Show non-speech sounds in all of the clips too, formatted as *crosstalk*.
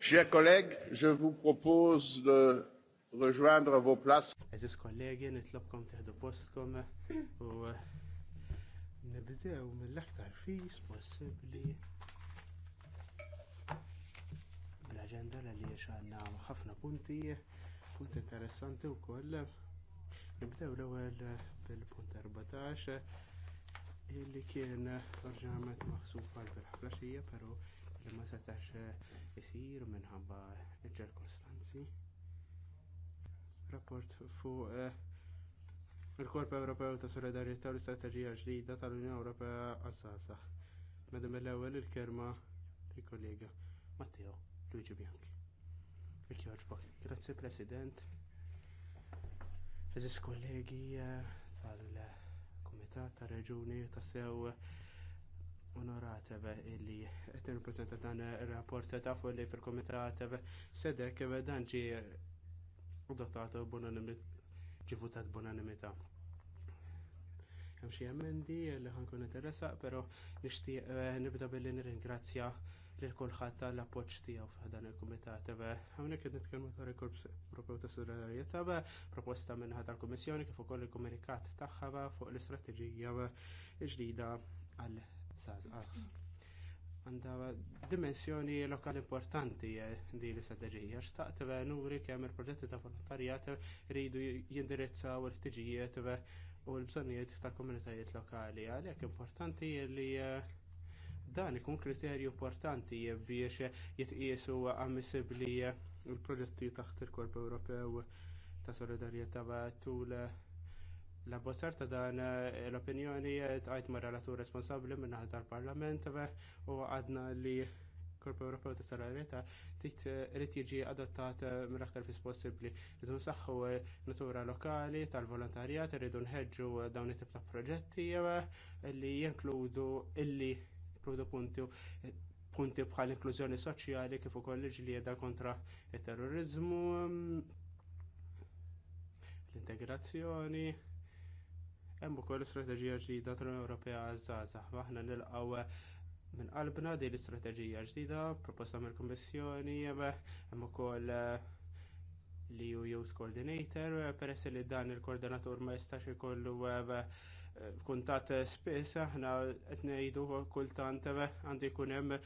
Chers collègues, je vous propose de rejoindre vos places. Aziz kollegi, nitlobkom teħdu postkom u eh, nibdew mill-aktar fis possibbli bl-agenda li għandna ħafna punti, punti interessanti wkoll. Nibdew l-ewwel bil-punt 14 li kien orġament maħsub għal bil xija, pero li ma setax eh, isir minħabba ċirkostanzi. Rapport fuq eh, il-Korp Ewropew ta' Solidarjetà u l-Istrateġija ġdida tal-Unjoni Ewropea għas-Sasa. Madam l-ewwel il-kerma il-kollega Matteo Luigi Bianchi. Il-ġorġbok. Grazzi President. Eżis kollegi eh, tal- uh, kumitat ta' reġuni ta' sew onoratev illi qed nirrappreżenta dan ir-rapport tafu li fil-kumitat sedek dan ġie adottato ġie votat b'unanimità. Hemm xi emendi li ħankun interessaq, però nixtieq eh, nibda billi nirringrazzja li kulħadd tal-appoġġ tiegħu f'dan il-kumitat tebe. Hawnhekk qed nitkellmu dwar il-Korps Ewropew ta' Solidarjetà proposta ħadd tal-Kummissjoni kif ukoll il-komunikat tagħha fuq l-istrateġija ġdida għal sażqaf. Għandha dimensjoni lokali importanti eh, di l-istrateġija xtaqt nuri kemm il-proġetti ta' volontarjat iridu jindirizzaw il-ħtiġijiet u l-bżonnijiet tal komunitajiet lokali. Għalhekk importanti li eh, Dan ikun kriterju importanti biex jitqiesu ammissibbli l proġetti taħt il-Korp Ewropew ta' Solidarjetà tul l-abbozzar ta' dan l-opinjoni għajt ma' relatur responsabli minna tal-Parlament u għadna li Korp Ewropew ta' Solidarjetà trid jiġi adottat mill-aktar fis possibbli. Rridu nsaħħu natura lokali tal-volontarjat, rridu nħeġġu dawn it-tip ta' proġetti li jinkludu illi jipprovdu punti punti bħal inklużjoni soċjali kif ukoll ġlieda kontra it-terrorizmu, mm, l-integrazzjoni, hemm ukoll strateġija ġdida tal-Ewropea żgħażagħ. Aħna nilqgħu minn qalbna din l-istrateġija ġdida proposta mill-Kummissjoni hemm ukoll eh, l ju Youth Coordinator peress li dan il-koordinatur ma jistax ikollu eh, kuntat spiss aħna qed ngħidu kultant għandi jkun hemm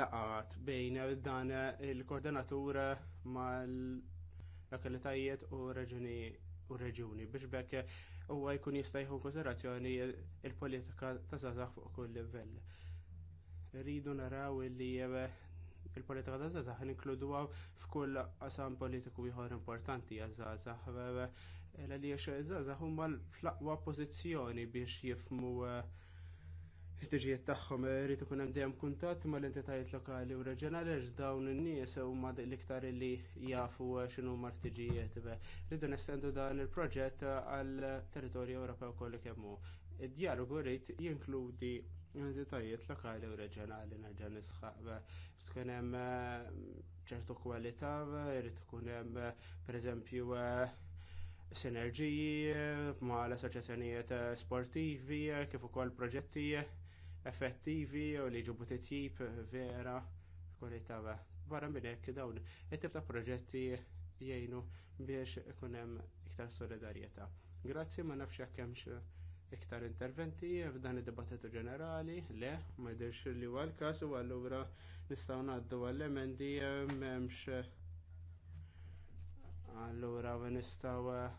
laqat bejn dan il-koordinatur mal lokalitajiet u reġuni u reġuni biex bekk huwa jkun jista' jieħu konsiderazzjoni l politika ta' żagħżagħ fuq kull livell. Rridu naraw li il-politika ta' żagħżagħ inkludu f'kull qasam politiku ieħor importanti għaż żagħżagħ Ela li xeżaza huma l aqwa pożizzjoni biex jifmu eh, ħtiġijiet tagħhom irid ikun hemm dejjem kuntatt mal-entitajiet lokali u reġjonali għax dawn n nies huma l-iktar li jafu x'inhu martiġijiet. Rridu nestendu dan il-proġett għal territorju Ewropew kollu kemm hu. Id-dialogu rrit jinkludi l entitajiet lokali u reġjonali naġan nisħab. tkun hemm eh, ċertu kwalità, irid ikun hemm pereżempju eh, sinerġiji eh, ma l-assoċjazzjonijiet eh, sportivi eh, kif ukoll proġetti effettivi u li ġibu titjib vera kwalità barra minn hekk dawn it-tip ta' proġetti jgħinu biex ikun hemm iktar solidarjetà. Grazzi ma nafx jekk hemmx iktar interventi f'dan id-dibattitu ġenerali, le, ma jdirx li huwa l-każ u allura nistgħu ngħaddu għall-emendi m'hemmx Allora, Allura nistaw eh,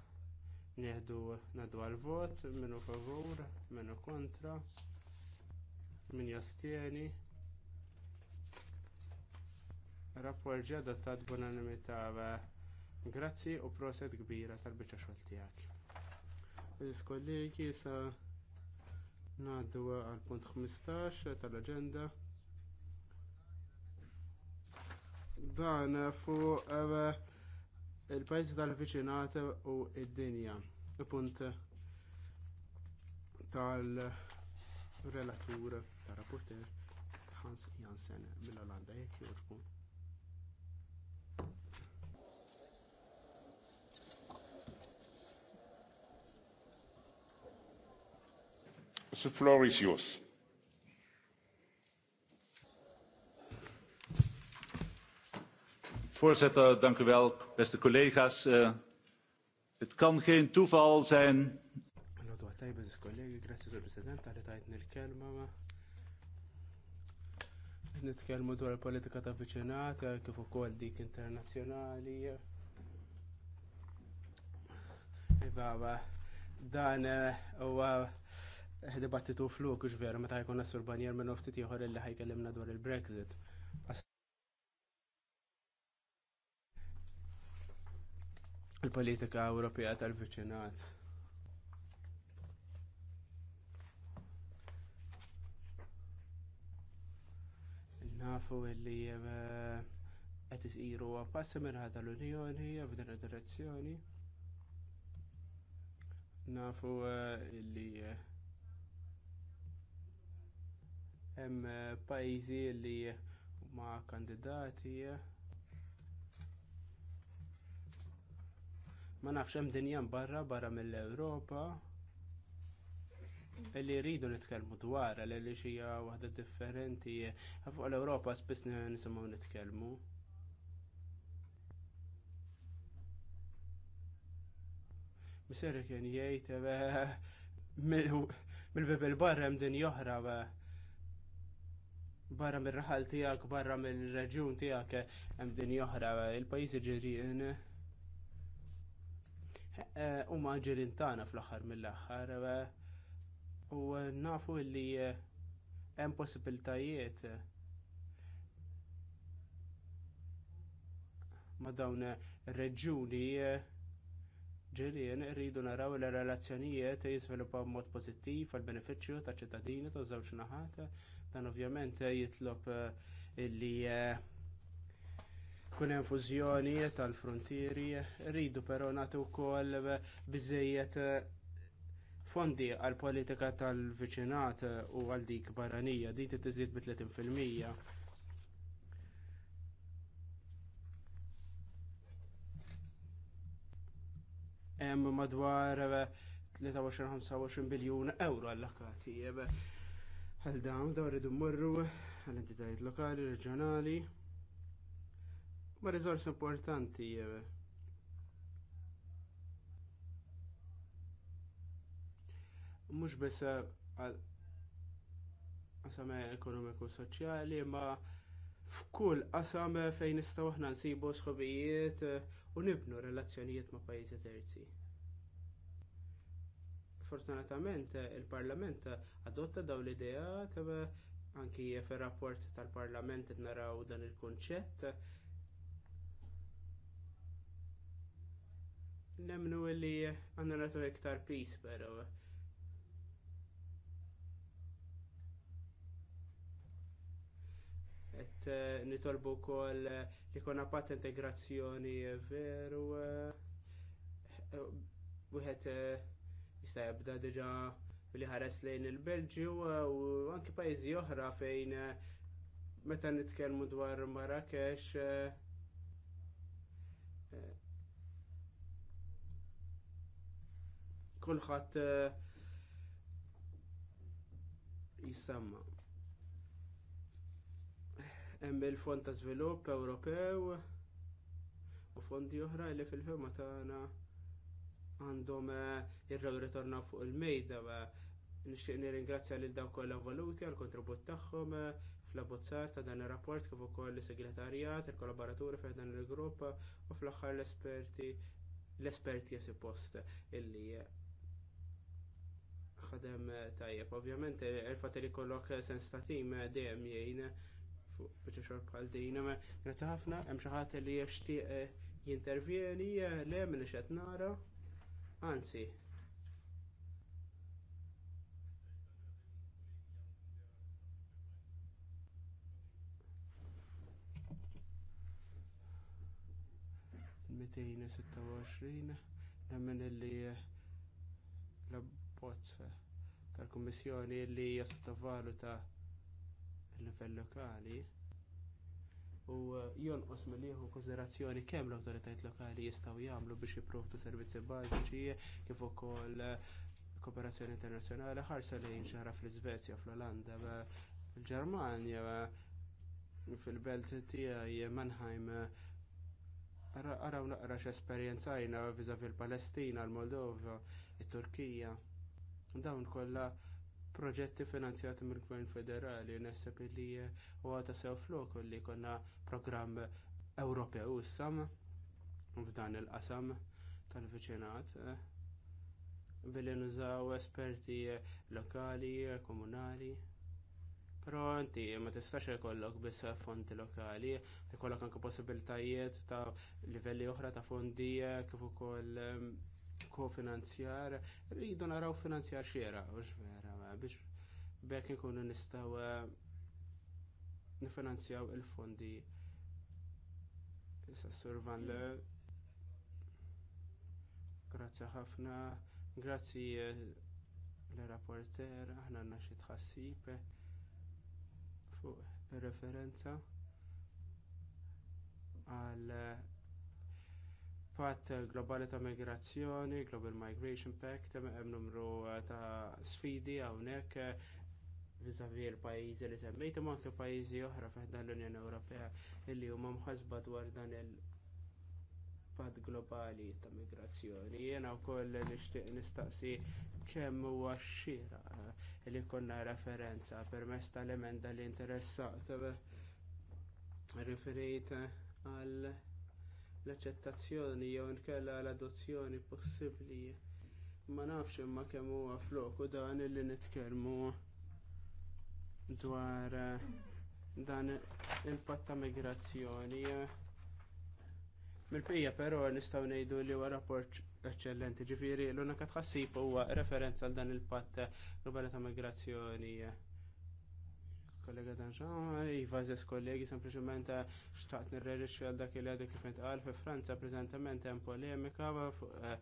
nieħdu nadu għal-vot, minnu favur, minnu kontra, minn jastieni. Rapport ġi adottat b'unanimità eh, grazzi u proset kbira tal-biċċa xogħol tiegħek. Kollegi sa ngħaddu għal punt 15 tal-aġenda. Dan fuq eh, il-pajzi tal-viċinat u id-dinja. Punt tal-relatur, tal-rapporter Hans Jansen mill-Olanda, jek jorġbu. The floor Voorzitter, dank u wel. Beste collega's, uh, het kan geen toeval zijn. Nodwa dwar il-politika ta' viċinat, eh, kif ukoll dik internazzjonali. Iva, dan eh, huwa dibattitu kux vera meta jkun nasur banjer minn uftit ieħor illi ħajkellimna dwar il-Brexit. il-politika Ewropea tal-viċinat. Nafu li eh, qed isiru passi minn tal l-Unjoni f'din id-direzzjoni. Nafu eh, li eh, hemm pajjiżi li huma kandidati ma nafx hemm dinja barra barra mill-Ewropa li rridu nitkellmu dwar li xija waħda differenti fuq l-Ewropa spiss nisimgħu nitkellmu. Miser kien jgħid eh, mill-bibel eh, barra hemm din joħra barra mir raħal tiegħek barra mill-reġjun tiegħek eh, hemm din joħra il-pajjiżi ġirien. Eh, u maġirin tagħna fl-aħħar mill-aħħar eh, u eh, nafu li hemm possibiltajiet ma' dawn ir-reġjuni ġirien irridu naraw li relazzjonijiet jiżviluppaw b'mod pożittiv għall benefiċċju taċ ċittadini taż żewġ naħat dan ovvjament jitlob illi kun hemm fużjoni tal-frontieri, rridu però nagħtu wkoll biżejjed eh, fondi għall politika tal-viċinat eh, u għal dik barranija, din titiżid bi 30%. Hemm madwar 23-25 eh, biljun euro allakati għal dawn dawn rridu mmorru għall entitajiet lokali, reġjonali. Ma rizors importanti jeve. Mux bese għal qasam ekonomiku soċjali, ma f'kull qasam fejn nistgħu aħna nsibu sħobijiet eh, u nibnu relazzjonijiet ma' pajjiżi terzi. Fortunatament eh, il-Parlament adotta dawn l-idea anki fir-rapport tal-Parlament naraw dan il-kunċett Nemnu li għanna natu iktar pis, pero et eh, nitolbu kol eh, li konna pat integrazzjoni eh, veru wieħed jista' jibda diġà li ħares lejn il belġi u anki pajjiżi oħra fejn meta nitkellmu dwar Marrakesh kulħadd eh, jisemma. Hemm il-Fond ta' Żvilupp Ewropew u fondi oħra li fil-ħema tagħna għandhom jirraw eh, ritorna fuq il-mejda eh, nixtieq nirringrazzja lil dawk kollha voluti għall kontribut tagħhom fl-abbozzar ta' dan ir-rapport kif ukoll is-segretarjat, il-kollaboraturi fejn dan il-grupp u fl-aħħar l-esperti l-esperti jesi post illi ħadem eh, tajjeb. Ovvjament, eh, il-fat li kollok eh, sens ta' tim dejjem jgħin fuq biex xorb bħal din. Grazzi ħafna, hemm xi ħadd li jixtieq jintervjeni le minn qed nara. Anzi. Mitejn li l illi rapport tal-Kummissjoni li jastavaluta l-livell lokali u eh, jonqos mill-ieħu konsiderazzjoni kemm l-awtoritajiet lokali jistgħu jagħmlu biex jipprovdu servizzi bażiċi kif ukoll eh, kooperazzjoni internazzjonali ħarsa li xara fl-Iżvezja, fl-Olanda, eh, fil-Ġermanja, fil-belt tiegħi Mannheim araw naqra x'esperjenzajna viżavi l-Palestina, l-Moldova, t turkija Dawn kollha proġetti finanzjati mill-Gvern Federali nesseb li u ta' sew flok li konna programm Ewropew issam f'dan il-qasam tal-viċinat eh, billi nużaw esperti lokali, komunali. Però inti ma tistax ikollok biss fondi lokali, ikollok anke possibilitajiet ta' livelli oħra ta' fondi eh, kif ukoll eh, kofinanzjar, rridu naraw finanzjar xiera, u vera, biex bekk nkunu nistaw eh, nifinanzjaw il-fondi. Issa survan le. Grazzi ħafna, grazzi eh, l-rapporter, aħna għanna xi tħassib eh, fuq referenza għal Patt globali ta' migrazzjoni, Global Migration Pact, hemm numru ta' sfidi hawnhekk eh, vis-a-vis il pajjiżi li semmejt imma anke pajjiżi oħra fiħdan l-Unjoni Ewropea illi huma mħasba dwar dan il pad globali ta' migrazzjoni. Jiena wkoll nixtieq nistaqsi kemm huwa xxira eh, li konna referenza permezz tal-emenda li interessat eh, referejt għal l-aċċettazzjoni jew inkella l-adozzjoni possibbli ma nafx imma kemm huwa flok u dan illi nitkellmu dwar eh, dan il-patt ta' migrazzjoni. Mill-bqija però nistgħu ngħidu li huwa rapport eċċellenti, ġifieri l-unika tħassib huwa referenza għal dan il-patt globali ta' migrazzjoni kollega Danġan, ah, Iva zes kollegi, sempliciment eh, xtaqt nirreġiċi għal dak il-għadu kif intqal fi Franza, prezentament hemm polemika fuq eh,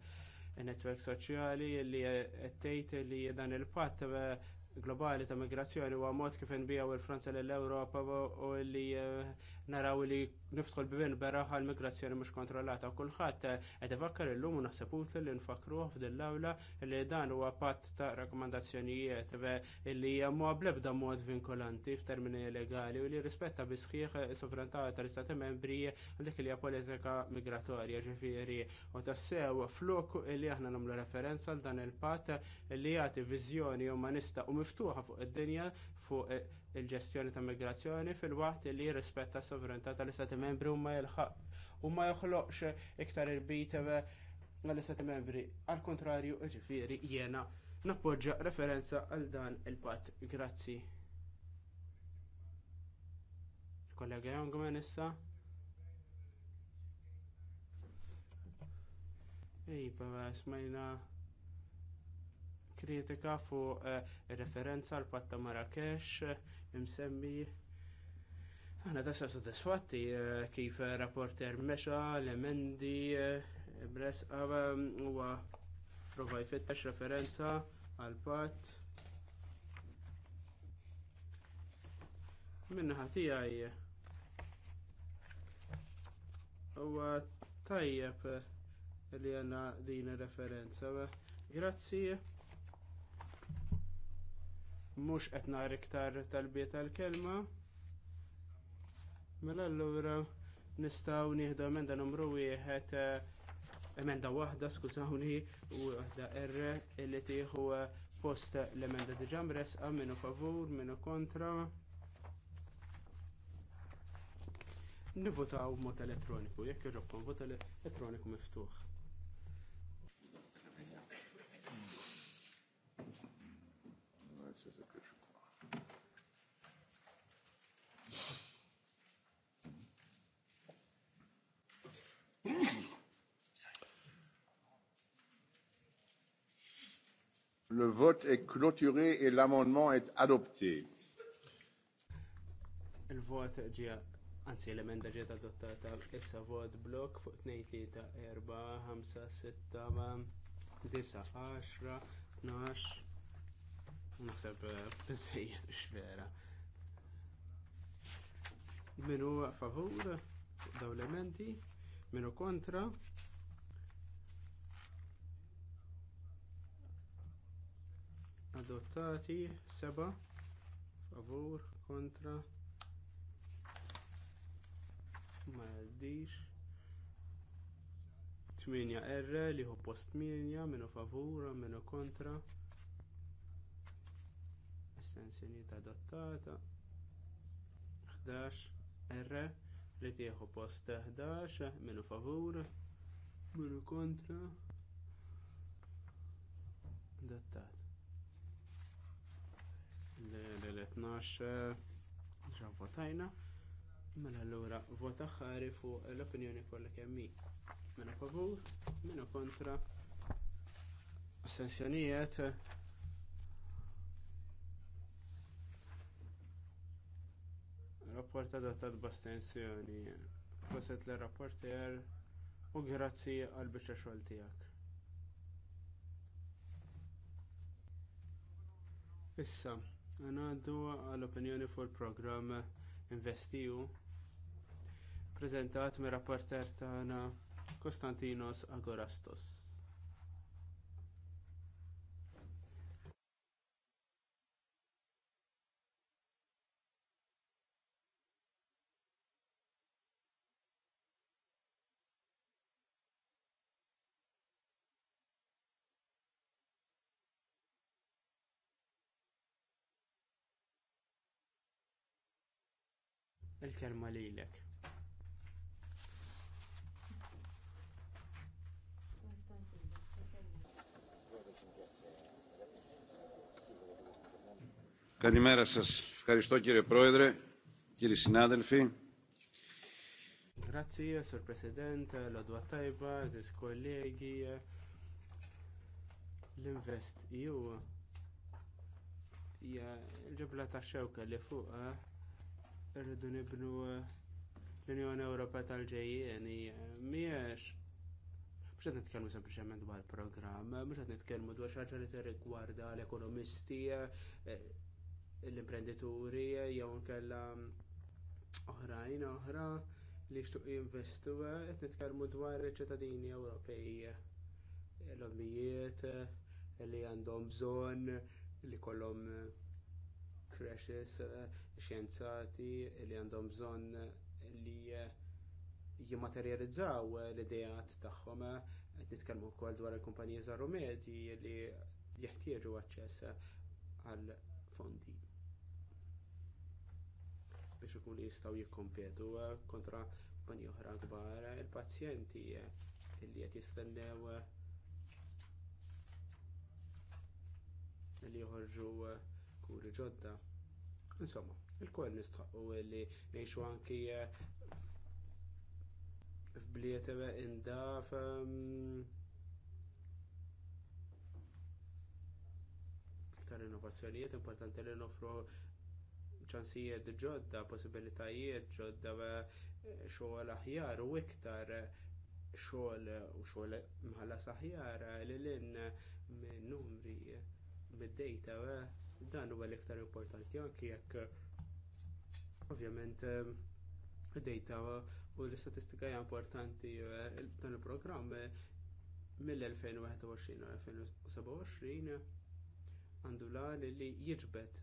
il netwerk soċjali li għettejt eh, li dan il-patt globali ta' migrazzjoni u għamot mod kif u il-Franza l europa u li naraw li niftħol bibin beraħ l migrazzjoni mhux kontrollata u kulħadd qed ifakkar illum u naħseb utli li nfakruh f'dil-awla li dan huwa patt ta' rakkomandazzjonijiet li huwa bl-ebda mod vinkolanti f'termini legali u li rispetta bi sħiħ is-sovranità tal-Istati membri dik li hija politika migratorja ġifieri u tassew flok li aħna nagħmlu referenza għal dan il-patt li jagħti viżjoni umanista u miftuħa fuq id-dinja fuq il-ġestjoni ta' migrazzjoni fil-waqt li jirrispetta s sovranità tal-Istati membri u ma jilħaq u ma joħloqx iktar il mal għall-Istati membri. Al kontrarju, ġifiri, jiena nappoġġa referenza għal dan il-patt. Grazzi. Kollega Jongman issa. Iva, smajna kritika fuq eh, referenza għal patta Marrakesh imsemmi. Għana tasa soddisfatti eh, kif rapporter meċa, l-emendi, eh, bres għava u provaj fittax referenza għal-pat. Minna ħati għaj. U tajjeb li għanna din referenza. Grazzi mhux qed nar iktar talbiet tal-kelma. Mela allura nistgħu nieħdu emenda numru wieħed eh, emenda waħda skużawni u waħda R li tieħu eh, post l-emenda diġà mresqa minnu favur, minnu kontra. Nivvotaw b'mod elettroniku, jekk irrobkom vot elettroniku miftuħ. Le vote est clôturé et l'amendement est adopté. Il-vot ġie, anzi l-emenda ġiet adottata issa vot blok fuq 2, 3, 4, 5, 6, 9, 10, 10, 10, 10, 10, 10, 10, 10, 10, 10, minu kontra adottati Seba. favur kontra ma jaddix 8 R li hu post 8 minu favura minu kontra estensjoni adottata 11 R li tieħu post 11 minu favur minu kontra dattat l-12 ġa votajna mela allura vota ħari fuq l-opinjoni kollha kemm hi minu favur minu kontra astensjonijiet apportata tal-bastenzjoni. Koset l rapporter u grazzi għall biċċa xogħol tiegħek. Issa, ngħaddu għall-opinjoni fuq il-programm Investiju prezentat mir rapporter tagħna Konstantinos Agorastos. il-kelma lilek. Καλημέρα σας. Ευχαριστώ κύριε Πρόεδρε, κύριοι συνάδελφοι. Grazie, Sor President, l-Adwa Tajba, ziz kollegi, Irridu nibnu eh, l-Unjoni Ewropea tal-ġejjien hija eh, miex mhux qed nitkellmu sempliċement dwar programm, eh, mhux qed nitkellmu dwar xi ħaġa li tirrigwarda l-ekonomisti, l-imprenditori jew nkella mm, oħrajn oħra li xtuq jinvestu qed nitkellmu dwar iċ-ċittadini Ewropej l-ommijiet li għandhom bżonn li kollhom crashes xjenzati li għandhom bżonn li jimmaterjalizzaw l-idejat tagħhom qed nitkellmu wkoll dwar il-kumpaniji żaru li jeħtieġu aċċess għal fondi biex ikunu jistgħu jikkompetu kontra kumpaniji oħra kbar il-pazjenti li qed jistennew li joħorġu kuri ġodda. Insomma, il-koll nistħaqqu li ngħixu anki eh, f'bliet indaf iktar innovazzjonijiet importanti li nofru ċansijiet ġodda, possibilitajiet ġodda eh, xogħol aħjar u iktar eh, xogħol u xogħol mħallas aħjar li lin minn numri mid-dejta dan huwa l-iktar importanti anki jekk Ovvjament, ehm, data u l-istatistika hija importanti eh, dan il-programm eh, mill-2021-2027 għandu lan li jiġbed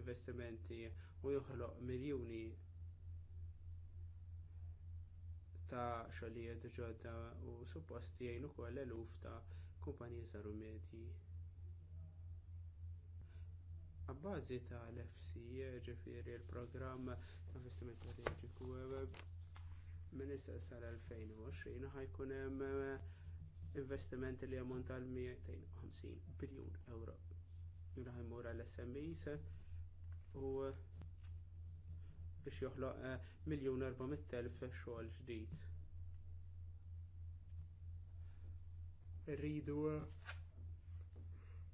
investimenti u joħloq miljuni ta' xogħlijiet ġodda u suppost jgħinu ukoll eluf ta' kumpaniji u medji għabbażi ta' l-FC, ġifiri l-programm ta' investiment strategiku minn issa sal-2020 ħajkun hemm eh, investimenti li jammont għal 250 biljun euro. Jina ħajmur għal SMEs u eh, biex joħloq eh, miljun 400.000 xogħol ġdid. Rridu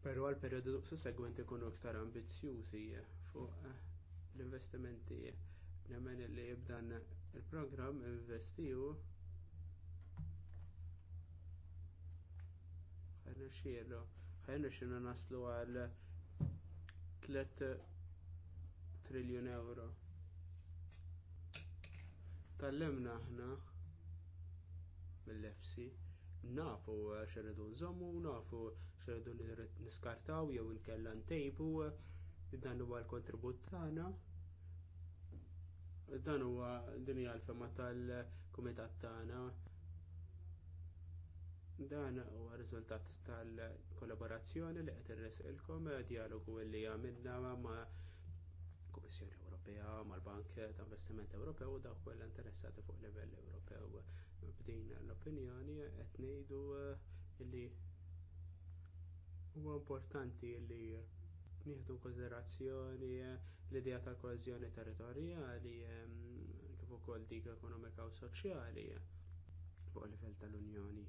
però għal perjodu sussegwenti jkunu iktar ambizzjużi fuq eh, l-investimenti nemmen li jibdan il-programm investiju ħajna xielu ħajna naslu għal 3 triljun euro tal-lemna ħna mill fc nafu xeridu nżommu nafu xredu li niskartaw jew inkella ntejbu dan huwa l-kontribut tagħna. Dan huwa din hija l-fema tal-kumitat tagħna. Dan huwa riżultat tal-kollaborazzjoni li qed irresqilkom dialogu li għamilna ma' Kummissjoni Ewropea, mal-Bank ta' Investiment Ewropew u dawk kollha interessati fuq livell Ewropew. b'din l-opinjoni qed ngħidu eh, li Huwa importanti li nieħdu konsiderazzjoni l-idea tal-koeżjoni territorjali ehm, kif ukoll dik ekonomika u soċjali fuq livell tal-Unjoni.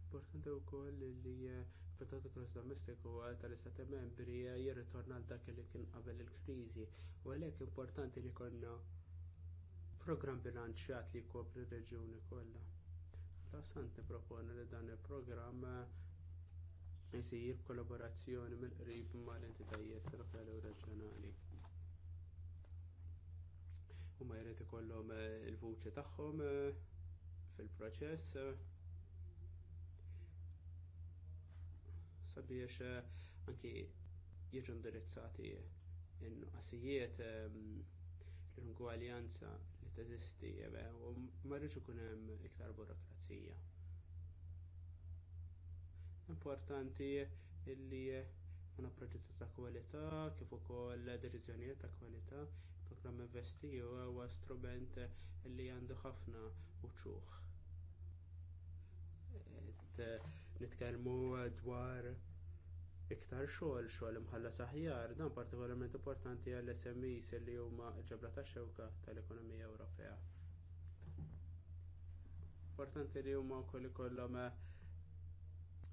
Importanti wkoll li il-prodott gross domestiku tal-istati membri jirritorna għal dak li kien qabel il kriżi u għalhekk importanti li konna programm bilanċjat li jkopri r reġjuni kollha daqstant nipproponi li dan il-programm isir b'kollaborazzjoni mill-qrib mal-entitajiet lokali u reġjonali huma jrid ikollhom eh, il-vuċi tagħhom eh, fil-proċess eh, sabiex anki jiġu indirizzati in-nuqqasijiet l-ingwaljanza li teżisti u ma rridx ikun hemm iktar burokrazija demokrazija. Importanti illi ħafna proġetti ta' kwalità, kif ukoll deċiżjonijiet ta' kwalità, programm investi huwa strument li għandu ħafna uċuħ. Nitkellmu dwar iktar xogħol xogħol imħallas aħjar dan partikolarment importanti għall SMEs illi huma ġebra tax xewka tal-ekonomija Ewropea importanti li huma wkoll ikollhom eh,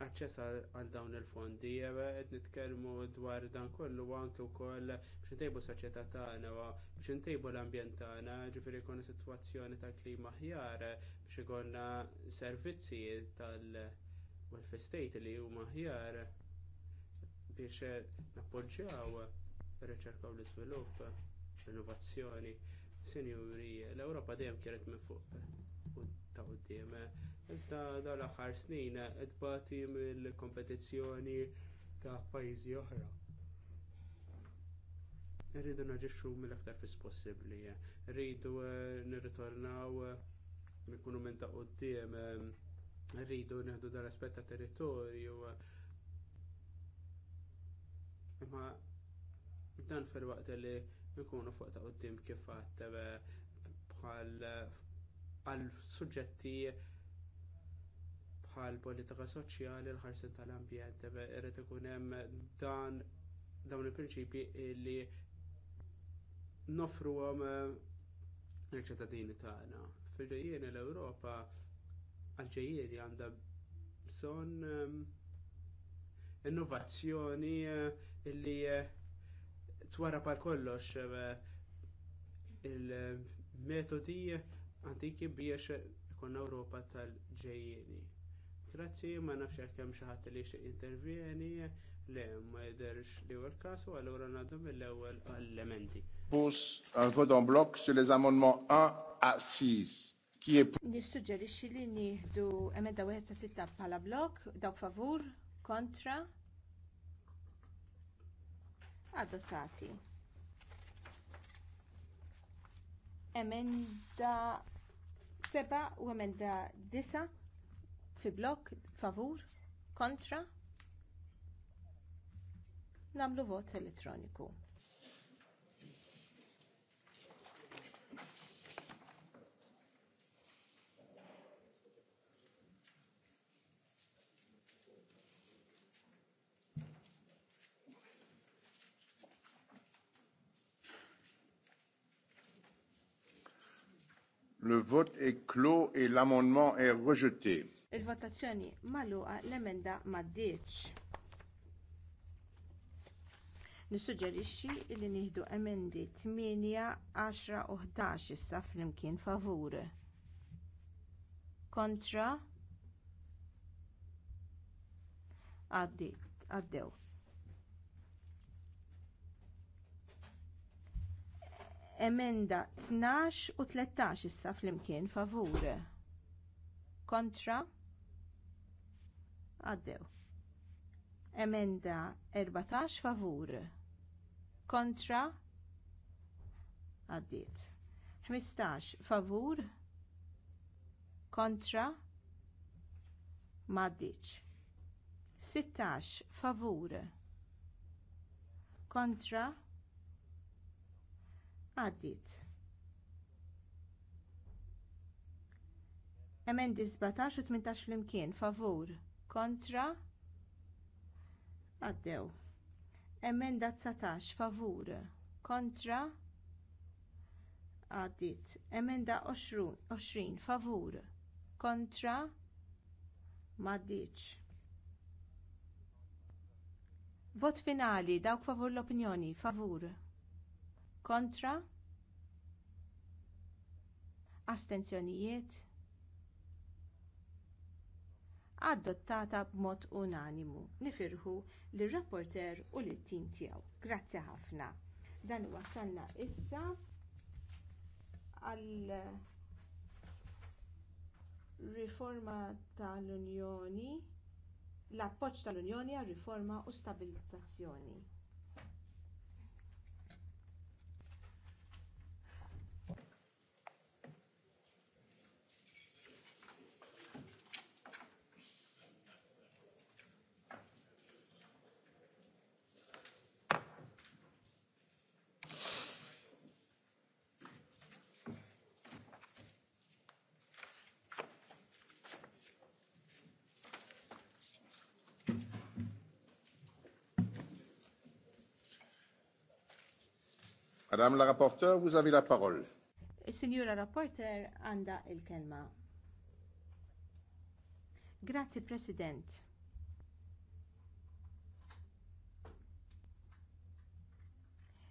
aċċess għal dawn il-fondi. Qed nitkellmu dwar dan kollu anke wkoll biex intejbu soċjetà tagħna biex intejbu l-ambjent tagħna, ġifieri jkun sitwazzjoni ta' klima aħjar biex ikollna servizzi tal-welfare state li huma aħjar biex eh, nappoġġjaw ir-riċerka u l-iżvilupp, l-innovazzjoni. Sinjuri, l-Ewropa dejjem kienet minn fuq ta' quddiem. Iżda dawn l-aħħar snin tbati mill-kompetizzjoni ta' pajjiżi oħra. irridu naġixxu mill-aktar fis possibbli. irridu eh, nirritornaw eh, nkunu minn ta' quddiem. irridu neħdu dan aspett ta' territorju. Imma dan fil-waqt li nkunu fuq ta' quddiem kif eh, bħal għal suġġetti bħal politika soċjali l-ħarsin tal-ambjent. Irrid ikun hemm dan dawn il-prinċipji li nofruhom il-ċittadini eh, tagħna. Fil-ġejjien l-Ewropa għal ġejjieni għandha bżonn eh, innovazzjoni eh, illi twara pal kollox il-metodi antiki biex ikun Ewropa tal-ġejjieni. Grazzi, ma nafx jekk hemm xi ħadd li xi intervjeni, le ma jidherx li huwa l-każ u allura ngħaddu mill-ewwel għall-elementi. Bus un vote sur les amendements 1 Nissuġġerixxi li nieħdu emenda wieħed sa sitta bħala blok, dawk favur, kontra, adottati. emenda 7 u emenda 9 fi blok favur kontra nagħmlu vot elettroniku. Le vote est clos et l'amendement est rejeté. Il-votazzjoni magħluqa l-emenda m'għaddiex. Nissuġġerixxi li nieħdu emendi 8, 10 u 11 issa flimkien favur. Kontra għaddew. emenda 12 u 13 issa flimkien favur. Kontra għaddew. Emenda 14 favur. Kontra għaddiet. 15 favur. Kontra maddiċ. 16 favur. Kontra għaddit. Emendi 17 u 18 flimkien favur kontra għaddew. Emenda 19 favur kontra għaddit. Emenda 20, 20 favur kontra maddiċ. Vot finali dawk favur l-opinjoni favur kontra astenzjonijiet adottata b'mod unanimu. Nifirħu lir rapporter u lit tim tiegħu. Grazzi ħafna. Dan wasalna issa għal riforma tal-Unjoni, l-appoġġ tal-Unjoni għal riforma u stabilizzazzjoni. Madame la rapporteur, vous avez la parole. Signora rapporteur għanda il-kelma. Grazie President.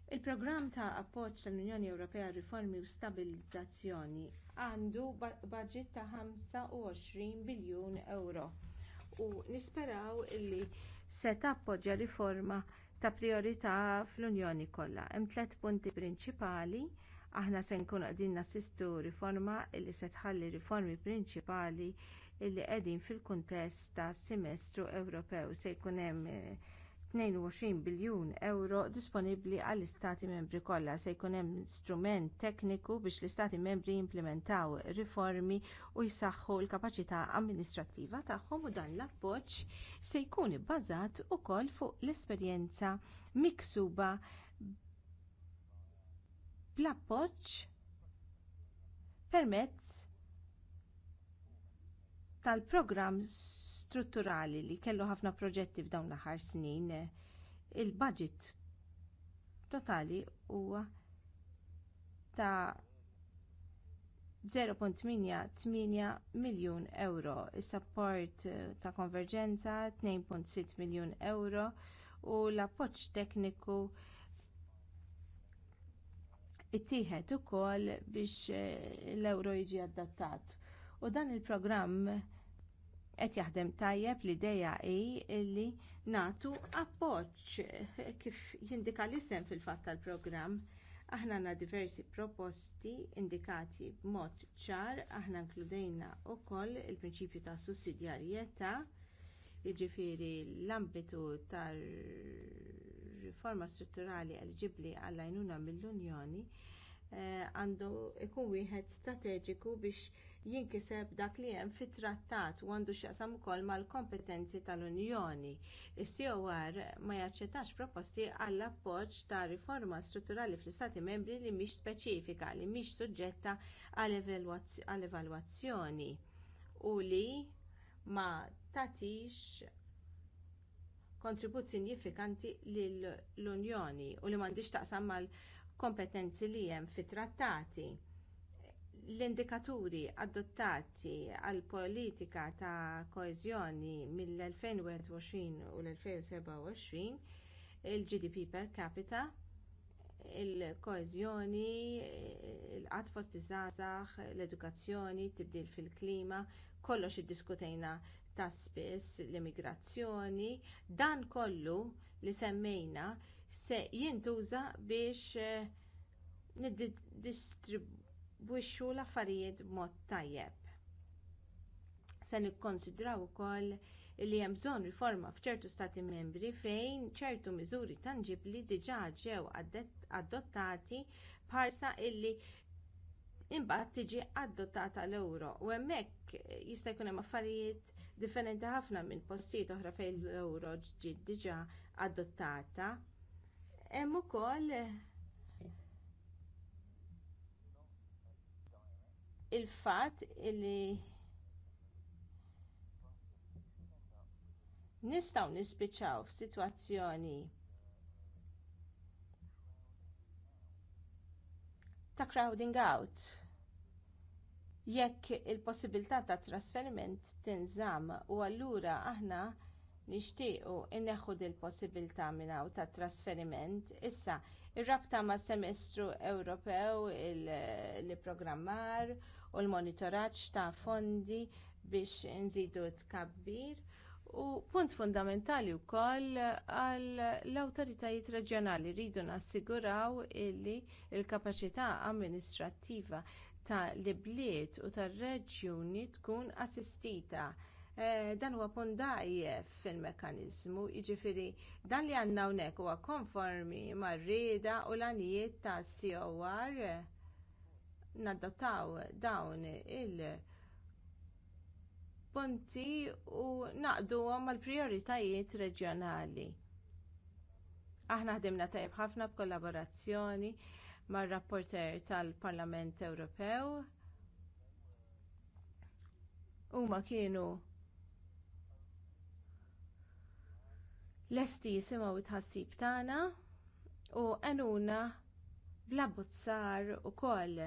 Il-programm ta' appoġġ tal-Unjoni Ewropea Riformi u Stabilizzazzjoni għandu budget ta' 25 biljun euro u nisperaw illi se tappoġġja riforma ta' priorità fl-Unjoni kollha. Hemm tliet punti prinċipali aħna se nkunu qegħdin nassistu riforma li se tħalli riformi prinċipali li qegħdin fil-kuntest tas-Semestru Ewropew se jkun hemm eh, 22 biljun euro disponibbli għall-istati membri kollha se jkun hemm strument tekniku biex l-istati membri jimplementaw riformi u jsaħħu l-kapaċità amministrattiva tagħhom u dan l-appoġġ se jkun ibbażat ukoll fuq l-esperjenza miksuba bl-appoġġ permezz tal-programm strutturali li kellu ħafna proġetti f'dawn l-aħħar snin, il-budget totali huwa ta' 0.88 miljun euro, is-support eh, ta' konverġenza 2.6 miljun euro u l-appoġġ tekniku it-tieħed ukoll biex eh, l-euro jiġi adattat u dan il-programm qed jaħdem tajjeb li dejja hi li nagħtu appoġġ kif jindika l-isem fil-fatt tal-programm. Aħna għandna diversi proposti indikati b'mod ċar, aħna nkludejna wkoll il-prinċipju ta' sussidjarjetà, jiġifieri l-ambitu tar riforma strutturali eliġibbli għall-għajnuna mill-Unjoni eh, għandu ikun wieħed strateġiku biex jinkiseb dak li hemm fit-trattat u għandu x'jaqsam ukoll mal-kompetenzi tal-Unjoni. Is-COR ma jaċċettax proposti għall appoġġ ta' riforma strutturali fl-Istati membri li mhix speċifika li mhix suġġetta għall evalwazzjoni u li ma tagħtix kontribut sinifikanti lill-Unjoni u li m'għandix taqsam mal-kompetenzi li hemm fit-trattati L-indikaturi adottati għall politika ta' koeżjoni mill-2021 u l-2027 il-GDP per capita il-koezjoni, il-qatt fost iż-żgħażagħ, l-edukazzjoni, tibdil fil-klima, kollox iddiskutejna ta' spiss l-immigrazzjoni, dan kollu li semmejna se jintuża biex B'wixxu l-affarijiet b'mod tajjeb. Se nikkonsidraw ukoll li hemm bżonn riforma f'ċertu stati membri fejn ċertu miżuri tangibbli diġà ġew adottati bħalsa illi imbagħad tiġi adottata l ewro u hemmhekk jista' jkun hemm affarijiet differenti ħafna minn postijiet oħra fejn l ewro ġiet diġà adottata. Hemm ukoll il-fatt li nistgħu nispiċċaw f'sitwazzjoni ta' crowding out jekk il-possibilità ta' trasferiment tinżamm u allura aħna nixtiequ inneħħu il possibilità minn hawn trasferiment issa ir-rabta mas semestru Ewropew il-programmar il u l-monitoraġġ ta' fondi biex nżidu tkabbir u punt fundamentali wkoll għall awtoritajiet reġjonali rridu nassiguraw li l-kapaċità amministrattiva tal ibliet u tar-reġjuni tkun assistita e, dan huwa pundajjef fil-mekanizmu, jiġifieri dan li għandna hawnhekk huwa konformi mar-rieda u l għanijiet tas COR nadottaw dawn il-punti u naqduhom mal prijoritajiet reġjonali. Aħna ħdimna tajjeb ħafna b'kollaborazzjoni mar-rapporter tal-Parlament Ewropew. Huma kienu lesti jisimgħu tħassib tagħna u għenuna bla buzzar ukoll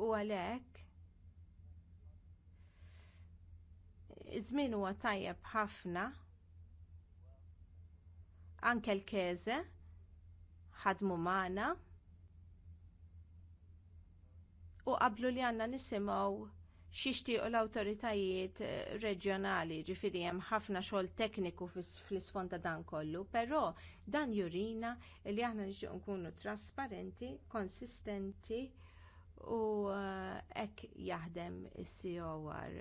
u għalhekk iż-żmien huwa tajjeb ħafna anke l-keze ħadmu magħna u qablu li għandna nisimgħu xixtiequ l-awtoritajiet eh, reġjonali ġifieri hemm ħafna xogħol tekniku fl-isfond ta' dan kollu, però dan jurina li aħna nixtieq nkunu trasparenti, konsistenti u hekk eh, jaħdem is-COR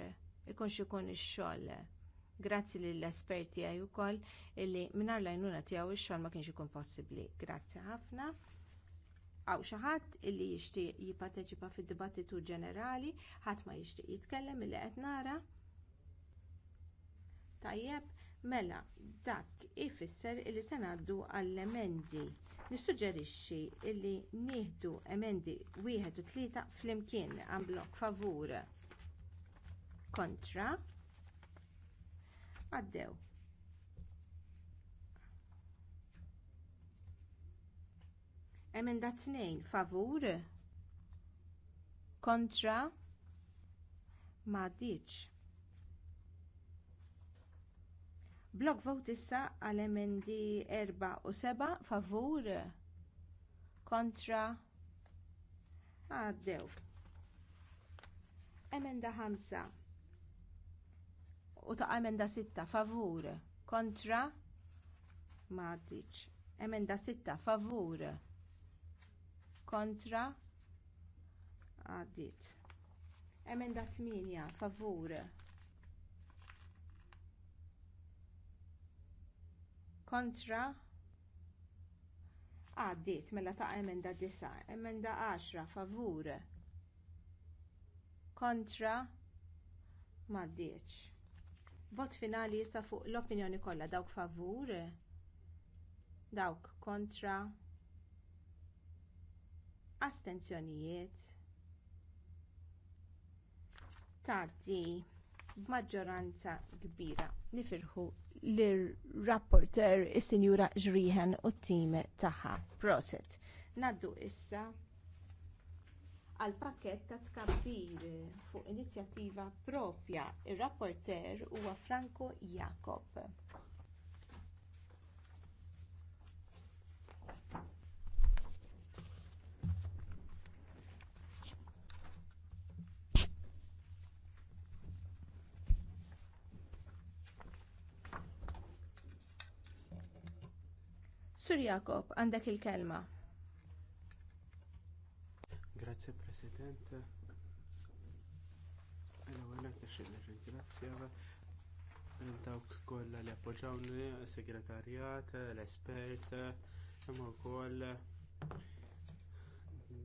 ikunx ikun ix-xogħol. Grazzi lill esperti tiegħi wkoll illi mingħajr l-għajnuna tiegħu ix-xogħol ma kienx ikun possibbli. Grazzi ħafna. Għaw xi ħadd illi jixtieq jipparteċipa fid-dibattitu ġenerali, ħadd ma jixtieq jitkellem illi qed nara. Tajjeb, mela dak ifisser illi se ngħaddu għall-emendi nissuġġerixxi li nieħdu emendi wieħed u tlieta flimkien blokk favur kontra għaddew. Emenda tnejn favur kontra ma' diċ. blog vot issa għal emendi 4 u 7 favur kontra għaddew. Emenda 5 u ta' emenda 6 favur kontra m'għaddiċ. Emenda 6 favur kontra għaddit. Emenda 8 favur kontra għaddiet mela ta' emenda 9 emenda 10 favur kontra m'għaddiex vot finali issa fuq l-opinjoni kollha dawk favur dawk kontra astenzjonijiet tgħaddi b'maġġoranza kbira. Nifirħu lir-rapporter is-Sinjura Ġrieħen u t-tim tagħha. Proset. Naddu issa għal pakkett ta' tkabbir fuq inizjattiva proprja ir-rapporter huwa Franco Jacob. Sur Jakob, għandek il-kelma. Grazie President. L-għanak nixin ringrazzja eh, dawk kollha li appoġġawni, segretarjat, l-espert, imma wkoll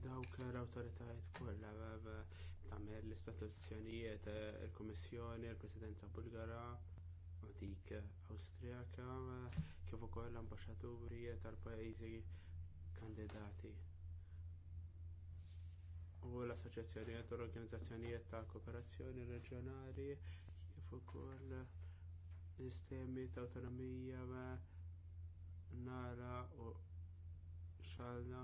dawk l-awtoritajiet kollha tagħmel l-istituzzjonijiet, il-Kummissjoni, il-Presidenza Bulgara, dik Awstrijaka, kif ukoll l-ambaxxaturi tal-pajjiżi kandidati u l-assoċjazzjonijiet u l-organizzazzjonijiet ta' kooperazzjoni reġjonali kif ukoll sistemi ta' awtonomija nara u xalna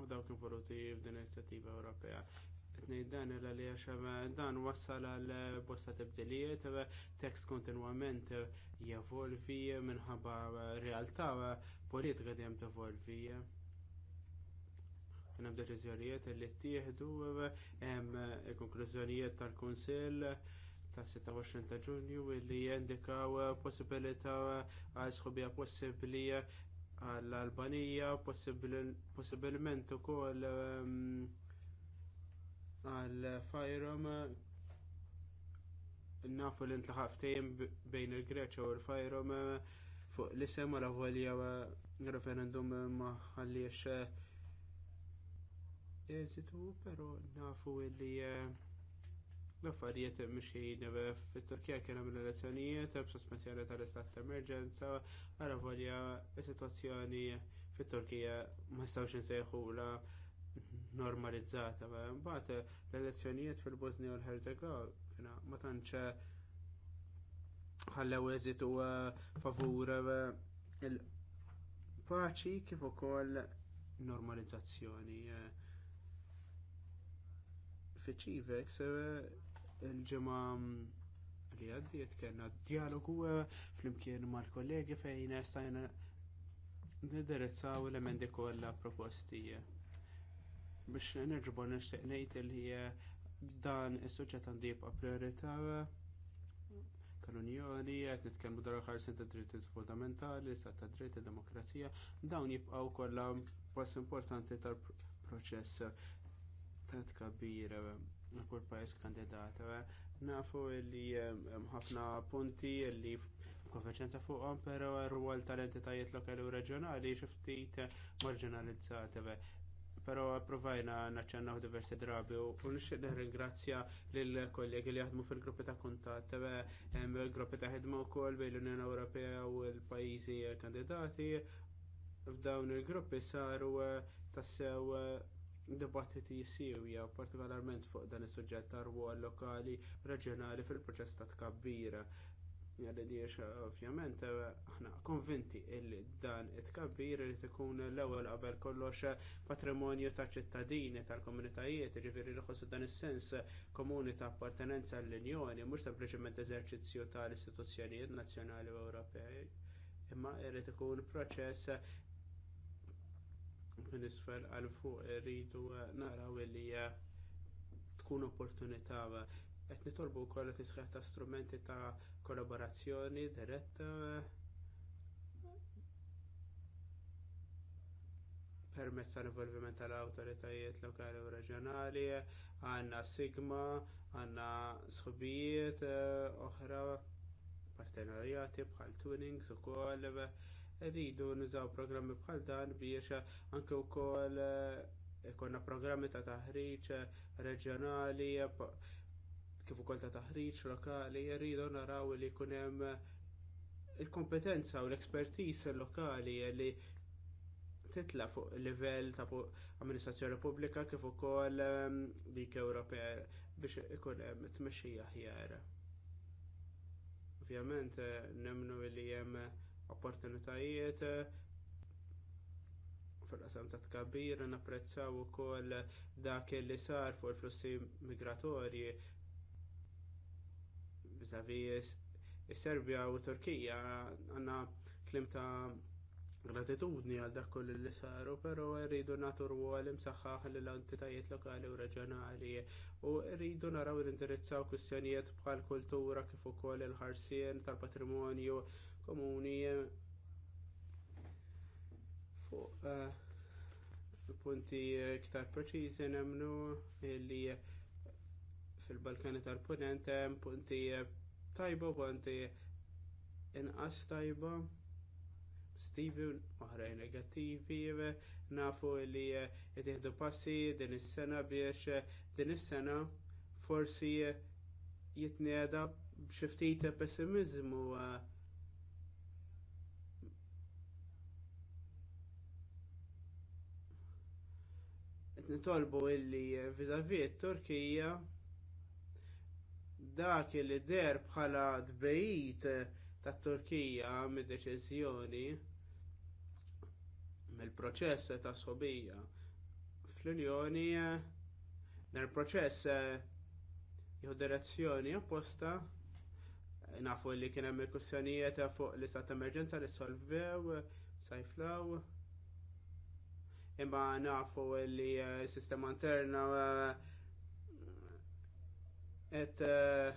u dawk involuti f'din l-inizjattiva Ewropea. Etnej dan l li eh, dan wassal għal eh, bosta tibdilijiet, eh, tekst kontinuament jevolvi minħabba realtà politika dejjem tevolvi. Kien hemm deċiżjonijiet li ttieħdu hemm konklużjonijiet tal-Kunsill ta' 26 ta' Ġunju li jindikaw possibbilità għal sħubija possibbli għall-Albanija, possibilment ukoll ehm, għal fajrom nafu li ntlaħaq ftejjem bejn il-Greċja u l-fajrom eh, fuq l-isem għal avolja eh, referendum eh, ma ħalliex eżitu, pero nafu li l-affarijiet mxejn fit-Turkija kien hemm l-elezzjonijiet b'sospensjoni tal-istat ta' emerġenza għal volja s-sitwazzjoni fit-Turkija ma stawx insejħu normalizzata. Mbagħad l-elezzjonijiet fil-Bosnia u l-Herzegovina ma tantx eh, ħallew eżitu eh, favur eh, il-paċi kif ukoll normalizzazzjoni. Fiċivex il-ġimgħa li għaddiet kellna dialogu flimkien mal-kollegi fejn stajna nidirezzaw l-emendi kollha proposti biex nerġbu nixtieq ngħid li eh, dan is-suġġett għandi jibqa' priorità kal unjoni qed nitkellmu dwar ħarsin ta' drittijiet fundamentali, stat ta' dritt demokrazija, dawn jibqgħu kollha pass importanti tal-proċess ta' tkabbir kull pajjiż kandidat. Nafu li eh, ħafna punti li konferenza fuqhom, però r-rwol tal-entitajiet lokali u reġjonali xi ftit marginalizzati pero approvajna naċċannaw diversi drabi u nixtieq nirringrazzja lill kollegi li jaħdmu fil-gruppi ta' kuntat hemm il-gruppi ta' ħidma wkoll bejn l-Unjoni Ewropea u l-pajjiżi kandidati f'dawn il-gruppi saru eh, tassew eh, dibattiti sirja, partikolarment fuq dan is-suġġett tar-rwol lokali reġjonali fil-proċess ta' tkabbir għalli li ovvjament aħna konvinti illi dan it-kabbir li ikun l-ewwel qabel kollox patrimonju ta' ċittadini tal-komunitajiet, ġifieri li dan is-sens komuni ta' appartenenza għall-Unjoni, mhux sempliċement eżerċizzju tal-istituzzjonijiet nazzjonali u Ewropej, imma jrid ikun proċess minn isfel għal fuq irridu naraw illi tkun opportunità Qed nitolbu wkoll tisħeħ ta' strumenti ta' kollaborazzjoni diretta permezz tal-involviment tal-awtoritajiet lokali u reġjonali, għandna sigma, għandna sħubijiet eh, oħra, partenarjati bħal tunings ukoll rridu nużaw programmi bħal dan biex anke wkoll eh, ikonna programmi ta' taħriġ reġjonali kif ukoll ta' taħriġ lokali jridu naraw li jkun hemm il-kompetenza u l-ekspertiż lokali li titla fuq livell ta' amministrazzjoni pubblika kif ukoll ehm, dik Ewropea biex ikun hemm tmexxija aħjar. Ovvjament nemnu li hemm opportunitajiet fil-qasam ta' tkabbir napprezzaw ukoll dak li sar fuq il-flussi migratorji Vizavi is-Serbja u Turkija għandna klim ta' gratitudni għal dak kollu li saru, però rridu nagħtu rwol imsaħħaħ lill entitajiet lokali u reġjonali u rridu naraw indirizzaw kwistjonijiet bħal kultura kif ukoll il-ħarsien tal-patrimonju komuni fuq eh, punti iktar preċiżi nemnu li fil-Balkani tal-Punent punti tajba u għanti inqas tajba stivi oħrajn negattivi nafu li eh, jtieħdu passi din is-sena biex eh, din is-sena forsi eh, jitnieda b'xi ftit pessimizmu nitolbu illi vizavi t-Turkija dak li der bħala dbejt eh, tat Turkija mid deċiżjoni mill-proċess ta' sobija fl-Unjoni eh, dan il-proċess eh, jieħu direzzjoni opposta nafu li kien hemm il-kussjonijiet fuq l-istat emerġenza li solvew sajflaw imma nafu li s-sistema interna et eh,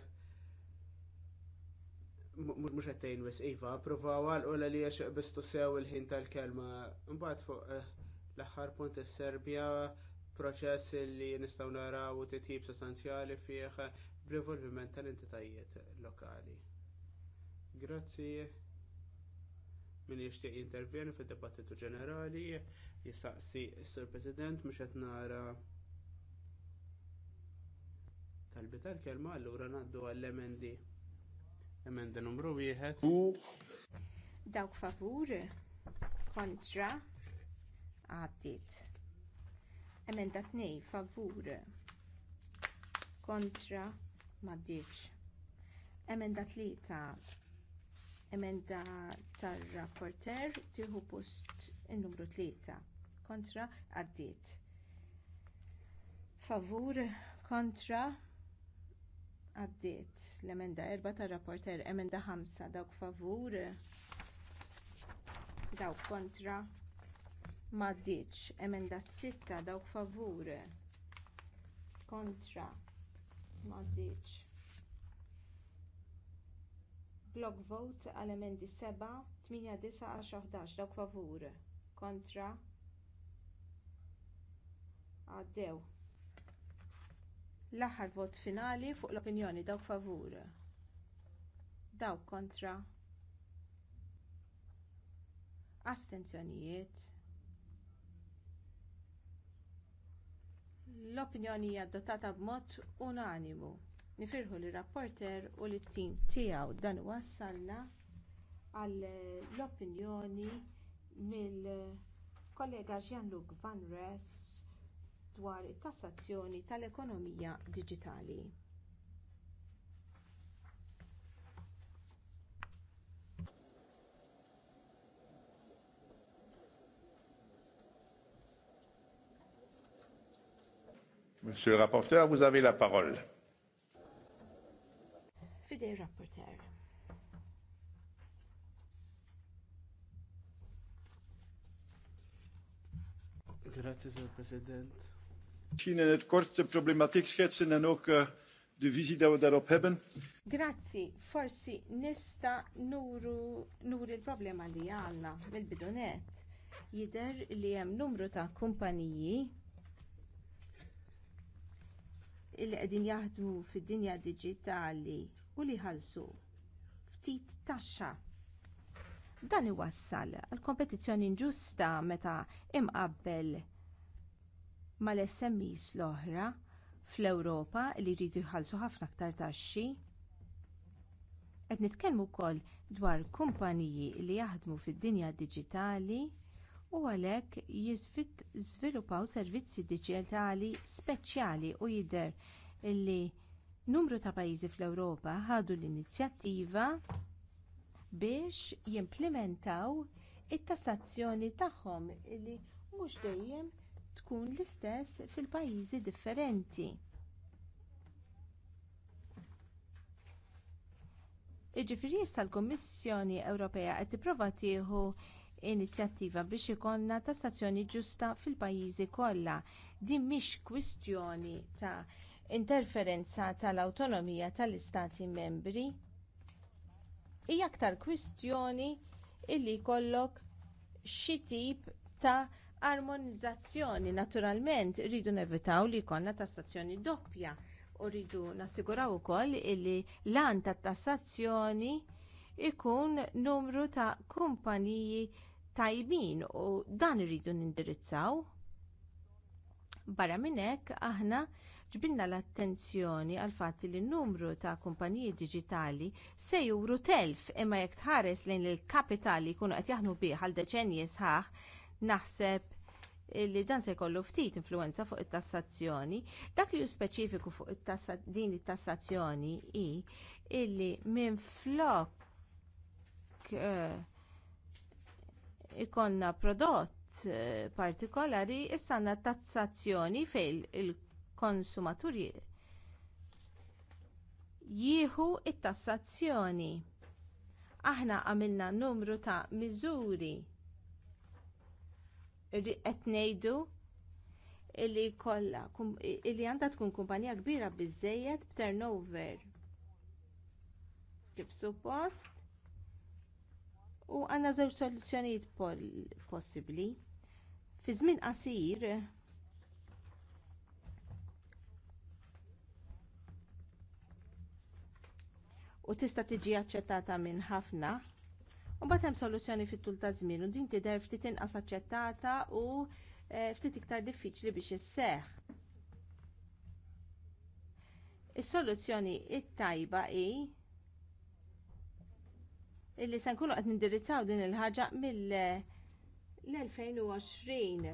mux tgħin wis Iva, provaw għal li jaxq bistu sew il-ħin tal-kelma. Mbagħad fuq eh, l-aħħar punt is-Serbja proċess li nistgħu naraw titjib sostanzjali fih b'rivolviment tal-entitajiet lokali. Grazzi min jixtieq jintervjeni fid-dibattitu ġenerali, jistaqsi s-Sur President mhux qed nara talbi tal-kelma allura ngħaddu għall-emendi. Emendi numru wieħed. Dawk favur kontra għaddit. Emenda tnej favur kontra maddiċ. Emenda tlieta emenda tar-rapporter tieħu post in-numru tlieta kontra għaddit. Favur kontra għaddiet l-emenda 4 tar-rapporter emenda 5 dawk favur dawk kontra m'għaddietx emenda 6 dawk favur kontra m'għaddietx block vote għal emendi 7, 8, 9, 11 dawk favur kontra għaddew l-aħħar vot finali fuq l-opinjoni dawk favur dawk kontra astenzjonijiet l-opinjoni hija adottata b'mod unanimu nifirħu li rapporter u lit tim tiegħu dan wassalna għall opinjoni mill-kollega Jean-Luc Van Ress dwar it-tassazzjoni tal-ekonomija digitali. Monsieur le rapporteur, vous avez la parole. Fidei rapporteur. Grazie, signor Presidente. Misschien in het kort de problematiek schetsen en ook uh, de visie hebben. Grazzi, forsi nista nuru, nuru il-problema li għanna mill-bidunet. Jider li hemm numru ta' kumpaniji li qegħdin jaħdmu fid-dinja diġitali u li ħallsu ftit taxxa. Dan iwassal għal kompetizzjoni inġusta meta imqabbel mal-SMEs l-oħra fl-Ewropa li jridu jħallsu ħafna aktar taxxi. Qed nitkellmu wkoll dwar kumpaniji li jaħdmu fid-dinja diġitali u għalhekk jiżviluppaw servizzi diġitali speċjali u jidher li numru ta' pajjiżi fl-Ewropa ħadu l-inizjattiva biex jimplementaw it-tassazzjoni tagħhom li mhux dejjem tkun l-istess fil-pajjiżi differenti. Iġifieri issa l-Kummissjoni Ewropea qed tipprova tieħu inizjattiva biex ikollna tassazzjoni ġusta fil-pajjiżi kollha. Din mhix kwistjoni ta' interferenza tal-awtonomija tal-istati membri. Hija aktar kwistjoni illi jkollok xi tip ta' armonizzazzjoni naturalment rridu nevitaw li jkollna tassazzjoni doppja u rridu nassiguraw ukoll li lan tat tassazzjoni ikun numru ta' kumpaniji tajbin u dan irridu nindirizzaw. Barra minn hekk aħna ġbinna l-attenzjoni għal fatt li n numru ta' kumpaniji diġitali se juru telf imma jekk tħares lejn il-kapitali jkunu qed jaħdmu bih għal deċenji sħaħ naħseb li dan se jkollu ftit influwenza fuq it-tassazzjoni. Dak li hu speċifiku fuq din it-tassazzjoni hi illi minflok eh, ikonna prodott eh, partikolari issa għandna tassazzjoni fejn il-konsumaturi jieħu t tassazzjoni Aħna għamilna numru ta' miżuri qed ngħidu illi kollha illi għandha tkun kumpanija kbira biżżejjed b'turnover kif suppost u għandna żewġ soluzzjonijiet possibbli. Fi żmien qasir u tista' tiġi aċċettata minn ħafna U hemm soluzzjoni fit-tul ta' żmien u din tidher ftit inqas aċċettata u e, ftit iktar diffiċli biex isseħħ. Is-soluzzjoni it-tajba hi illi se nkunu qed nindirizzaw din il-ħaġa mill-2020.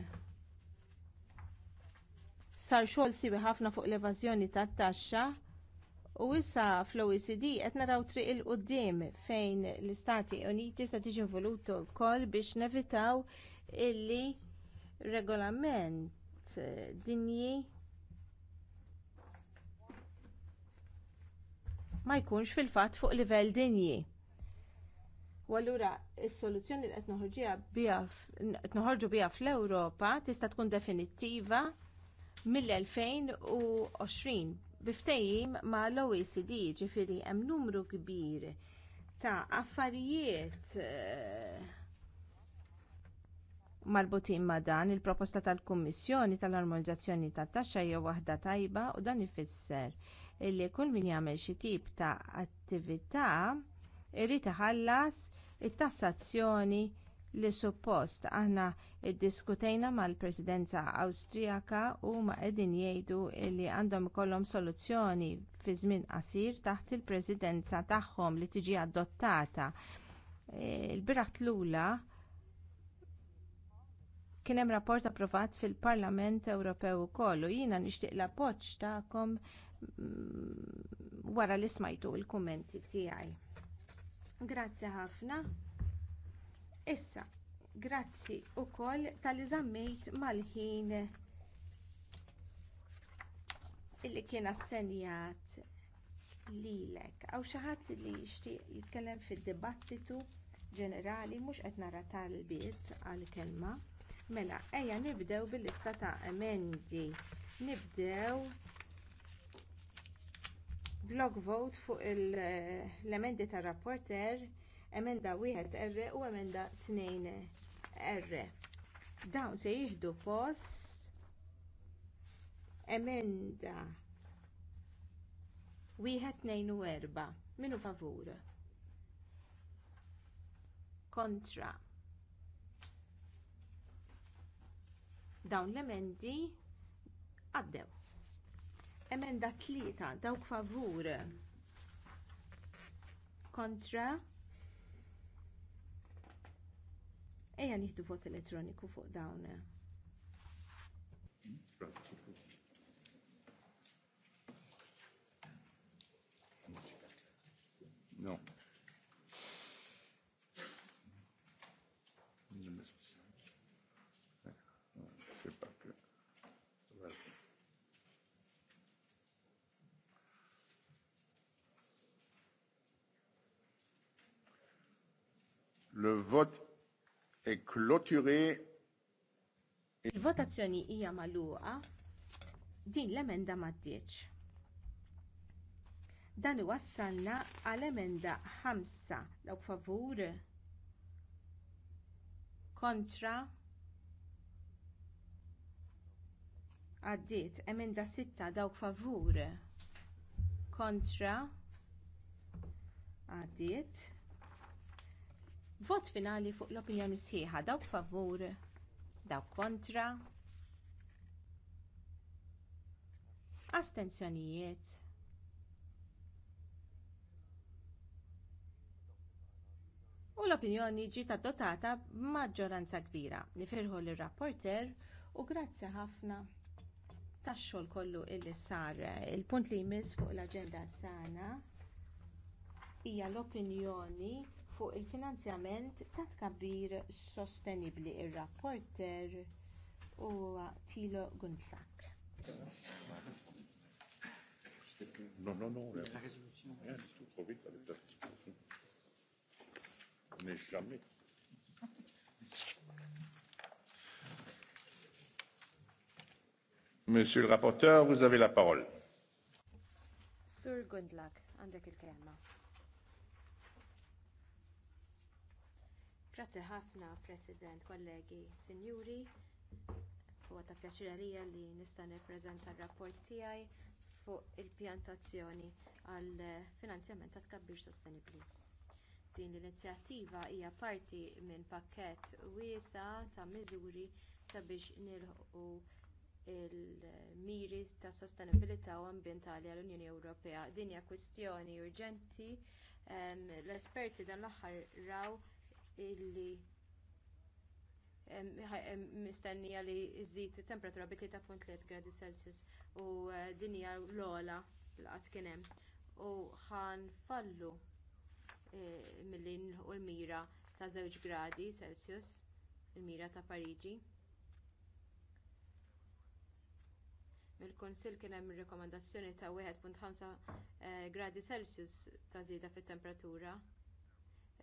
Sar xogħol sibi ħafna fuq l-evażjoni tat-taxxa U issa fl-OECD qed naraw triq il qudiem fejn l-Istati Uniti se tiġi involuto wkoll biex nevitaw illi regolament dinji ma jkunx fil-fatt fuq livell dinji. U allura is-soluzzjoni li qed noħorġu biha fl-Ewropa tista' tkun definittiva mill-2020 biftejjim ma l-OECD ġifiri hemm numru kbir ta' affarijiet eh, marbutin ma' dan il-proposta tal-Kummissjoni tal-Armonizzazzjoni tat-taxxa hija waħda tajba u dan ifisser li kull min jagħmel xi tip ta' attività irid iħallas it-tassazzjoni li suppost aħna iddiskutejna mal-Presidenza Awstrijaka u ma qegħdin jgħidu li għandhom ikollhom soluzzjoni fi żmien qasir taħt il-Presidenza tagħhom li tiġi adottata. E, il-biraħ tlula kien hemm rapport approvat fil-Parlament Ewropew ukoll u jiena nixtieq l-appoġġ tagħkom mm, wara li smajtu l-kummenti tiegħi. Grazzi ħafna. Issa, grazzi wkoll tal-li mal-ħin illi kien assenjat lilek. Aw xi ħadd li jixtieq jitkellem fid-dibattitu ġenerali mhux qed nara talbiet għall kelma. Mela, ejja nibdew bil-lista ta' emendi. Nibdew blog vote fuq l-emendi tar rapporter emenda wieħed R u emenda 2 R. Dawn se jieħdu post emenda wieħed tnejn u erba. Minu favur? Kontra. Dawn l-emendi għaddew. Emenda tlieta dawk favur kontra eja nieħdu vot elettroniku fuq dawn. No. Le vote E clôturée. Il-votazzjoni hija magħluqa din l-emenda m'għaddiex. Dan iwassalna għal emenda 5 dawk favur kontra għaddiet emenda 6 dawk favur kontra għaddiet Vot finali fuq l-opinjoni sħiħa dawk favur, dawk kontra. Astenzjonijiet. U l-opinjoni ġiet adottata b'maġġoranza kbira. Nifirħu l rapporter u grazzi ħafna tax-xogħol kollu illi sar il-punt li jmiss fuq l-aġenda tagħna hija l-opinjoni fuq il-finanzjament ta' tkabbir sostenibbli ir-rapporter huwa Thilo Gundlach. Eh, eh, Monsieur le rapporteur, vous avez la parole. Sur Gundlach, għandek il-kelma. Grazzi ħafna, President, kollegi, sinjuri. Huwa ta' pjaċira li nista' nippreżenta r-rapport tiegħi fuq il-pjantazzjoni għall finanzjament ta' tkabbir sostenibbli. Din l-inizjattiva hija parti minn pakkett wiesa ta' miżuri sabiex nilħu il-miri ta' sostenibilità u ambjentali għall-Unjoni Ewropea. Din hija kwistjoni urġenti. L-esperti dan l-aħħar raw illi mistennija li żżid temperatura bi 3.3 gradi Celsius u eh, din hija l-ola l-qatt kien hemm u ħan fallu eh, milli nilħu l-mira ta' 2 gradi Celsius il-mira ta' Pariġi. mill-kunsill kien hemm ir-rikomandazzjoni ta' 1.5 eh, gradi Celsius ta' żieda fit-temperatura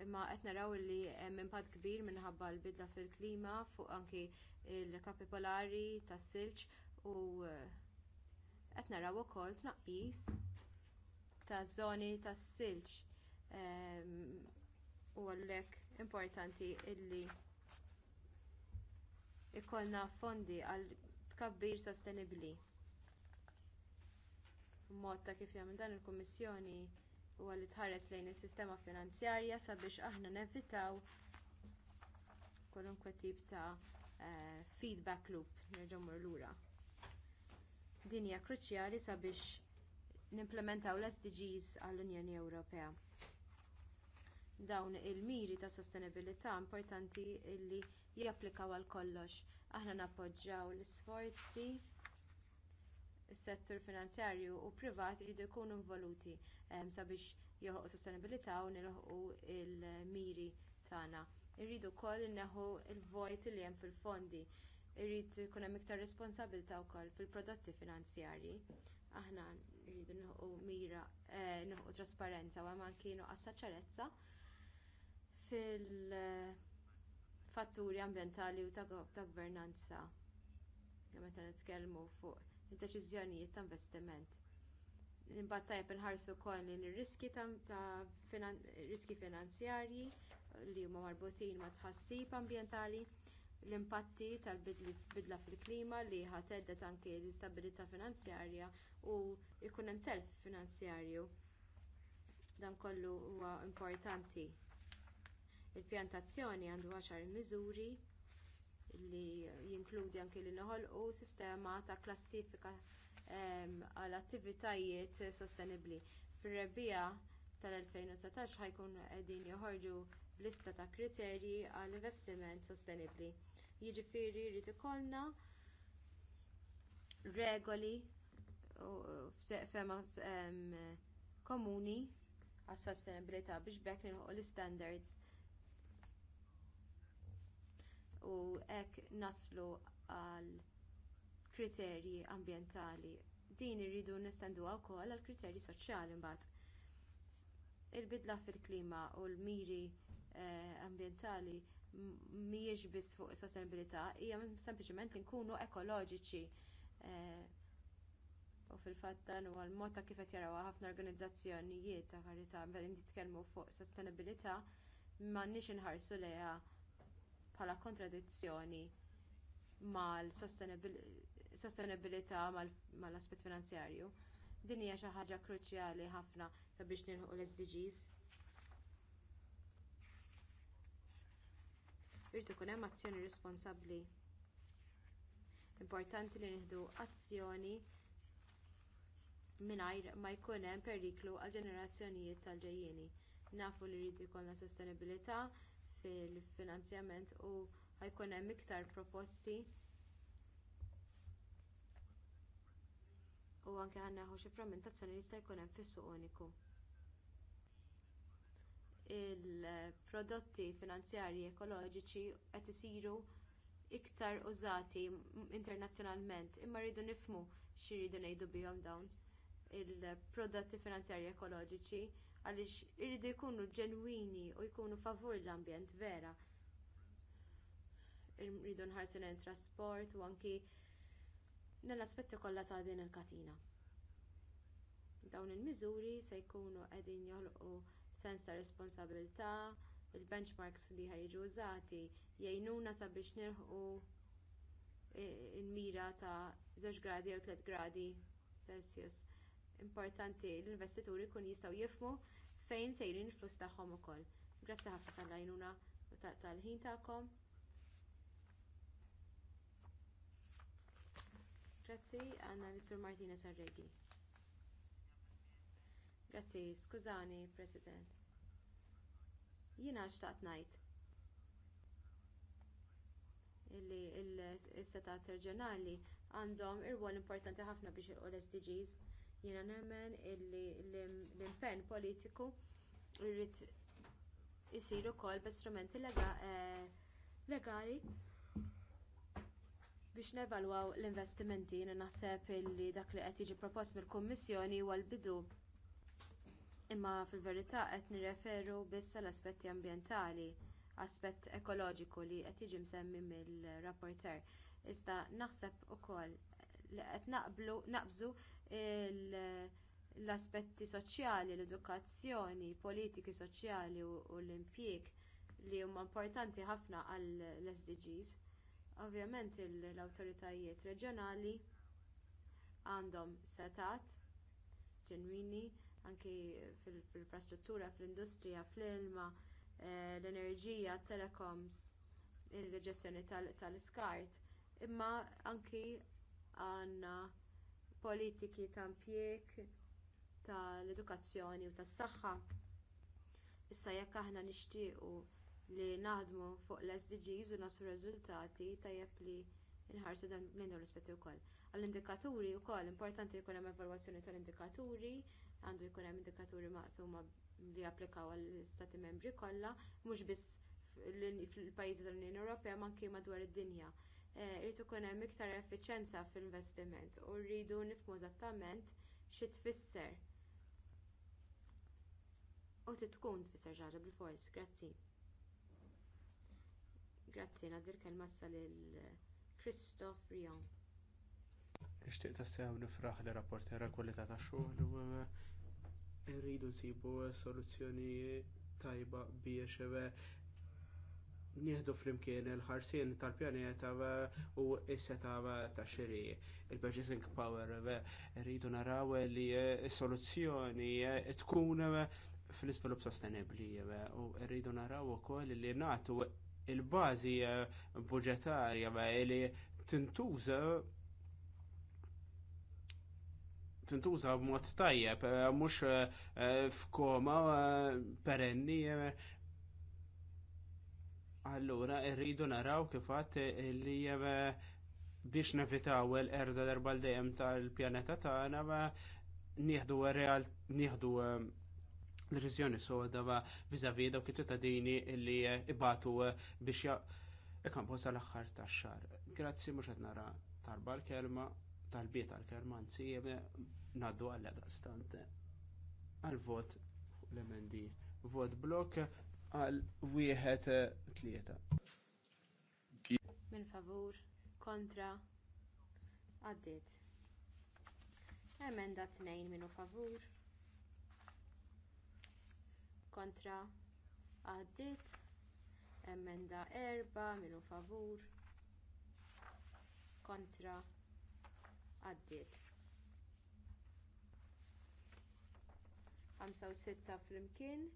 imma qed naraw li hemm impatt kbir minħabba l-bidla fil-klima fuq anki l-kapi polari tas-silġ u eh, qed naraw ukoll tnaqqis ta' żoni tas-silġ ehm, u għalhekk importanti illi ikollna fondi għal tkabbir sostenibbli. Mod ta' kif jagħmel dan il-Kummissjoni huwa li tħares lejn is-sistema finanzjarja sabiex aħna nevitaw kwalunkwe tip ta' eh, feedback loop nerġa' mur lura. Din hija kruċjali sabiex nimplementaw l-SDGs għall-Unjoni Ewropea. Dawn il-miri ta' sostenibilità importanti li japplikaw għal kollox. Aħna nappoġġjaw l-isforzi is-settur finanzjarju u privat jridu jkunu involuti ehm, sabiex joħolqu sostenibilità u nilħqu l-miri tagħna. Irridu wkoll inneħu l-vojt li hemm fil-fondi. Irrid ikun hemm iktar responsabilità wkoll fil-prodotti finanzjarji. Aħna rridu nħu mira, eh, nħu trasparenza u hemm anki nuqqas ċarezza fil-fatturi ambjentali u ta' governanza. Meta nitkellmu fuq id-deċiżjonijiet ta' investiment. Imbagħad tajjeb inħarsu wkoll lil riski ta' riski finanzjarji li huma marbutin ma' tħassib ambjentali, l-impatti tal-bidla fil-klima li ħateddet anke l-istabilità finanzjarja u jkun hemm telf finanzjarju. Dan kollu huwa importanti. Il-pjantazzjoni għandu għaxar miżuri li jinkludi anke li noħolqu sistema ta' klassifika għal attivitajiet sostenibbli. Fir-rebbija tal-2019 ħajkun qegħdin joħorġu b'lista ta' kriterji għal investiment sostenibbli. Jiġifieri jrid ikollna regoli f'temas komuni għas sostenibilità biex bekk nilħu l-standards u hekk naslu għal kriterji ambjentali. Din irridu nestenduha wkoll għal kriterji soċjali mbagħad. Il-bidla fil-klima u l-miri eh, ambjentali mhijiex biss fuq is sostenibilità, hija sempliċement li nkunu ekoloġiċi. Eh, u fil-fatt dan huwa l-mod ta' kif qed jaraw ħafna organizzazzjonijiet ta' karità meta jitkellmu fuq sostenibilità m'għandniex inħarsu lejha bħala kontradizzjoni mal-sostenibilità mal-aspett finanzjarju. Din hija xi ħaġa kruċjali ħafna sabiex nilħu l-SDGs. Irid ikun hemm azzjoni responsabbli. Importanti li nieħdu azzjoni mingħajr ma jkun hemm periklu għal ġenerazzjonijiet tal-ġejjieni. Nafu li jrid ikollna sostenibilità fil-finanzjament u ħajkun hemm iktar proposti u anke ħanneħu xi frammentazzjoni li jista' jkun hemm fis-suq uniku. Il-prodotti finanzjarji ekoloġiċi qed isiru iktar użati internazzjonalment imma rridu nifhmu x'iridu ngħidu bihom dawn il-prodotti finanzjarji ekoloġiċi għaliex iridu jkunu ġenwini u jkunu favur l-ambjent vera. Irridu nħarsu lejn trasport u anki nell-aspetti kollha ta' din il-katina. Dawn il-miżuri se jkunu qegħdin joħloqu sens ta' responsabilità, il-benchmarks li ħajġu użati jgħinuna sabiex nilħqu e, l mira ta' 2 gradi jew 3 gradi Celsius importanti l-investituri jkunu jistgħu jifhmu fejn sejrin il-flus tagħhom ukoll. Grazzi ħafna tal-għajnuna u tal-ħin tagħkom. Grazzi għandna l Martina Sarregi. Grazzi, skużani, President. Jiena xtaqt ngħid il-setat reġjonali għandhom irwol importanti ħafna biex il-SDGs Jiena nemmen illi l-impenn politiku jrid isir ukoll b'istrumenti eh, legali biex nevalwaw l-investimenti jiena naħseb illi dak li qed jiġi propost mill-Kummissjoni huwa l-bidu imma fil-verità qed nirreferu biss għall aspetti ambjentali, aspett ekoloġiku li qed jiġi msemmi mill-rapporter. Iżda naħseb ukoll li qed naqblu naqbżu l-aspetti soċjali, l-edukazzjoni, politiki soċjali u l-impjieg li huma importanti ħafna għall sdgs Ovvjament l-awtoritajiet reġjonali għandhom setat ġenwini anki fil-infrastruttura, fl-industrija, fl-ilma, eh, l-enerġija, t telecoms, il-ġestjoni tal-iskart, imma anki għandna politiki ta' impjieg tal-edukazzjoni u tas-saħħa. Issa jekk aħna nixtiequ li naħdmu fuq l-SDGs u naslu riżultati tajjeb li nħarsu dan minn dawn rispetti wkoll. Għall-indikaturi wkoll importanti jkun hemm evalwazzjoni tal-indikaturi, għandu jkun hemm indikaturi maqsuma li applikaw għall-Stati membri kollha, mhux biss fil-pajjiżi tal-Unjoni Ewropea ma anke madwar id-dinja. Eh, Rrid ikun hemm iktar effiċjenza fl-investiment u rridu nifhmu eżattament xi tfisser. U tkun tfisser ġara bil-fors, grazzi. Grazzi, nadir kelma issa lil Christoph Rion. Nixtieq tassew nifraħ li rapportera kwalità ta' xogħol u eh, rridu nsibu soluzzjoni tajba biex eh, nieħdu flimkien il-ħarsien tal-pjaneta u s-seta ta' xiri. Il-purchasing power rridu naraw li s-soluzzjoni eh, eh, tkun fl-isvilupp sostenibli u rridu naraw ukoll li nagħtu il-bażi eh, budġetarja li tintuża tintuża b'mod tajjeb, mhux f'koma perenni Allura, rridu naraw kifat li biex nevitaw l-erda darba l-dajem tal-pjaneta tagħna ma nieħdu real nieħdu ehm, deċiżjoni soda ma viżavi dawk iċ-ċittadini li ibatu biex posa l aħħar tax-xahar. Grazzi mhux qed nara tarba l-kelma tal bi tal-kelma anzi ngħaddu għal stant għal-vot l-emendi. Vot blok għal wieħed eh, tlieta. Min favur, kontra, għaddit. Emenda tnejn minu favur, kontra, għaddit. Emenda erba minu favur, kontra, għaddit. 5 u 6 flimkien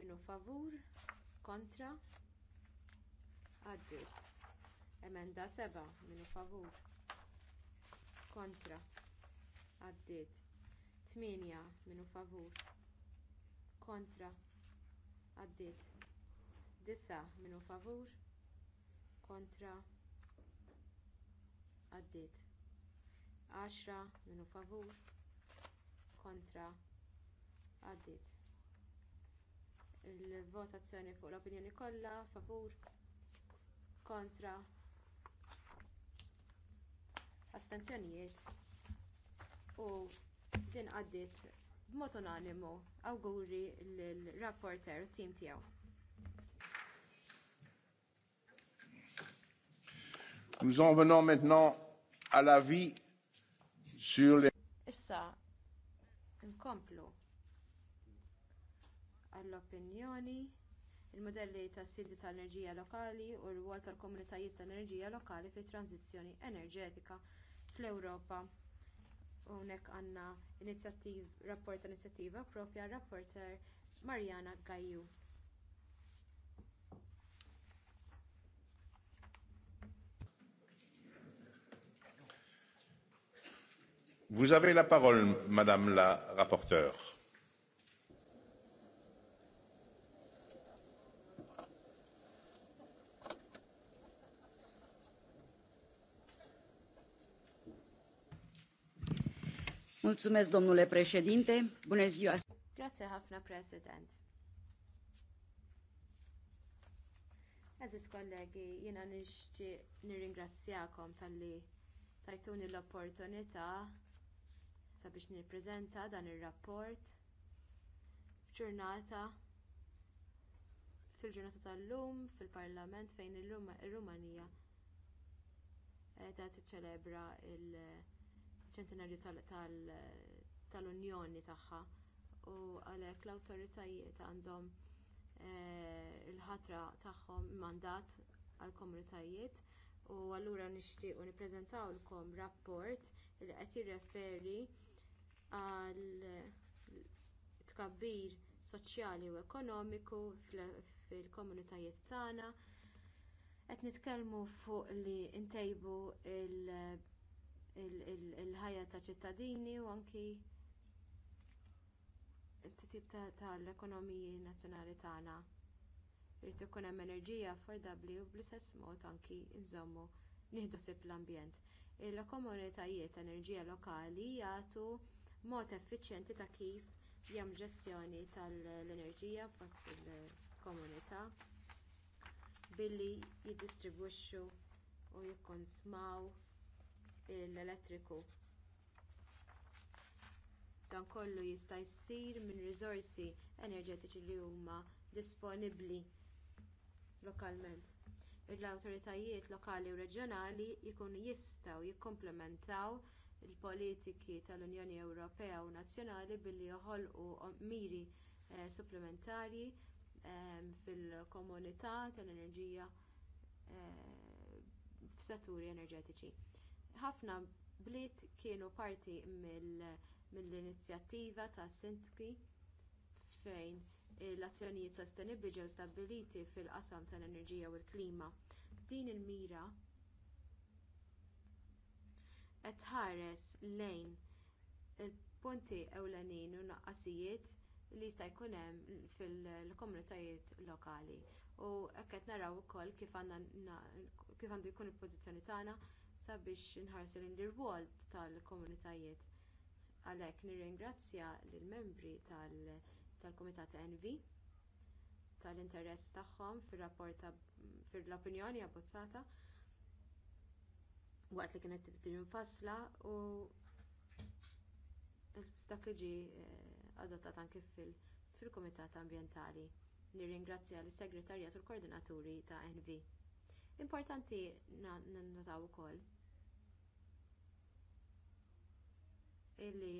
minu favur kontra għaddiet emenda seba' minu favur kontra għaddiet 8 minu favur kontra għaddiet 9 minu favur kontra għaddiet 10 minu favur kontra għaddiet il-votazzjoni fuq l-opinjoni kollha favur kontra astenzjonijiet u din għaddiet b'mod unanimu awguri lill-rapporter u tim tiegħu. Nous en venons maintenant à l'avis sur les... Issa, għall-opinjoni il-mudelli tas-sildi tal-enerġija lokali u r-rwol tal-komunitajiet tal-enerġija lokali fit-transizzjoni enerġetika fl-ewropa hawnhekk għandna rapport ta' inizjattiva proprja rapporter Mariana Gajju. Vous avez la parole, Madame la rapporteure. Mulțumesc, domnule președinte. Bună ziua. Grazie ħafna, President. Eżis kollegi, jiena nixti nirringrazzjakom talli tajtuni l-opportunità sabiex nippreżenta dan ir-rapport f'ġurnata fil-ġurnata tal-lum fil-Parlament fejn ir-Rumanija t-ċelebra eh, tiċċelebra l- ċentenarju tal-unjoni tagħha u għalhekk l-awtoritajiet għandhom eh, il-ħatra tagħhom mandat għall-komunitajiet u allura nixtiequ nippreżentawlkom rapport li qed jirreferi għal tkabbir soċjali u ekonomiku fil-komunitajiet tagħna qed nitkellmu fuq li ntejbu l il-ħajja ta' ċittadini u anki t-tip tal-ekonomiji nazzjonali tagħna. Irid ikun hemm enerġija affordabbli u bl-istess mod anki nżommu nieħdu l-ambjent. Il-komunitajiet enerġija lokali jagħtu mod effiċjenti ta' kif jagħmlu ġestjoni tal-enerġija fost il-komunità billi jiddistribwixxu u jikkonsmaw l-elettriku dan kollu jista' jsir minn riżorsi enerġetiċi li huma disponibbli lokalment l-awtoritajiet lokali u reġjonali jkunu jistgħu jikkomplementaw il-politiki tal-unjoni ewropea u nazzjonali billi joħolqu miri eh, supplementari eh, fil-komunità tal-enerġija eh, f'setturi enerġetiċi ħafna bliet kienu parti mill-inizjattiva tas-sintki fejn l-azzjonijiet sostenibbli ġew stabbiliti fil-qasam tal-enerġija u l-klima. Din il-mira qed tħares lejn il-punti ewlenin u naqqasijiet li jista' jkun hemm fil-komunitajiet lokali u hekk qed naraw ukoll kif għandu jkun il-pożizzjoni tagħna sabiex inħarsu l-irwol tal-komunitajiet għalhekk nirringrazzja lill-membri tal-kumitat envi tal-interess tagħhom fir-rapport fil-opinjoni abbozzata waqt li kienet tiġi infassla u dak li ġie eh, adottat anke fil-Kumitat Ambjentali. Nirringrazzja lis segretarjat u l-Koordinaturi ta' NV. Importanti nannotaw ukoll illi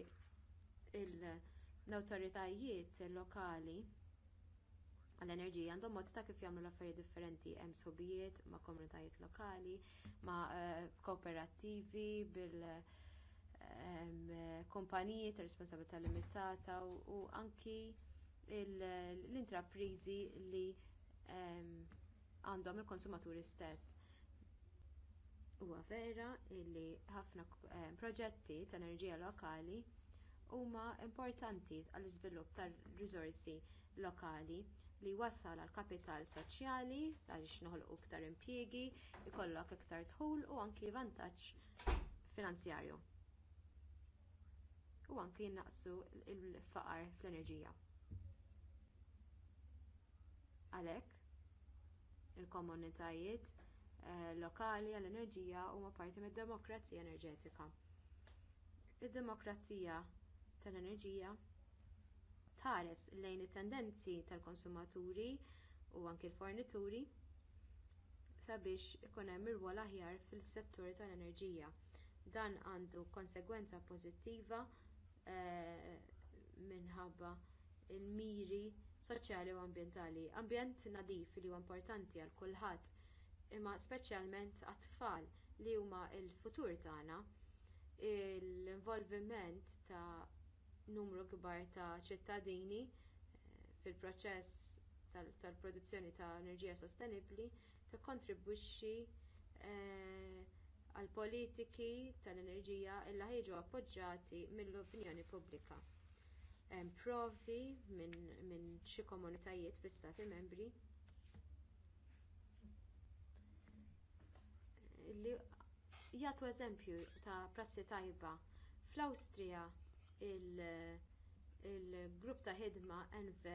l-awtoritajiet lokali għall-enerġija għandhom mod ta' kif jagħmlu l-affarijiet differenti hemm subijiet ma' komunitajiet lokali, ma' eh, kooperattivi bil kumpaniji responsabilità limitata u anki l-intraprizi li għandhom il-konsumaturi stess. Huwa vera li ħafna eh, proġetti ta' enerġija lokali huma importanti għall-iżvilupp tar-riżorsi lokali li wassal għal kapital soċjali għaliex noħolqu iktar impjiegi, ikollok iktar dħul u anki vantaġġ finanzjarju. U anki jinnaqsu l faqar fl-enerġija. Għalhekk il-komunitajiet eh, lokali għall-enerġija huma parti mid-demokrazija enerġetika id-demokrazija tal-enerġija tħares lejn it-tendenzi tal-konsumaturi u anki l-fornituri sabiex ikun hemm irwol aħjar fis-settur tal-enerġija dan għandu konsegwenza pożittiva eh, minħabba l miri soċjali u ambjentali. Ambjent nadif li huwa importanti għal kulħadd, imma speċjalment għat-tfal li huma l-futur tagħna, l-involviment ta' numru kbar ta' ċittadini eh, fil-proċess tal-produzzjoni ta' enerġija sostenibbli tikkontribwixxi eh, għal politiki tal-enerġija illa ħejġu appoġġjati mill-opinjoni pubblika hemm provi minn xi komunitajiet fl-istati membri li jagħtu eżempju ta' prassi tajba. Fl-Awstrija il-grupp ta' ħidma NV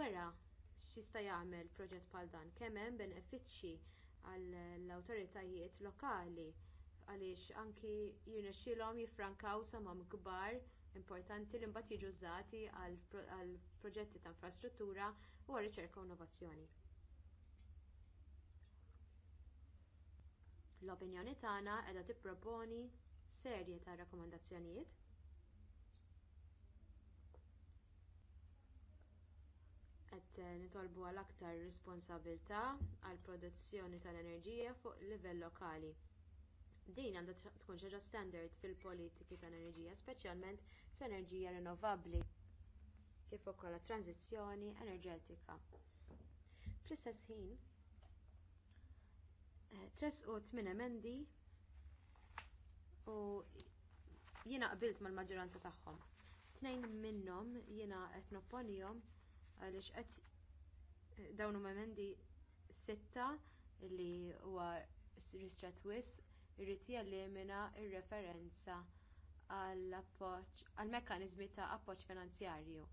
wera x'jista' jagħmel proġett bħal dan kemm hemm benefiċċji għall-awtoritajiet lokali għaliex anki jirnexxielhom jiffrankaw somam kbar importanti li mbagħad jiġu użati għal proġetti ta' infrastruttura u għal riċerka u innovazzjoni. L-opinjoni tagħna qiegħda tipproponi serje ta' rakkomandazzjonijiet qed nitolbu għal aktar responsabilità għall produzzjoni tal-enerġija fuq livell lokali. Din għandha tkun xi ħaġa standard fil-politiki tal-enerġija, speċjalment fl-enerġija rinnovabbli kif ukoll tranzizzjoni enerġetika. Fl-istess ħin, eh, tresqu tmien emendi u jiena qbilt mal-maġġoranza tagħhom. Tnejn minnhom jiena qed nopponihom għaliex qed eh, dawn emendi sitta li huwa ristret wis irid jelimina r referenza għall mekkaniżmi ta' appoġġ finanzjarju.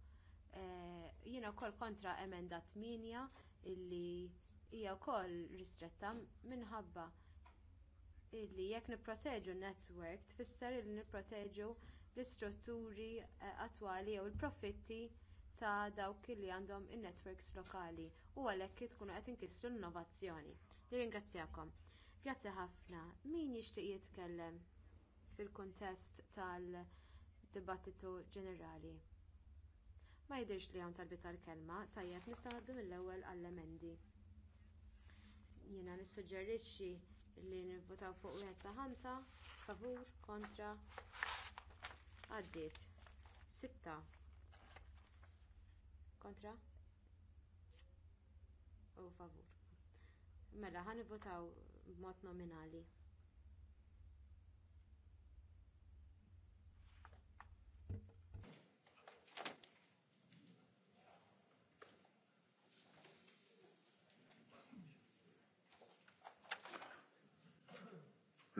Eh, jiena wkoll kontra emenda 8 illi hija wkoll ristretta minħabba illi jekk nipproteġu n-netwerk tfisser illi nipproteġu l-istrutturi eh, attwali jew il-profitti ta' dawk li għandhom in-networks lokali u għalhekk tkunu qed inkissru l-innovazzjoni. Nirringrazzjakom. Grazzi ħafna. Min jixtieq jitkellem? fil-kuntest tal-dibattitu ġenerali. Ma jidhirx li hawn talbi tal-kelma, tajjeb nistgħu ngħaddu mill-ewwel għall-emendi. Jiena nissuġġerixxi li nivvotaw fuq wieħed sa ħamsa favur kontra għaddiet. Sitta kontra u favur. Mela ħa nivvotaw b'mod nominali.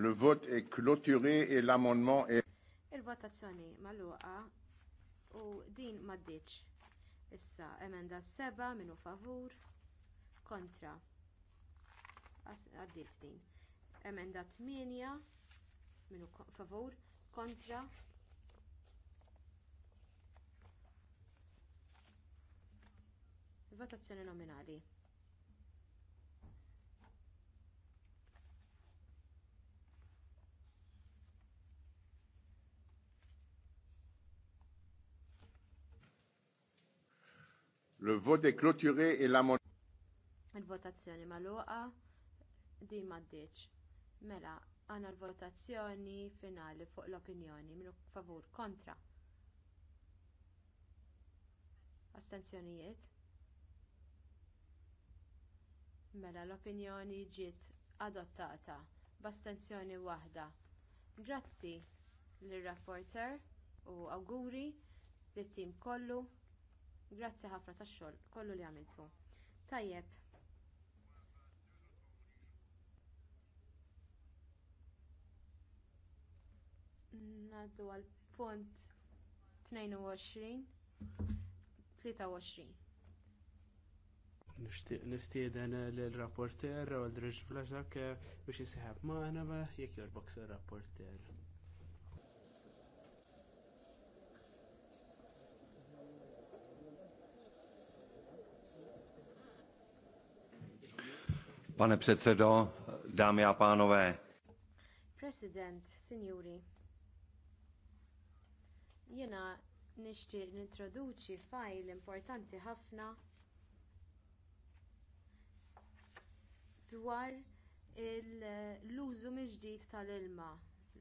Le vote est clôturé et l'amendement est. Il-votazzjoni magħluqa u din m'għaddiċ. Issa emenda seba minu favur kontra. Għaddiet din. Emenda 8 minu favur kontra votazzjoni nominali. Le vote est clôturé et mon... Il-votazzjoni magħluqa din m'għaddiex. Mela, għandna l-votazzjoni finali fuq l-opinjoni minu favur kontra. Astenzjonijiet. Mela l-opinjoni ġiet adottata b'astenzjoni waħda. Grazzi l rapporter u awguri lit tim kollu Grazzi ħafna tax-xogħol kollu li għamiltu. Tajjeb. Ngħaddu għal punt 22 23. Nixtieq nistieden lill-rapporter eh, u l Drej Flaxak eh, biex jisiħab maħna jekk jorbok sar rapporter Pane předsedo, dámy a pánové. President, signori, jena nixtieq nintroduċi fajl importanti ħafna dwar l-użu mill-ġdid tal-ilma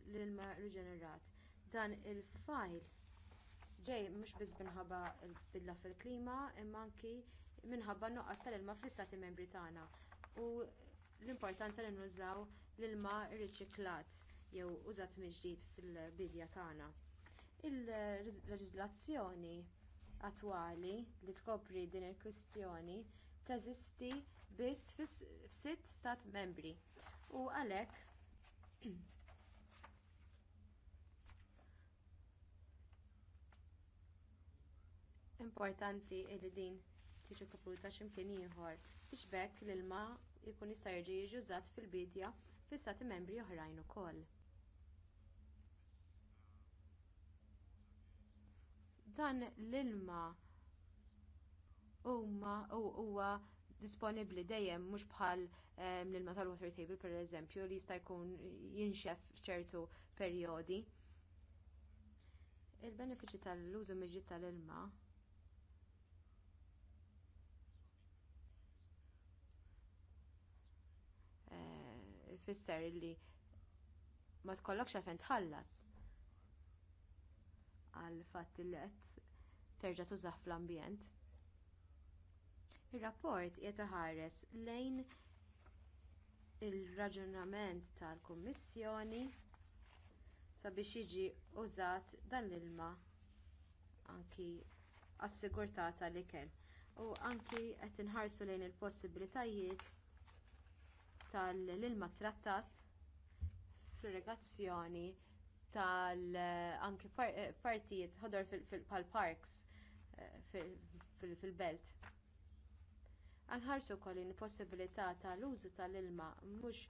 l-ilma riġenerat. Dan il-fajl ġej mhux biss minħabba bidla fil-klima imma anki minħabba nuqqas tal-ilma fl-istati membri tagħna u l-importanza li nużaw l-ilma rriċiklat jew użat mi ġdid fil-bidja tagħna. Il-leġiżlazzjoni attwali li tkopri din il-kwistjoni teżisti biss f'sitt stat membri u għalhekk *clears throat* importanti li din tiġi kopruta x'imkien ieħor biex b'hekk l-ilma jkun jista' jerġa' jiġi użat fil-bidja fi stati membri oħrajn ukoll dan l-ilma huwa disponibbli dejjem mhux bħal ehm, l-ilma tal-water table pereżempju li jista' jkun jinxef f'ċertu perjodi. Il-benefiċċji tal-użu miġjid tal-ilma ifisser li ma tkollokx għalfejn tħallas għal fatt li qed terġa' tużaħ fl-ambjent. Ir-rapport qiegħed iħares lejn ir-raġunament tal-Kummissjoni sabiex jiġi użat dan l-ilma anki assigurata li tal-ikel u anki qed inħarsu lejn il possibbiltajiet tal-ilma trattat fl-irrigazzjoni tal eh, anki eh, partijiet ħodor bħall parks eh, fil-belt. Anħarsu wkoll il-possibilità tal-użu tal-ilma mhux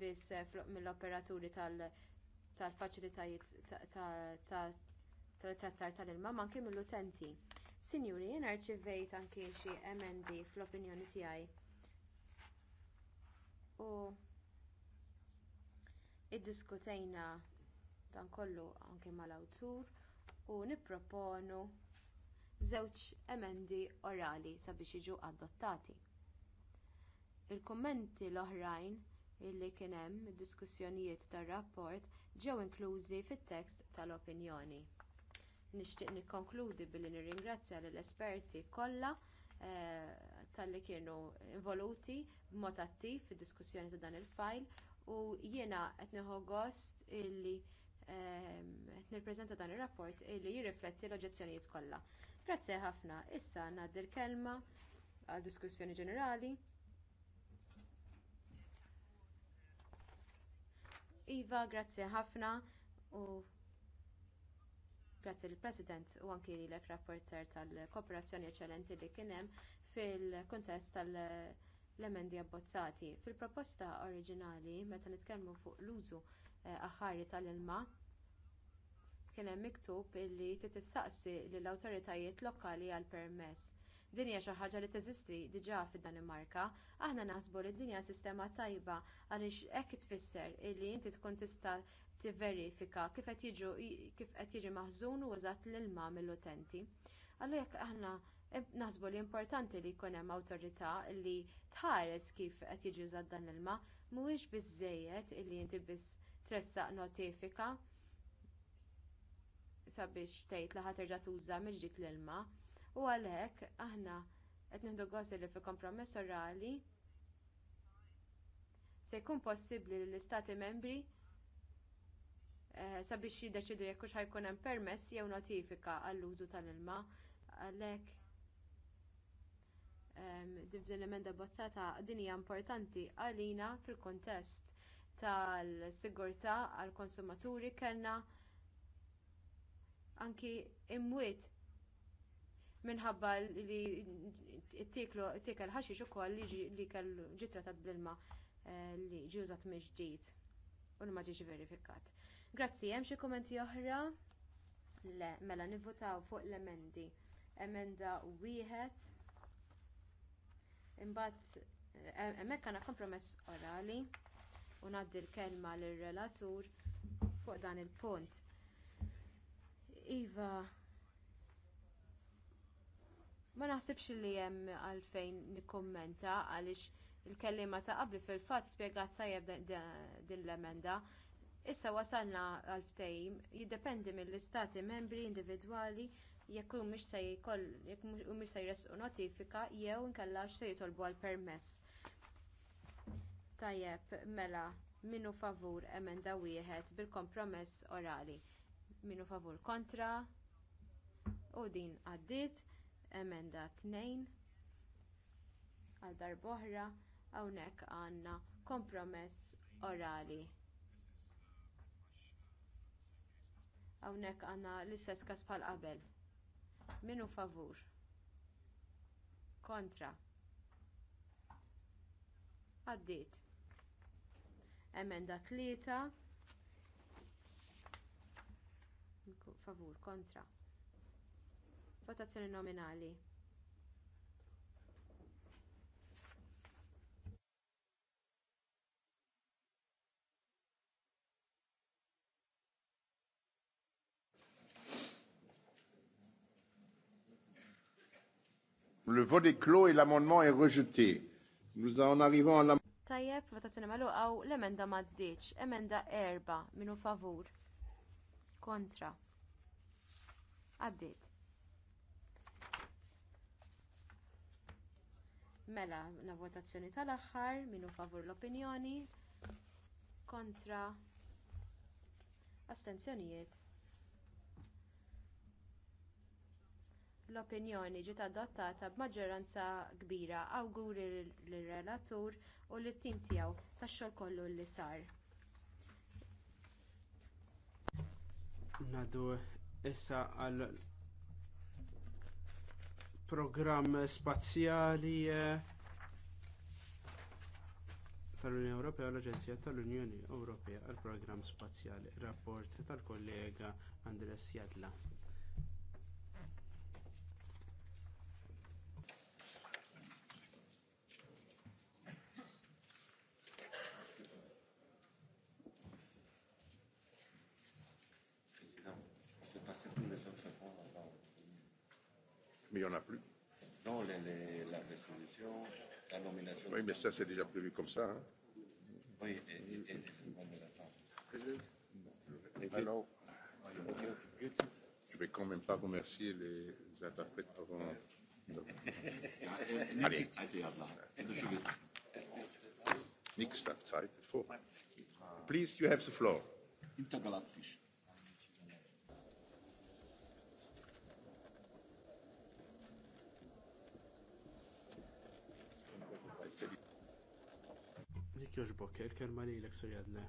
biss mill-operaturi tal-faċilitajiet tal-trattar tal-ilma ma anke mill-utenti. Sinjuri, jien rċivejt anki xi emendi fl-opinjoni tiegħi u iddiskutejna dan kollu anke mal-awtur u nipproponu żewġ emendi orali sabiex jiġu adottati. Il-kummenti l-oħrajn li kien hemm id-diskussjonijiet tar-rapport ġew inklużi fit-tekst tal-opinjoni. Nixtieq nikkonkludi billi nirringrazzja lill esperti kollha eh, tal-li kienu involuti b'mod attiv fid-diskussjoni ta' dan il-fajl u jiena qed nieħu gost illi ehm, qed nippreżenta dan ir-rapport illi jirrifletti l-oġġezzjonijiet kollha. Grazzi ħafna. Issa ngħaddi l-kelma għal diskussjoni ġenerali. Iva, grazzi ħafna u grazzi lill president u anki l rapporter tal-kooperazzjoni eċċellenti li kien hemm fil-kuntest tal-emendi abbozzati. Fil-proposta oriġinali, meta nitkellmu fuq l-użu eh, aħħari tal-ilma, kien hemm miktub illi tistaqsi lill-awtoritajiet lokali għal permess. Din hija xi ħaġa li teżisti diġà fid-Danimarka, aħna naħsbu li d-dinja sistema tajba għaliex hekk tfisser illi inti tkun tista' tivverifika kif qed jiġi maħżun u eżatt l-ilma mill-utenti. Allura jekk aħna Naħsbu li importanti li jkun hemm awtorità li tħares kif qed jiġi użat dan l-ilma mhuwiex biżżejjed illi inti biss tressaq notifika sabiex tgħid li ħaterġa' tuża mhix dik l-ilma u għalhekk aħna qed nieħdu li fi kompromess orali se jkun possibbli li l-istati membri eh, sabiex jiddeċidu jekk hux ħajkun hemm permess jew notifika għall-użu tal-ilma għalhekk Dibdin l-emenda bozzata din hija importanti għalina fil-kontest tal-sigurtà għall konsumaturi kellna anki imwiet minħabba li t-tiklu t-tikel ħaxix ukoll li kellu ġitratat bl-ilma eh, li ġie użat miġdijt u li ma ġiex verifikat. Grazzi, hemm xi kummenti oħra? Le, mela nivvotaw fuq l-emendi. Emenda wieħed Imbagħad eh, hemmhekk għandna kompromess orali u ngħaddi l-kelma lir-relatur fuq dan il-punt. Iva, ma naħsibx li hemm għalfejn nikkummenta għaliex il-kellima ta' qabli fil-fatt spjegat sajjeb din l-emenda. Issa wasalna għal ftehim jiddependi mill-istati membri individwali jekk hu se jressqu jekk se jresqu notifika jew inkella se jitolbu għal permess. Tajjeb, mela, minnu favur emenda wieħed bil-kompromess orali. Minu favur kontra u din għaddiet emenda tnejn għal oħra, hawnhekk għandna kompromess orali. Hawnhekk għandna l-istess każ bħal qabel. Minu favur. Kontra. Għaddit. Emenda tlieta. Favur, kontra. Votazzjoni nominali. Le vote est clos et l'amendement est rejeté. Nous en arrivons à l'amendement. Tajjeb, votazzjoni magħluqa u l-emenda m'għaddiċ. Emenda erba' minu favur. Kontra. Addit. Mela, na votazzjoni tal-aħħar minu favur l-opinjoni. Kontra. Astenzjonijiet. l-opinjoni ġiet adottata b'maġġoranza kbira awguri lir-relatur u lit-tim tiegħu tax-xogħol kollu li sar Nadu issa għal programm spazjali eh, tal-Unjoni Ewropea u l-Aġenzija tal-Unjoni Ewropea għall programm spazjali, rapport tal-kollega Andres Jadla. Mais il n'y en a plus. Dans les, les, la résolution, la nomination. Oui, mais ça, c'est déjà prévu comme ça. Hein. Oui, et, et, et, Alors, je ne vais quand même pas remercier les interprètes avant. Allez. Nix Zeit. Please, you have the floor. Intergalactisch. jekk jogħġbok il-kelma lilek sur jadle.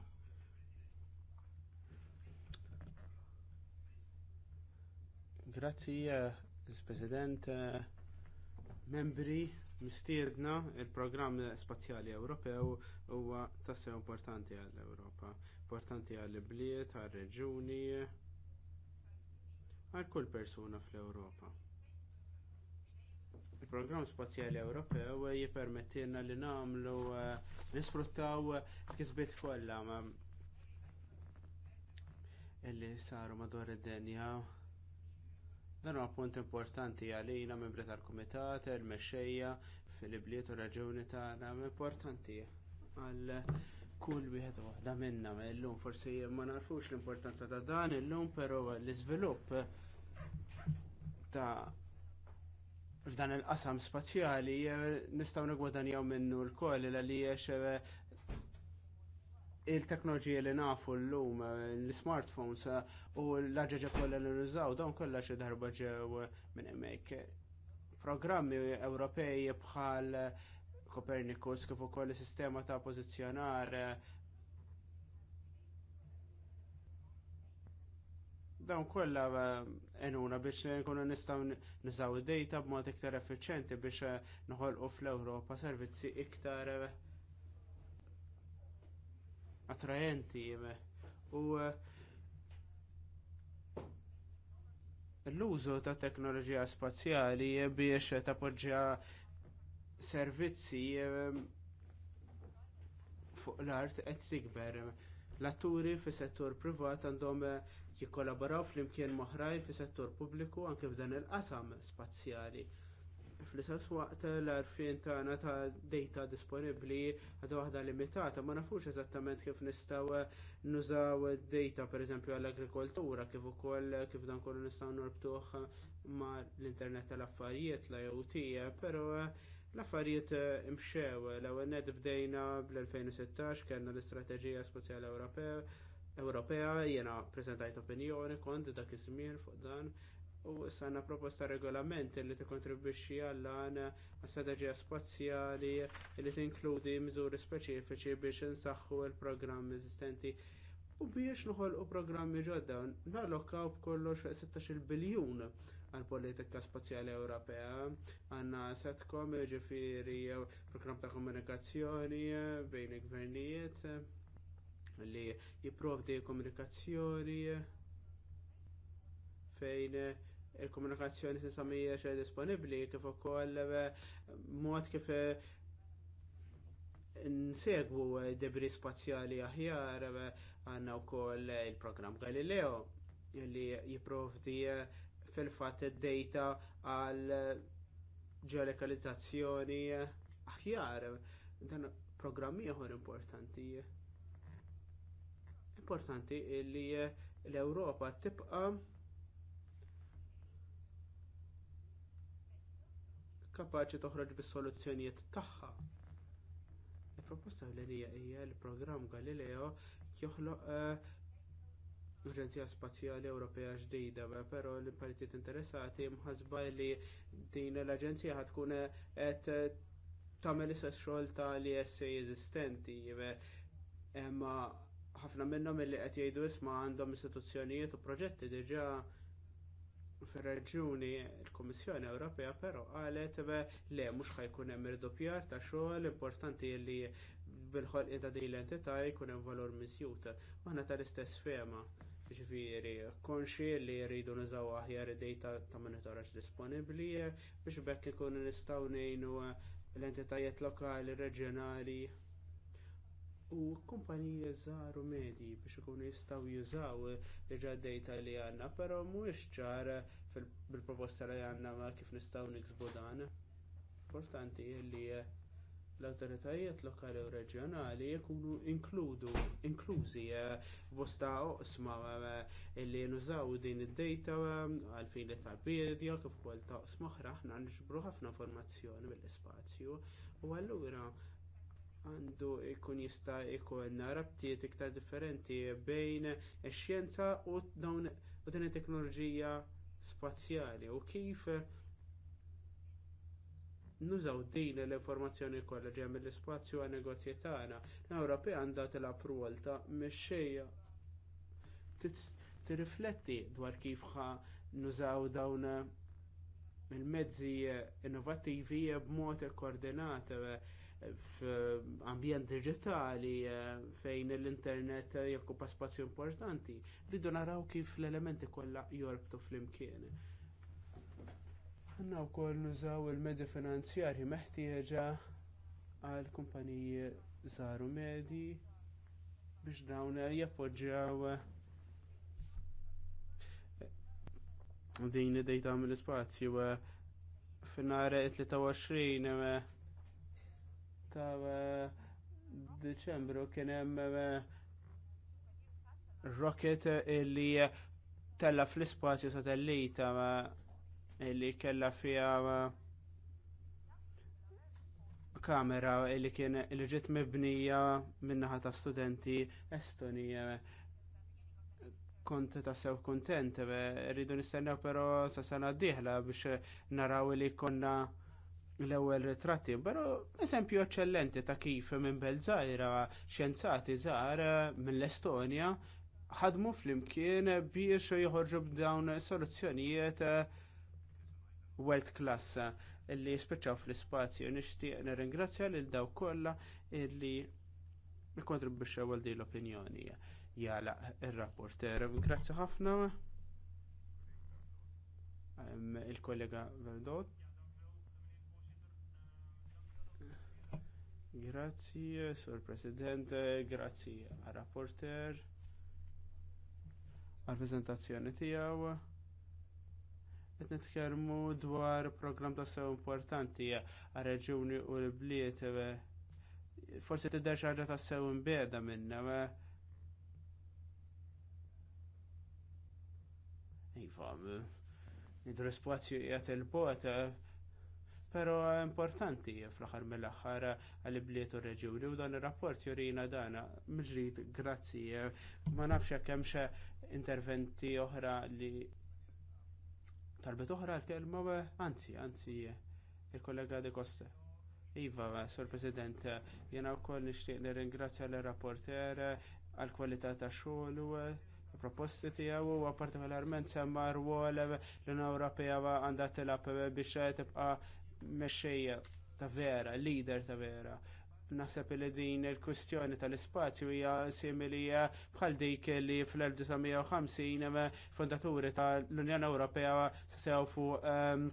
Grazzi, eh, President, eh, membri, mistiedna, il-programm spazjali Ewropew huwa tassew importanti għall-Ewropa, importanti għall-bliet, għal reġuni għal kull persuna fl-Ewropa. Il-Programm Spazjali Ewropew eh, jippermettilna li nagħmlu eh, nisfruttaw eh, kisbiet kollha illi saru madwar id-denja. Dan huwa punt importanti għalina membri tal-Kumitat, il-mexxejja fil-ibliet u raġuni tagħna importanti għal kull wieħed waħda minnha illum forsi ma nafux l-importanza ta' dan illum però l-iżvilupp ta' f'dan il-qasam spazjali eh, nistgħu nigwadanjaw minnu l-koll għaliex eh, il-teknoloġija li nafu llum eh, l-smartphones u l-ġeġa kollha li nużaw dawn kollha xi darba ġew minn hemmhekk. Programmi Ewropej bħal Copernicus kif ukoll is sistema ta' pożizzjonar Dawn kollha eh, enuna biex nkunu nistgħu nisaw id-dejta b'mod iktar effiċjenti biex eh, noħolqu fl-Ewropa servizzi iktar eh, attrajenti u l-użu ta' teknoloġija spazjali biex tappoġġja servizzi fuq l-art qed tikber. L-atturi fis settur privat għandhom jikkollaboraw flimkien moħraj fis-settur pubbliku anke f'dan il-qasam spazjali. Fl-istess waqt l-għarfien tagħna ta' dejta disponibbli għadu waħda limitata ma nafux eżattament kif nistgħu nużaw data pereżempju għall-agrikoltura kif ukoll kif dan kollu nistgħu norbtuh ma l-internet tal-affarijiet l-IoT, però L-affarijiet imxew, l ewwel bdejna bl-2016 kellna l-Istrateġija Spazjali Ewropea. Ewropea jiena prezentajt opinjoni kont dak iż-żmien fuq dan u issa għandna proposta regolament li tikkontribwixxi għall għan strateġija spazjali li tinkludi miżuri speċifiċi biex insaħħu l-programm eżistenti u biex noħolqu programmi ġodda nallokaw b'kollox 16 biljun għall politika spazjali Ewropea. Għandna setkom jiġifieri program ta' komunikazzjoni bejn il-gvernijiet li jipprovdi komunikazzjoni fejn il-komunikazzjoni se samija xe disponibli kif ukoll mod kif eh, nsegwu debri spazjali aħjar għandna wkoll il-programm Galileo li jipprovdi eh, fil-fatt id-data għal ġeolokalizzazzjoni aħjar dan programm ieħor importanti importanti li l-Ewropa tibqa kapaċi toħroġ bis-soluzzjonijiet tagħha. Il-proposta l-erija hija l-programm Galileo joħloq eh, Aġenzija Spazjali Ewropea ġdida, però l-partijiet interessati mħasba li din l-Aġenzija ħatkun eh, qed tagħmel istess xogħol tal li essi eżistenti, imma ħafna minnhom illi qed jgħidu isma' għandhom istituzzjonijiet u proġetti diġà fir-reġjuni il-Kummissjoni Ewropea però qalet le mhux ħajkun hemm irdupjar ta' xogħol importanti li bil-ħolqien ta' din l-entità jkun hemm valur miżjud. Aħna tal-istess fema ġifiri, konxi li jridu nizaw aħjar id-dejta ta' monitoraġġ disponibbli biex bekk ikunu nistgħu ngħinu l-entitajiet lokali, reġjonali u kumpaniji żgħar u medji biex ikunu jistgħu jużaw il d-dejta li għandna, però mhuwiex ċar bil-proposta li għandna kif nistgħu niksbu dan. Importanti li l-awtoritajiet lokali u reġjonali jkunu inkludu inklużi eh, bosta oqsma eh, li nużaw din id-dejta eh, għal fili tal bidja kif ukoll ta' oqsma oħra aħna nġbru ħafna informazzjoni mill-ispazju u allura għandu jkun jista jkun rabtiet iktar differenti bejn ix-xjenza u dawn u din it-teknoloġija spazjali u kif nużaw din l-informazzjoni kollha ġejja mill-ispazju għan negozji tagħna. Ewropea għandha tilab rwol ta' mexxejja tirrifletti dwar kif ħa nużaw dawn il-mezzi innovattivi b'mod koordinat f'ambjent digitali eh, fejn l-internet jokkupa spazju importanti, rridu naraw kif l-elementi kollha jorbtu flimkien. Għanna koll nużaw il-medja finanzjari meħtieġa għal kumpaniji żaru medji biex dawn jappoġġjaw eh, din id-dejta mill-ispazju f'nara 23 ta' Deċembru kien hemm eh, rocket illi tella fl-ispazju satellita eh, illi kella fiha eh, kamera illi kien li ġiet mibnija minnaħa ta' studenti Estonija. Kont ta' sew kontent, rridu nistennew però sa' sena d dieħla biex naraw li konna l-ewwel ritratti, però eżempju eċċellenti ta' kif minn Belżajra xjenzati żgħar mill-Estonja ħadmu flimkien biex joħorġu b'dawn soluzzjonijiet world class illi jispiċċaw fl-ispazju. Nixtieq nirringrazzja lil dawk kollha illi kontribwixxew għal din l-opinjoni. Jala ir-rapporter, Ringrazzja ħafna il-kollega Verdot. Grazzi, sor Presidente, grazzi għal rapporter għal prezentazzjoni tijaw. Qed nitkellmu dwar program ta' sew importanti għal reġuni u l-bliet. Forse t xi ħaġa ta' sew imbeda minnha. Iva, nidru spazju jgħat il-bota pero importanti fl-aħħar mill-aħħar għal-ibliet u reġjuni u dan ir-rapport jurina dan mill-ġrid grazzi ma nafx jekk hemmx interventi oħra li talbet oħra l-kelma anzi anzi il-kollega De Costa. Iva, Sur President, jena wkoll nixtieq nirringrazzja l rapporter għall kwalità tax xogħol u proposti tiegħu u partikolarment semma rwol l-Unjoni Ewropea għandha tilab biex tibqa' mexxejja ta' vera, leader ta' vera. Naħseb li din il-kwistjoni tal-ispazju hija simili bħal dik li fl-1950 fondaturi tal-Unjoni Ewropea sew fuq ehm,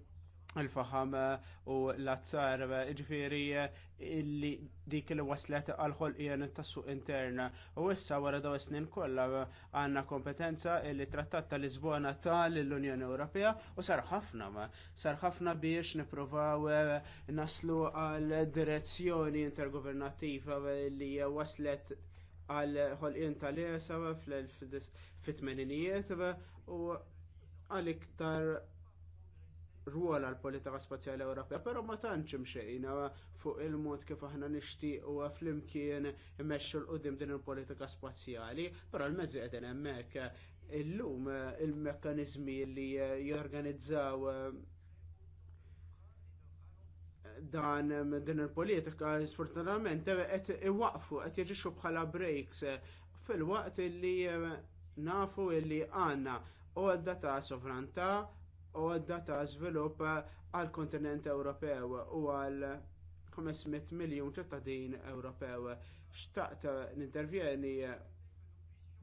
il faħam eh, u l-azzar eh, ġifiri eh, illi dik li waslet għal-ħol ijan tas interna. U issa wara daw snin kollha għandna kompetenza illi trattat ta' Lisbona tal l-Unjoni Ewropea u sar ħafna ma sar ħafna biex nippruvaw naslu għal direzzjoni intergovernattiva li waslet għal ħolqien tal-ESA fl-1880 u għal iktar ruol għall politika spazjali Ewropea, però ma tantx imxejna eh, fuq il-mod kif aħna nixtiequ eh, flimkien immexxu l-qudiem din il-politika spazjali, però l-mezzi qegħdin hemmhekk. Illum eh, il-mekkaniżmi li jorganizzaw dan din il-politika sfortunatament qed iwaqfu qed jiġixxu bħala breaks fil-waqt li nafu li għandna għodda ta' sovranta għodda ta' żvilupp għall kontinent Ewropew u għal 500 miljun ċittadin Ewropew. Xtaqt nintervjeni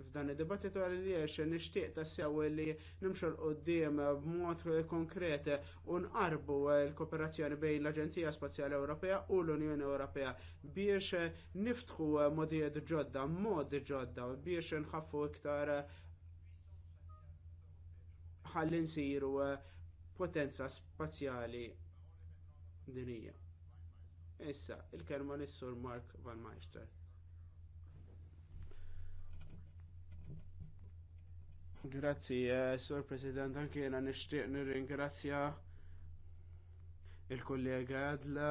f'dan id-dibattitu għaliex nixtieq tassew li nimxu l-qoddim b'mod konkret u nqarbu l-kooperazzjoni bejn l-Aġenzija Spazjali Ewropea u l-Unjoni Ewropea biex niftħu modijiet ġodda, modi ġodda biex nħaffu iktar ħalli nsiru eh, potenza spazjali dinija. Issa, il-kelma nissur Mark Van Meister. Grazzi, eh, Sur President, anke jena nishtiq nirringrazzja il-kollega Adla.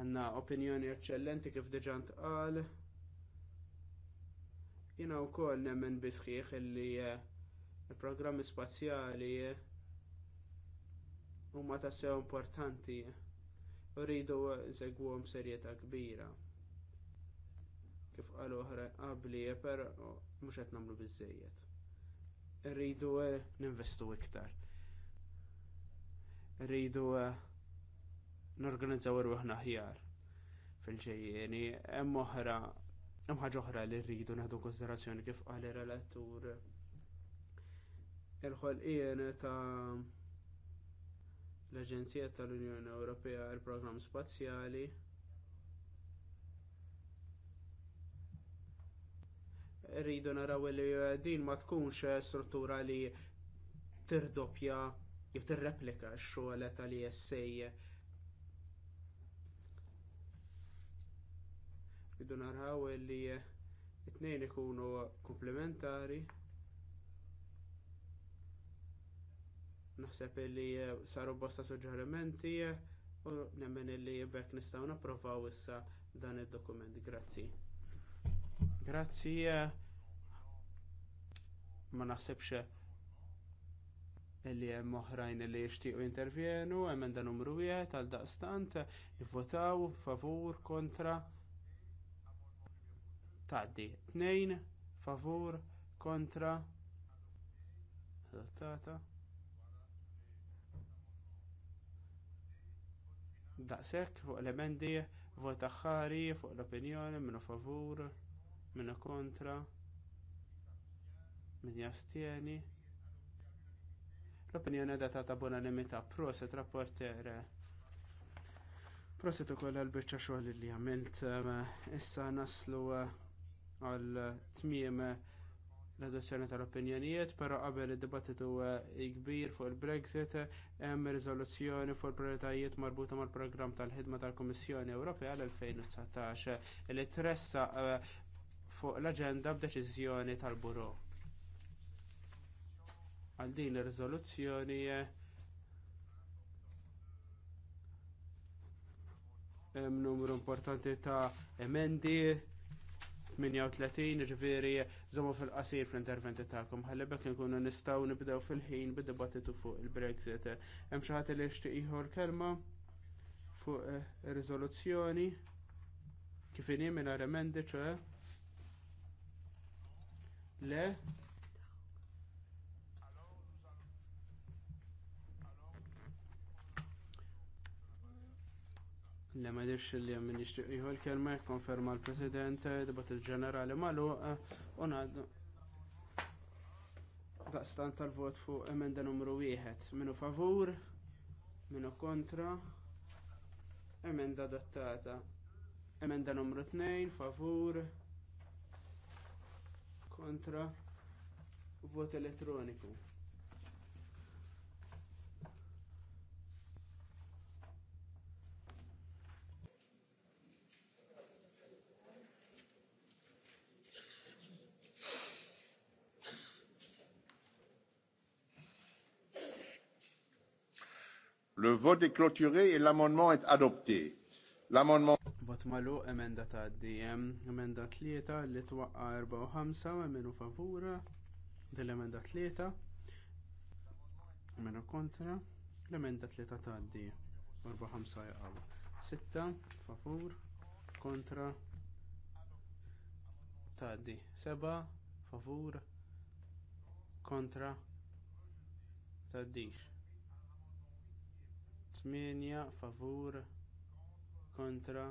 Għanna opinjoni eccellenti kif diġant qal. Jiena u koll nemmen bisħiħ illi eh, il-programmi spazjali eh, huma tassew importanti u rridu segwom serjetà kbira. Kif qalu oħra qabli, eh, per mhux qed nagħmlu biżżejjed. Rridu ninvestu iktar. Rridu norganizzaw ruħna ħjar fil-ġejjeni. Hemm oħra Hemm ħaġa oħra li rridu naħdu konsiderazzjoni kif qal ir-relatur il-ħolqien ta' l-Aġenzija tal-Unjoni Ewropea għall programm Spazjali rridu naraw li din ma tkunx struttura li tirdoppja jew tirreplika x-xogħol tal-ISA Idu narħaw li it tnejn ikunu komplementari. Naħseb li saru bosta suġġerimenti u nemmen li bekk nistgħu napprovaw issa dan id-dokument. Grazzi. Grazzi. Ma naħsebx li hemm oħrajn li jixtiequ intervjenu, hemm dan numru wieħed għal daqstant, ivvotaw favur kontra tgħaddi. Tnejn favur kontra Daqshekk fuq l-emendi vota aħħari fuq l-opinjoni minnu favur minnu kontra min jastieni. L-opinjoni datata b'unanimità proset rapporter Proset koll għal biċċa xogħol li għamilt issa naslu għal tmiem l-adozzjoni tal-opinjonijiet, però qabel id-dibattitu eh, kbir fuq il-Brexit hemm riżoluzzjoni fuq il-prioritajiet marbuta mal-programm tal-ħidma tal-Kummissjoni Ewropea l-2019 li tressa eh, fuq l-aġenda b'deċiżjoni tal-Buro. Għal din ir-riżoluzzjoni eh, hemm numru importanti ta' emendi 38 ġviri zomu fil-qasir fl-interventi ta'kom. Għallibek nkunu nistaw nibdew fil-ħin bid-debattitu fuq il-Brexit. Hemm xi li jixtieq ieħor kelma fuq riżoluzzjoni kif inhi minna remendi ċe le Le ma dirx li jem ministri iħol kelma konferma l-President, debat il-ġenerali malu, unad daqstan tal-vot fuq emenda numru 1. Minu favur, minu kontra, emenda adottata. Emenda numru 2, favur, kontra, vot elettroniku. Le vote est clôturé et l'amendement est adopté. L'amendement. Vot malu emenda ta' DM, emenda tlieta li twaqqa 4 u 5, minu favura dell-emenda tlieta, minu kontra, l-emenda tlieta ta' D, 4-5 jaqaw. 6 favur kontra ta' D, 7 favur kontra ta' D. 8 favur kontra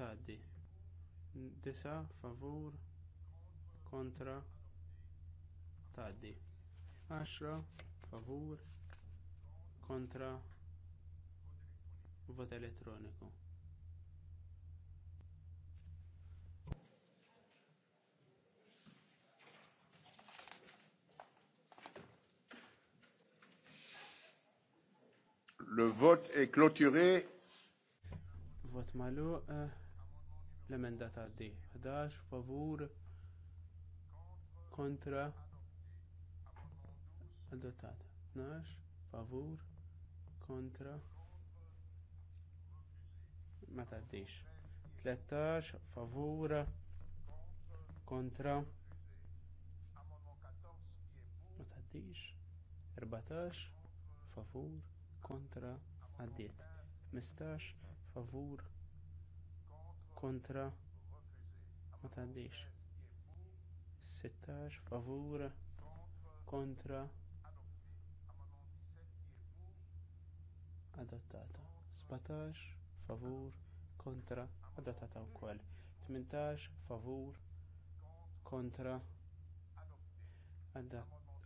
tgħaddi 9 favur kontra tgħaddi 10 favur kontra vot elettroniku Le vote est clôturé. Vote malo. Eh, l-emenda taddi. 11 favur kontra adottat. 12 favur kontra ma taddix. 13 favur kontra Matadish. 14 favur kontra għaddiet 15 favur kontra ma tgħaddix 16 favur kontra adottata 17 favur kontra adottata wkoll 18 favur kontra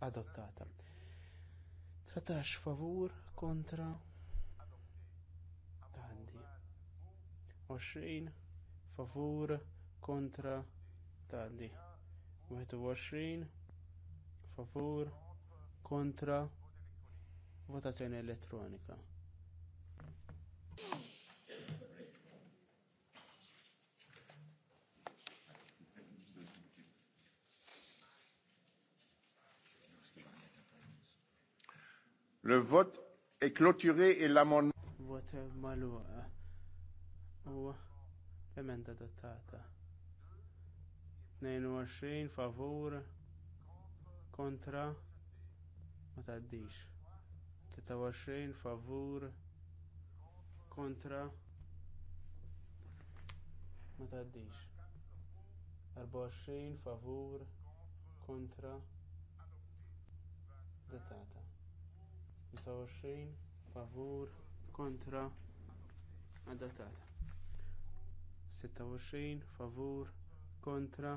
adottata Satax favur kontra tgħaddi. 20 favur kontra tgħaddi. 21 favur kontra votazzjoni elettronika. Le vote est clôturé et l'amendement. vote maloua U emenda adottata. 22 favur Contra. Matadish. taddix. 23 favur kontra 24 29 favur kontra adottata 26 favur kontra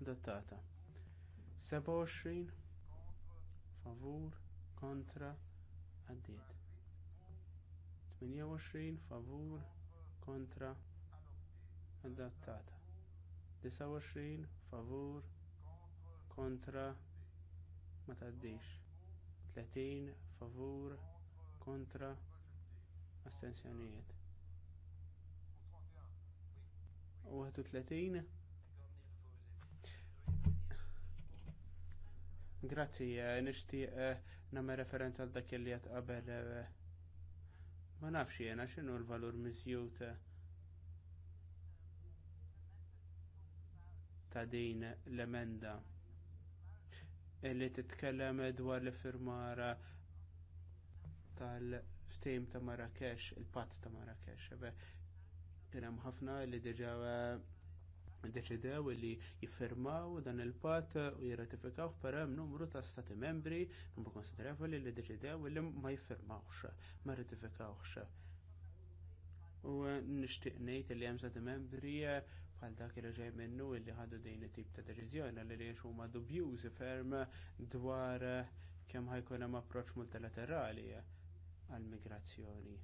adottata 27 favur kontra għaddiet 28 favur kontra adottata 29 favur kontra ma tgħaddix Tletin, favur kontra astensjonijiet. 31 Grazzi, eh, nixtieq eh, nagħmel referenza għal dak li qed qabel eh, ma nafx jiena x'inhu l-valur miżjud ta' din l-emenda illi titkellem dwar l-firmara tal-ftim ta' Marrakesh, il-pat ta' Marrakesh. Kien hemm ħafna li diġà eh, deċidew li jiffirmaw dan il-pat u jirratifikaw pera numru ta' stati membri numru konsiderevoli li deċidew li ma jiffirmawx, ma rratifikawx. U eh, nixtieq ngħid li hemm stati membri eh, bħal dak li ġej minnu illi ħadu din it-tip ta' deċiżjoni li li huma dubjużi ferm dwar kemm ħajkun hemm approċċ multilaterali għall migrazzjoni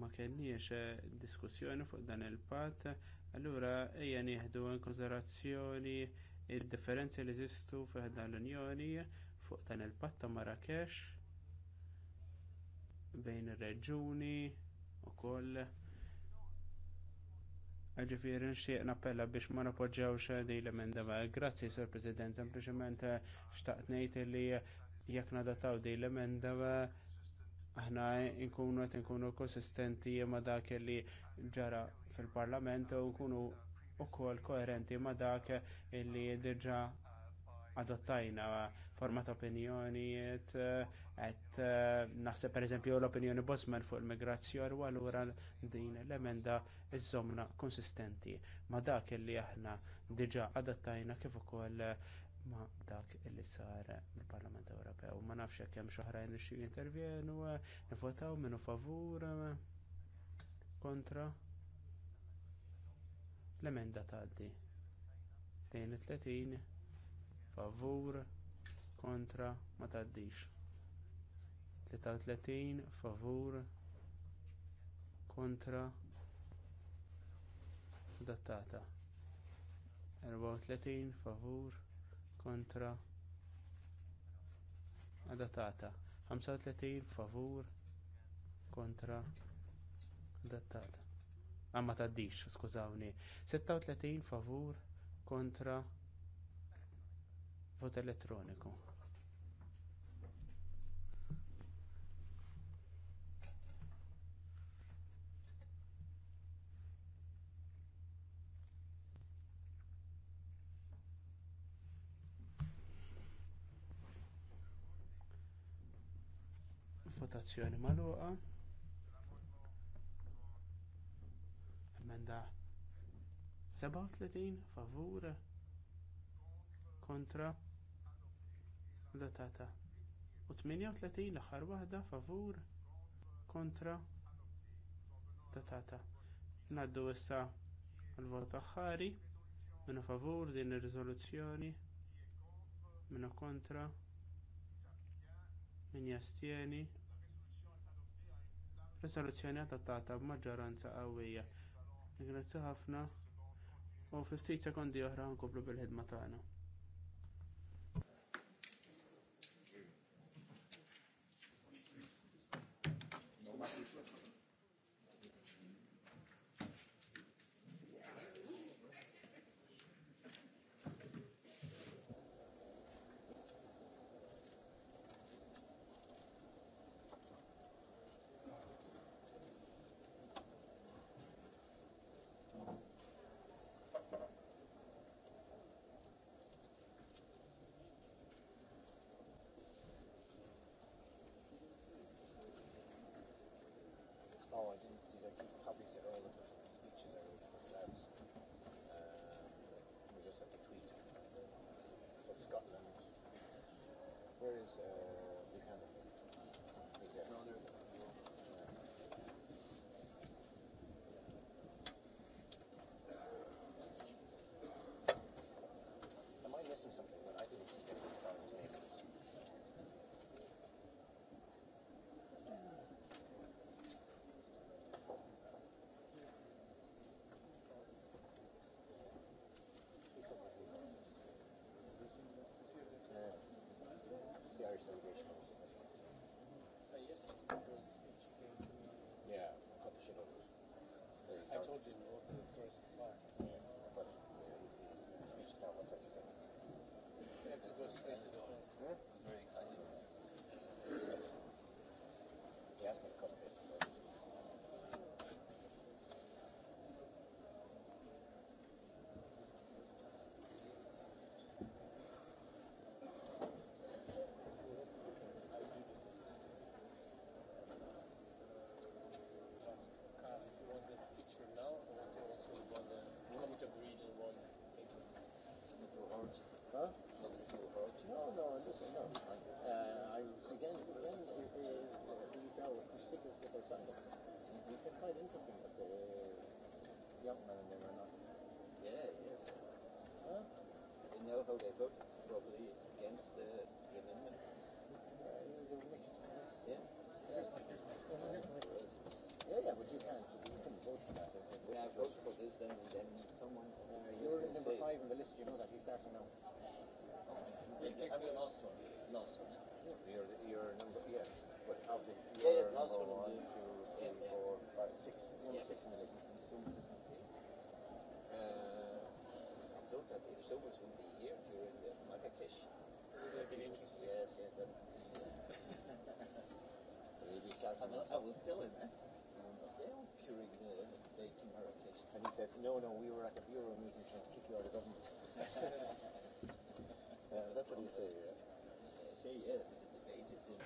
Ma kenniex eh, diskussjoni fuq dan il-pat, allura ejja nieħdu in konsiderazzjoni d differenzi li jeżistu fih dan l-Unjoni fuq dan il-patt ta' Marrakesh bejn ir-reġuni u Ġifiri nxieq nappella biex ma napoġġawx di l-emenda Grazzi, Sir President, sempliciment eh, xtaqt ngħid li jekk nadataw di l-emenda aħna nkunu qed inkunu konsistenti ma dak li ġara fil-Parlament u nkunu wkoll koherenti ma dak li diġà adottajna ta' opinjonijiet eh, et eh, naħseb pereżempju l-opinjoni Bosman fuq il-migrazzjoni u allura din l-emenda iżomna konsistenti ma dak li aħna diġà adattajna kif ukoll ma dak li sar mill-Parlament Ewropew. Ma nafx hekk hemm xoħrajn li xi intervjenu, eh, nivotaw minnu favur kontra l-emenda tgħaddi. 32 favur kontra ma taddix 33 favur kontra adattata 34 favur kontra adattata 35 favur kontra adattata ah, ma taddix, skużawni 36 favur kontra vot elettroniku votazzjoni magħluqa. Emenda 37 favur kontra datata. U 38 l-aħħar waħda favur kontra datata. ngħaddu issa għall vot aħħari minn favur din ir-riżoluzzjoni minna kontra min jastieni Riżoluzzjoni adottata b'maġġoranza qawwija. Grazzi ħafna u fi ftit sekondi oħra nkomplu bil-ħidma tagħna. Yeah. vote for this then and then someone uh, you're number say. five on the list, you know that he's starting now. Okay. We'll the last one. Last one. Yeah. You're, you're number yeah. But of the yeah, last one, one two, three, yeah, four, five, six. yeah. six on the list. Uh, I thought that if someone will be here during the Marrakesh, Yes, yeah. That, *laughs* yeah. I, I will tell him. Eh? And he said, no, no, we were at the bureau meeting trying to kick you out of government. uh, *laughs* that's what he said, yeah. Uh, say, yeah, the debate is in.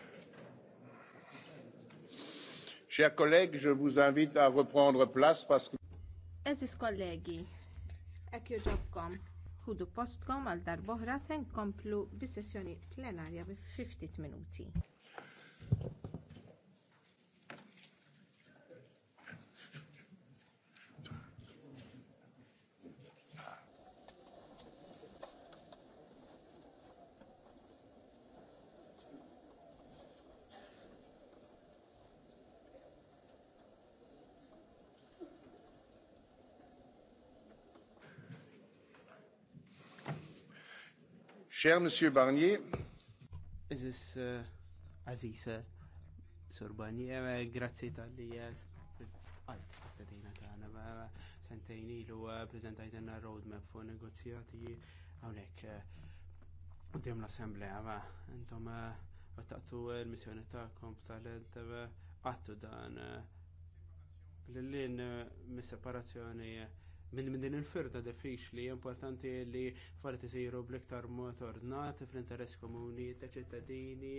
Chers collègues, je vous invite à reprendre place parce que... Eżis kollegi, ek joġobkom, ħudu postkom għal darboħra sen komplu bis-sessjoni plenarja bi 50 minuti. Cher Monsieur Barnier. Is this uh, Aziz, uh, Sir Barnier, eh, grazzi tal-li eh, għalt istatina tagħna sentejn ilu eh, preżentajtna roadmap fuq negozjati hawnhekk qudiem l-assemblea ma intom għattaqtu l-missjoni tagħkom b'talent għattu dan l-lin mis-separazzjoni minn min din il-firda defiċ li importanti li farit isiru bliktar mod ordnat fl-interess komuni ta' ċittadini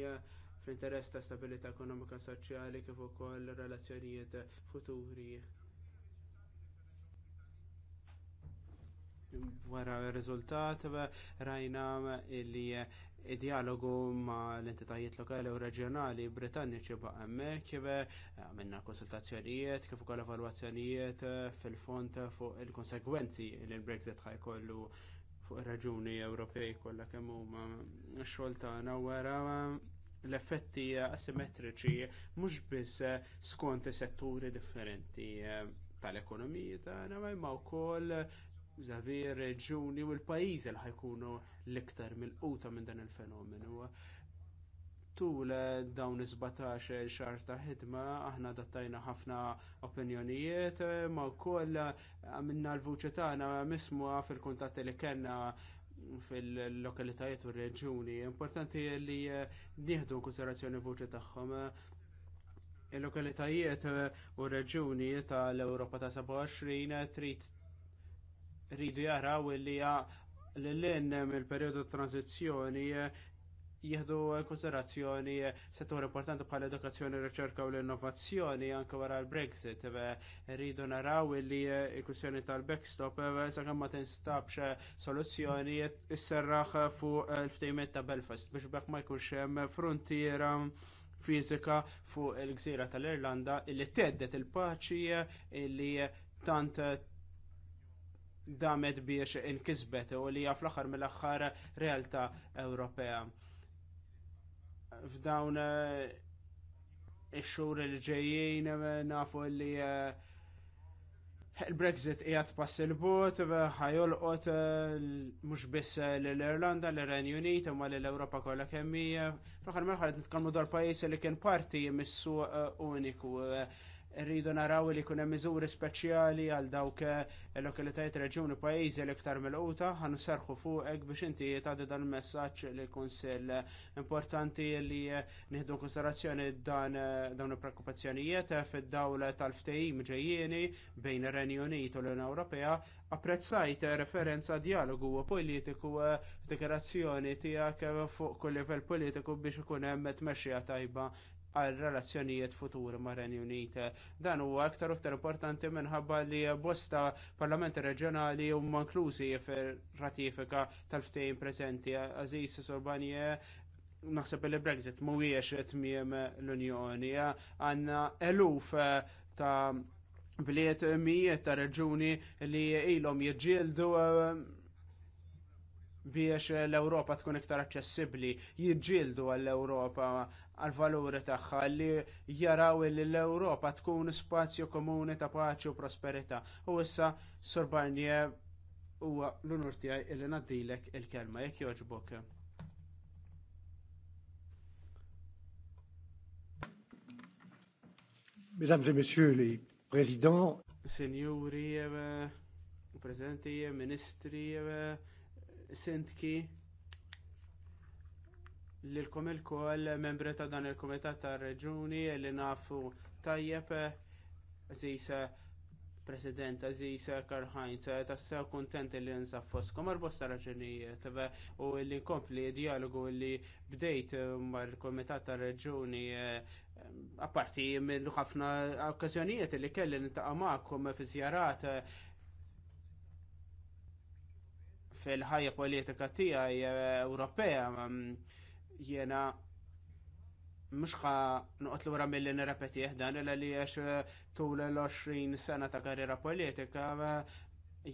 fl-interess ta' stabilità ekonomika soċjali kif ukoll relazzjonijiet futuri. Wara r-riżultat rajna li id-dialogu ma l-entitajiet lokali u reġjonali Britanniċi baqa' hemmhekk għamilna konsultazzjonijiet kif ukoll evalwazzjonijiet eh, fil-fond fuq il-konsegwenzi li l-Brexit ħajkollu fuq ir-raġuni Ewropej kollha kemm huma x-xogħol tagħna wara l-effetti asimetriċi mhux biss skont setturi differenti eh, tal-ekonomiji tagħna ma wkoll zavi reġuni u l-pajizi li ħajkunu l-iktar mill-quta minn dan il-fenomenu. Tul eh, dawn 17 xar ta' ħidma aħna dattajna ħafna opinjonijiet eh, ma wkoll eh, għamilna l-vuċi tagħna mismuha fil-kuntatti li kellna fil-lokalitajiet u r-reġuni. Importanti li nieħdu konsiderazzjoni vuċi tagħhom il-lokalitajiet u reġuni tal-Europa ta' 27 trid rridu jaraw li l-lin il-periodu tranzizjoni eh, jieħdu konsiderazzjoni settur importanti bħal edukazzjoni, riċerka u l-innovazzjoni anke wara l-Brexit. Eh, rridu naraw li eh, l-kwistjoni tal-backstop sakemm ma tinstabx soluzzjoni isserraħ fuq il-ftejmet ta' Belfast biex bekk ma jkunx hemm frontiera fiżika fuq il-gżira tal-Irlanda illi teddet il-paċi illi tant damet biex inkisbet u li fl aħħar mill aħħar realtà Ewropea. F'dawn eh, ix-xhur li ġejjin eh, nafu li eh, il-Brexit qiegħed pass il-bot, ħajolqot mhux biss l-Irlanda, l-Renju Unit, imma l-Ewropa kollha kemm hija. Fl-aħħar mill-aħħar nitkellmu dwar pajjiż li kien parti mis-suq uniku rridu naraw li jkun hemm miżuri speċjali għal dawk il-lokalitajiet eh, reġjuni pajjiżi li ktar mill-quta ħan serħu fuqek biex inti tagħdi dan il-messaġġ li kunsill importanti li eh, nieħdu konsiderazzjoni dan eh, dawn il-preokkupazzjonijiet fid-dawl tal-ftehim ġejjieni bejn ir-Renju Unit u l-Unjoni Ewropea apprezzajt referenza dialogu politiku dikerazzjoni tiegħek fuq kull livell politiku biex ikun hemm tmexxija tajba għal relazzjonijiet futuri ma' Renju Unit. Dan huwa aktar aktar importanti minħabba li bosta parlamenti reġjonali u manklużi ratifika tal-ftejn preżenti. Aziz Sorbanie naħseb li Brexit mhuwiex tmiem l-Unjoni għandna eluf ta' bliet mijiet ta' reġuni li ilhom jiġġieldu biex l-Ewropa tkun iktar aċċessibbli, jiġġieldu għall-Ewropa għal-valuri tagħha li jaraw li l-Ewropa tkun spazju komuni ta' paċi u prosperità. U issa Sur huwa l-unur tiegħi li ngħaddilek il-kelma jekk jogħġbok. Mesdames et messieurs les présidents, Signori, eh, Presidenti, eh, Ministri, eh, sintki lilkom ilkoll membri ta' dan il kumitat tar reġuni li nafu tajjeb Aziz President Aziz Karħajn, tassew kontent li nsab foskom bosta raġunijiet u li nkompli dialogu li bdejt mal kumitat tar reġuni eh, apparti minn ħafna okkażjonijiet li kelli nintaqa' magħkom fi zjarat fil-ħajja politika tiegħi eh, Ewropea mm, jiena mhux ħa noqgħod lura milli nirrepetih dan illa li għax eh, tul l-20 sena ta' karriera politika eh,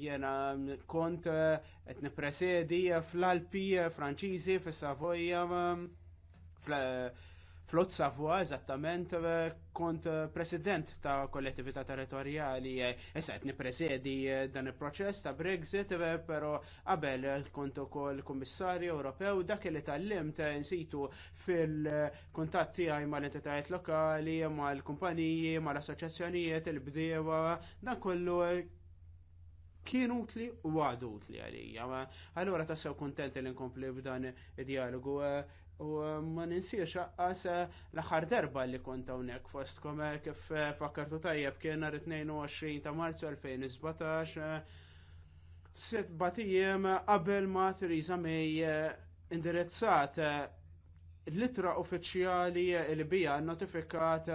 jiena mm, kont qed nippresedi fl-Alpi Franċiżi fis-Savoja mm, Flot Savoie eżattament eh, kont eh, president ta' kollettività territorjali, issa eh, e qed nippresedi dan il-proċess ta' Brexit, pero qabel kont ukoll kommissarju Ewropew dak li ta' insitu fil-kuntatt tiegħi mal-entitajiet lokali, mal-kumpaniji, mal-assoċjazzjonijiet, il-bdiewa, dan kollu kien utli u għadu utli għalija. Allora tassew kontent li nkompli b'dan id-dialogu U eh, ma ninsiex għas eh, l-axar darba li kont hawnhekk fostkom eh, kif fakkartu tajjeb kien nhar 22 ta' Marzu 2017 sitt batijiem qabel ma Theresa May indirizzat l-itra uffiċjali li bija notifikat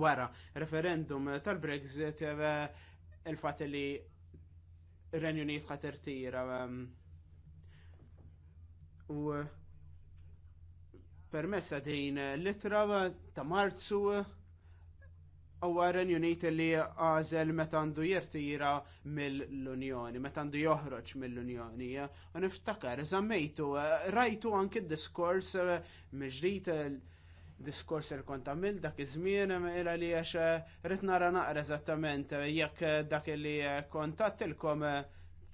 wara referendum tal-Brexit il-fat li Renju Unit ħatertira u permessa din l-itra ta' marzu għawaren unit li għazel metandu jirtira mill-Unjoni, metandu joħroġ mill-Unjoni. U niftakar, zammejtu, rajtu anki diskors eh, mġrit diskors il-kont għamil dak iż-żmien ila mela li għax eh, rrit nara naqra eżattament eh, jekk dak li kontattilkom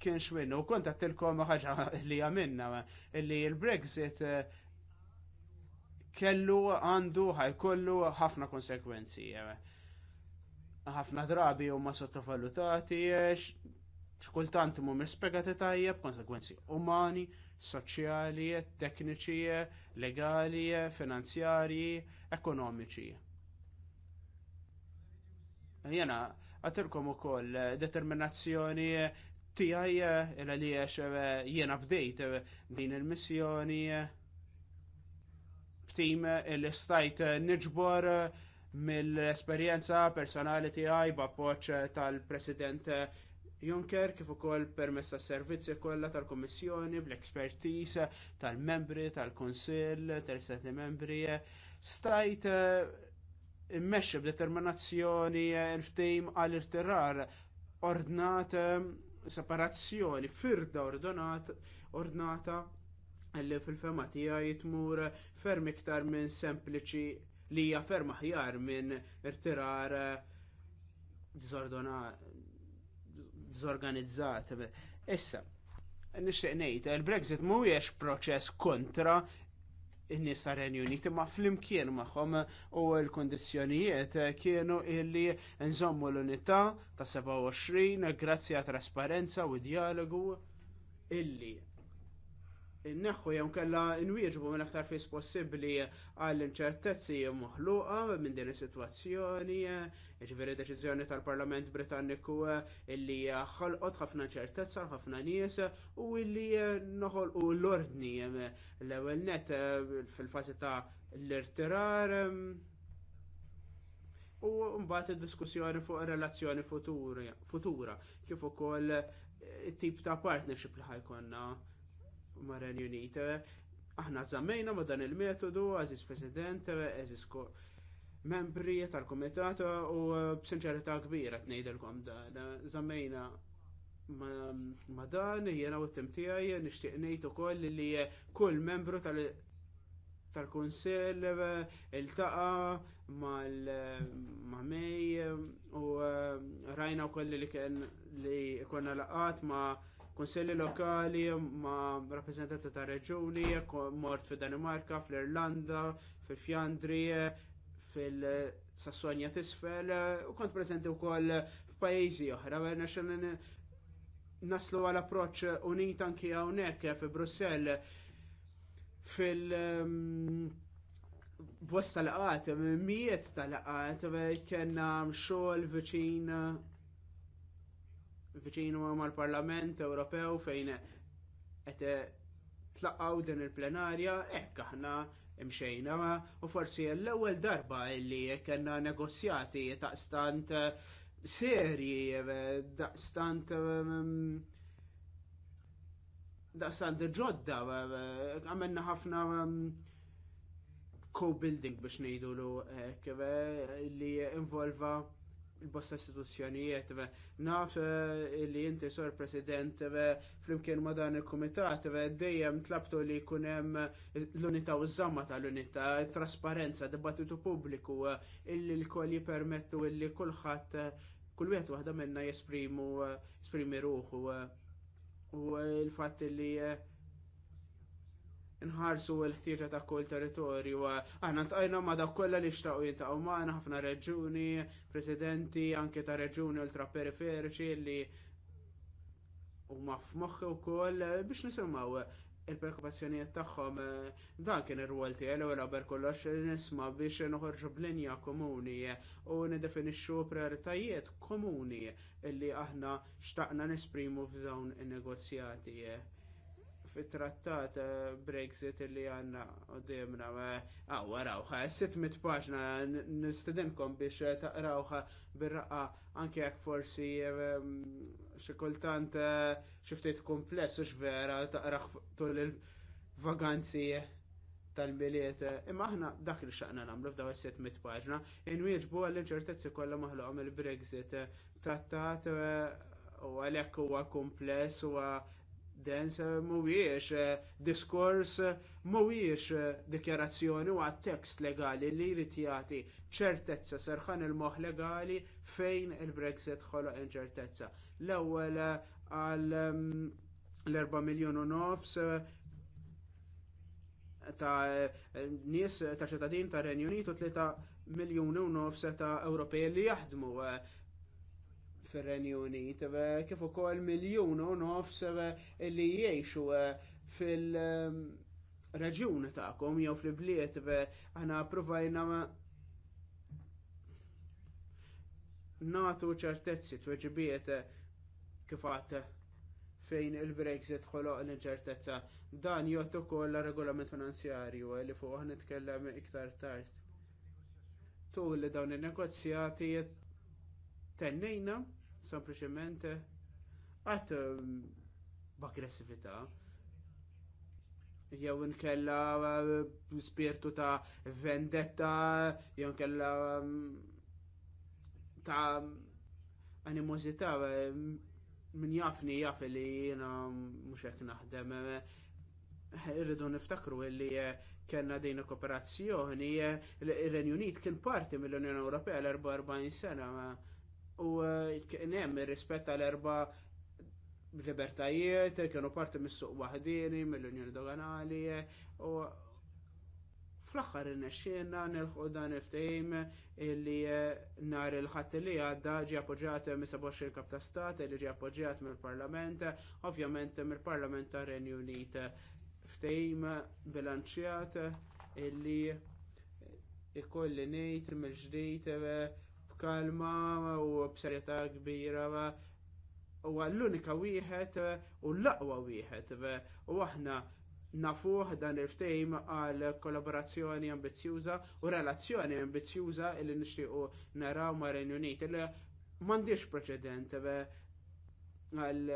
kienx minnu, u ilkom ħaġa *laughs* li għamilna, li l-Brexit kellu għandu ħajkollu ħafna konsekwenzi. ħafna drabi huma sottovalutati, xkultant mu mispegati tajjeb, konsekwenzi umani, soċjali, tekniċi, legali, finanzjarji, ekonomiċi. Jena, għatirkom u koll determinazzjoni tijaj il-għaliex jena bdejt din il-missjoni tim eh, li stajt eh, nġbor eh, mill-esperjenza personali tiegħi b'appoġġ tal-President Juncker kif ukoll permessa tas-servizzi kollha tal-Kummissjoni bl-ekspertiż tal-membri tal-Kunsill tal-Stati membri stajt immexxi b'determinazzjoni il-ftehim għal irtirar ordnat separazzjoni firda ordnata li fil-fema tiegħi tmur ferm iktar minn sempliċi li hija ferm aħjar minn irtirar eh, diżorganizzat. Issa, nixtieq ngħid, il-Brexit mhuwiex proċess kontra in-nies ta' renju Unit imma flimkien magħhom u l-kundizzjonijiet kienu illi nżommu l-unità ta' 27 grazzi għat trasparenza u dialogu illi Neħħu jew kella nwieġbu minn aktar fis possibbli għall inċertezzi moħluqa minn din is-sitwazzjoni, ġifieri deċiżjoni tal-Parlament Britanniku illi ħolqot ħafna għal ħafna nies u illi noħolqu l-ordni l-ewwel net fil-fażi ta' l-irtirar u mbagħad id-diskussjoni fuq relazzjoni futura kif ukoll it-tip ta' partnership li ħajkonna mar-Renju Unit. Aħna żammejna ma' dan il-metodu, għaziz President, għaziz membri tal komitata u b'sinċerità kbira tnejdilkom dan. Żammejna ma dan jiena u t-tim tiegħi nixtieq ngħid ukoll li kull membru tal- konsil il-taqa ma' mej u rajna u koll li kien li konna laqat ma' Kunsilli lokali ma' rappresentanti ta' reġuni, mort fi Danimarka, fl-Irlanda, fil-Fjandri, fil-Sassonja tisfel, u kont preżenti wkoll f'pajjiżi oħra, għerna xan naslu għal approċċ unit anki hawnhekk fi Brussell fil- mm, bosta laqat, mijiet ta' laqat, kena xogħol viċin viċinu mal-Parlament Ewropew fejn qed tlaqgħu din il-plenarja, hekk aħna imxejna u forsi l-ewwel darba li kellna negozjati taqstant eh, serji eh, daqstant mm, daqstant ġodda eh, għamilna ħafna mm, co-building biex ngħidu li involva il-bosta istituzzjonijiet, naf eh, li inti sor president flimkien ma dan il-komitat, dejjem tlabtu li kunem eh, l-unità u zamma tal-unità, trasparenza, dibattitu pubbliku, eh, illi l-koll jipermettu illi kullħat kull wieħed waħda minna jesprimu jesprimi ruħu u l-fatt li nħarsu l-ħtieġa ta' kull territorju. Aħna tqajna ma' dak kollha li xtaqu jintaqgħu magħna ħafna reġuni, presidenti anke ta' reġuni ultraperiferiċi li huma f'moħħi wkoll biex nisimgħu il-prekupazzjonijiet tagħhom dan kien ir-rwol tiegħi l ewwel kollox nisma' biex noħorġu b'linja komuni u nidefinixxu prioritajiet komuni li aħna xtaqna nesprimu f'dawn in-negozjati fit-trattat eh, Brexit li għanna u demna għawa rawħa, 600 paġna nistedinkom biex eh, taqrawha eh, bir raqqa anke jek forsi mm, xikultant xiftit kompless u xvera taqraħ tul il-vaganzi tal biliet Imma aħna dak li xaqna namlu f'daw 600 paġna, inwieġbu għall-inċertezzi kollha maħluqhom il-Brexit trattat u għalhekk huwa kumpless huwa independence eh, mhuwiex eh, diskors eh, mhuwiex dikjarazzjoni u għat-tekst legali li jrid jagħti ċertezza serħan il-moħħ legali fejn il-Brexit ħoloq inċertezza. L-ewwel għal mm, l-4 miljun u nofs ta' nies ta' ċittadin ta' Renju Unitu 3 miljun u nofs ta' Ewropej li jaħdmu fir-Renju Unit, eh, kif ukoll miljun u nofs eh, li jgħixu eh, fil-reġjun tagħkom jew fil-bliet aħna provajna natu ċertezzi tweġibiet kif għadd fejn il-Brexit ħoloq l ċertezza Dan jgħat ukoll regolament finanzjarju li fuq aħna nitkellem iktar tard. Tul li dawn in-negozjati tennejna sempliċement għat ehm, b'aggressività jew nkella ehm, spirtu ta' vendetta, jew nkella ehm, ta' animozità min jafni jaf li jiena mhux hekk naħdem. Irridu niftakru li eh, kellna din kooperazzjoni, il-Renju eh, Unit kien parti mill-Unjoni Ewropea l-44 sena u eh, nem, rispet għal erba libertajiet, kienu parti mis-suq wahdini, mill-Unjoni Doganali, eh, u fl-axħar n-nexxina nilħu dan il-ftejm illi eh, nar il ħat li għadda ġi appoġġjat mis il kap ta' stat illi ġi appoġġjat mill-Parlament, ovvjament mill-Parlament ta' Renju Unit. Ftejm bilanċjat illi ikolli ngħid mill-ġdid b'kalma u b'serjetà kbira u l-unika wieħed eh, u l-aqwa wieħed eh, u aħna nafuħ dan il-ftejm għal kollaborazzjoni ambizjuża u relazzjoni ambizjuża li nixtiequ naraw mar Renju Unit. Mandiġ preċedent eh, għal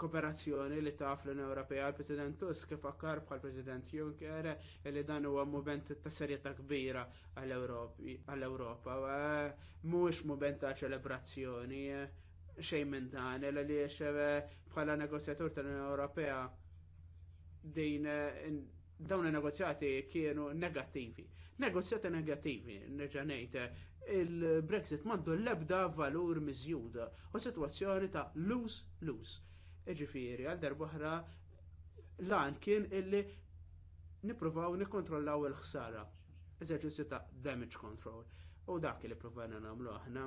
kooperazzjoni li taf l-Unjoni Ewropea l-President Tusk kif akkar bħal President Juncker li dan huwa mument ta' serjetà kbira għall-Ewropa. Eh, Mhux mument ta' ċelebrazzjoni eh, xejn minn dan li eh, bħala negozjatur tal-Unjoni Ewropea din dawn in negozjati kienu negattivi. Negozjati negattivi, neġanejt, il-Brexit mandu l-ebda valur mizjuda u situazzjoni ta' lose-lose Iġifieri għal darbohra lan kien illi nippruvaw nikkontrollaw il-ħsara. Eżerċizzju ta' damage control. U dak li provajna nagħmlu aħna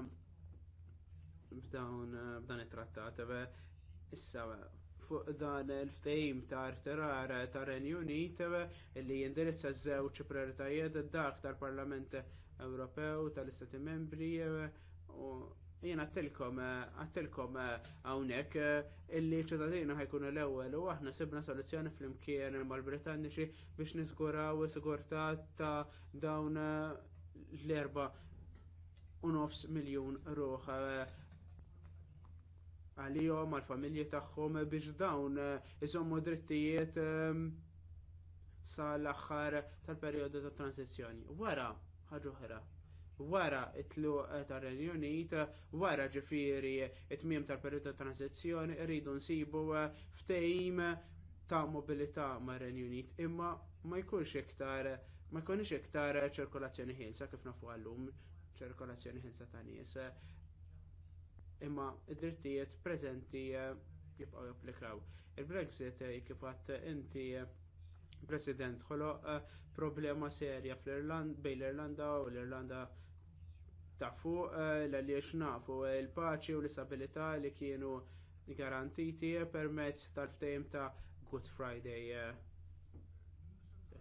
b'dawn b'dan it-trattat issa fuq dan il-ftehim ta' arterar ta' Renju Unit li jindirizza żewġ prioritajiet dak tal-Parlament Ewropew tal-Istati Membri u jien għattilkom, eh, għattilkom eh, għawnek, eh, illi ċittadina ħajkun l-ewel u aħna sibna soluzzjoni fl-imkien mal-Britanniċi biex nizguraw sigurtà ta' dawn l-erba u nofs miljon ruħ għalihom għal-familji tagħhom biex dawn iżommu drittijiet sal aħħar tal-perjodu tat tranzizjoni. Wara, ħaġa oħra wara it-tluq eh, tar-Renju Unit, wara ġifieri it-tmiem tal-perjodu ta' transizzjoni rridu nsibu eh, ftehim ta' mobilità mar-Renju Unit, imma ma jkunx iktar ma jkunx iktar ċirkolazzjoni ħielsa kif nafu għallum ċirkolazzjoni ħielsa ta' nies. Imma id-drittijiet preżenti eh, jibqgħu japplikaw. Il-Brexit kif għadt inti President ħoloq problema serja fl-Irland bejn l-Irlanda u l-Irlanda ta' fuq eh, l-għaliex nafu eh, il-paċi u l-istabilità li kienu garantiti permezz tal ftehim ta' Good Friday. Eh,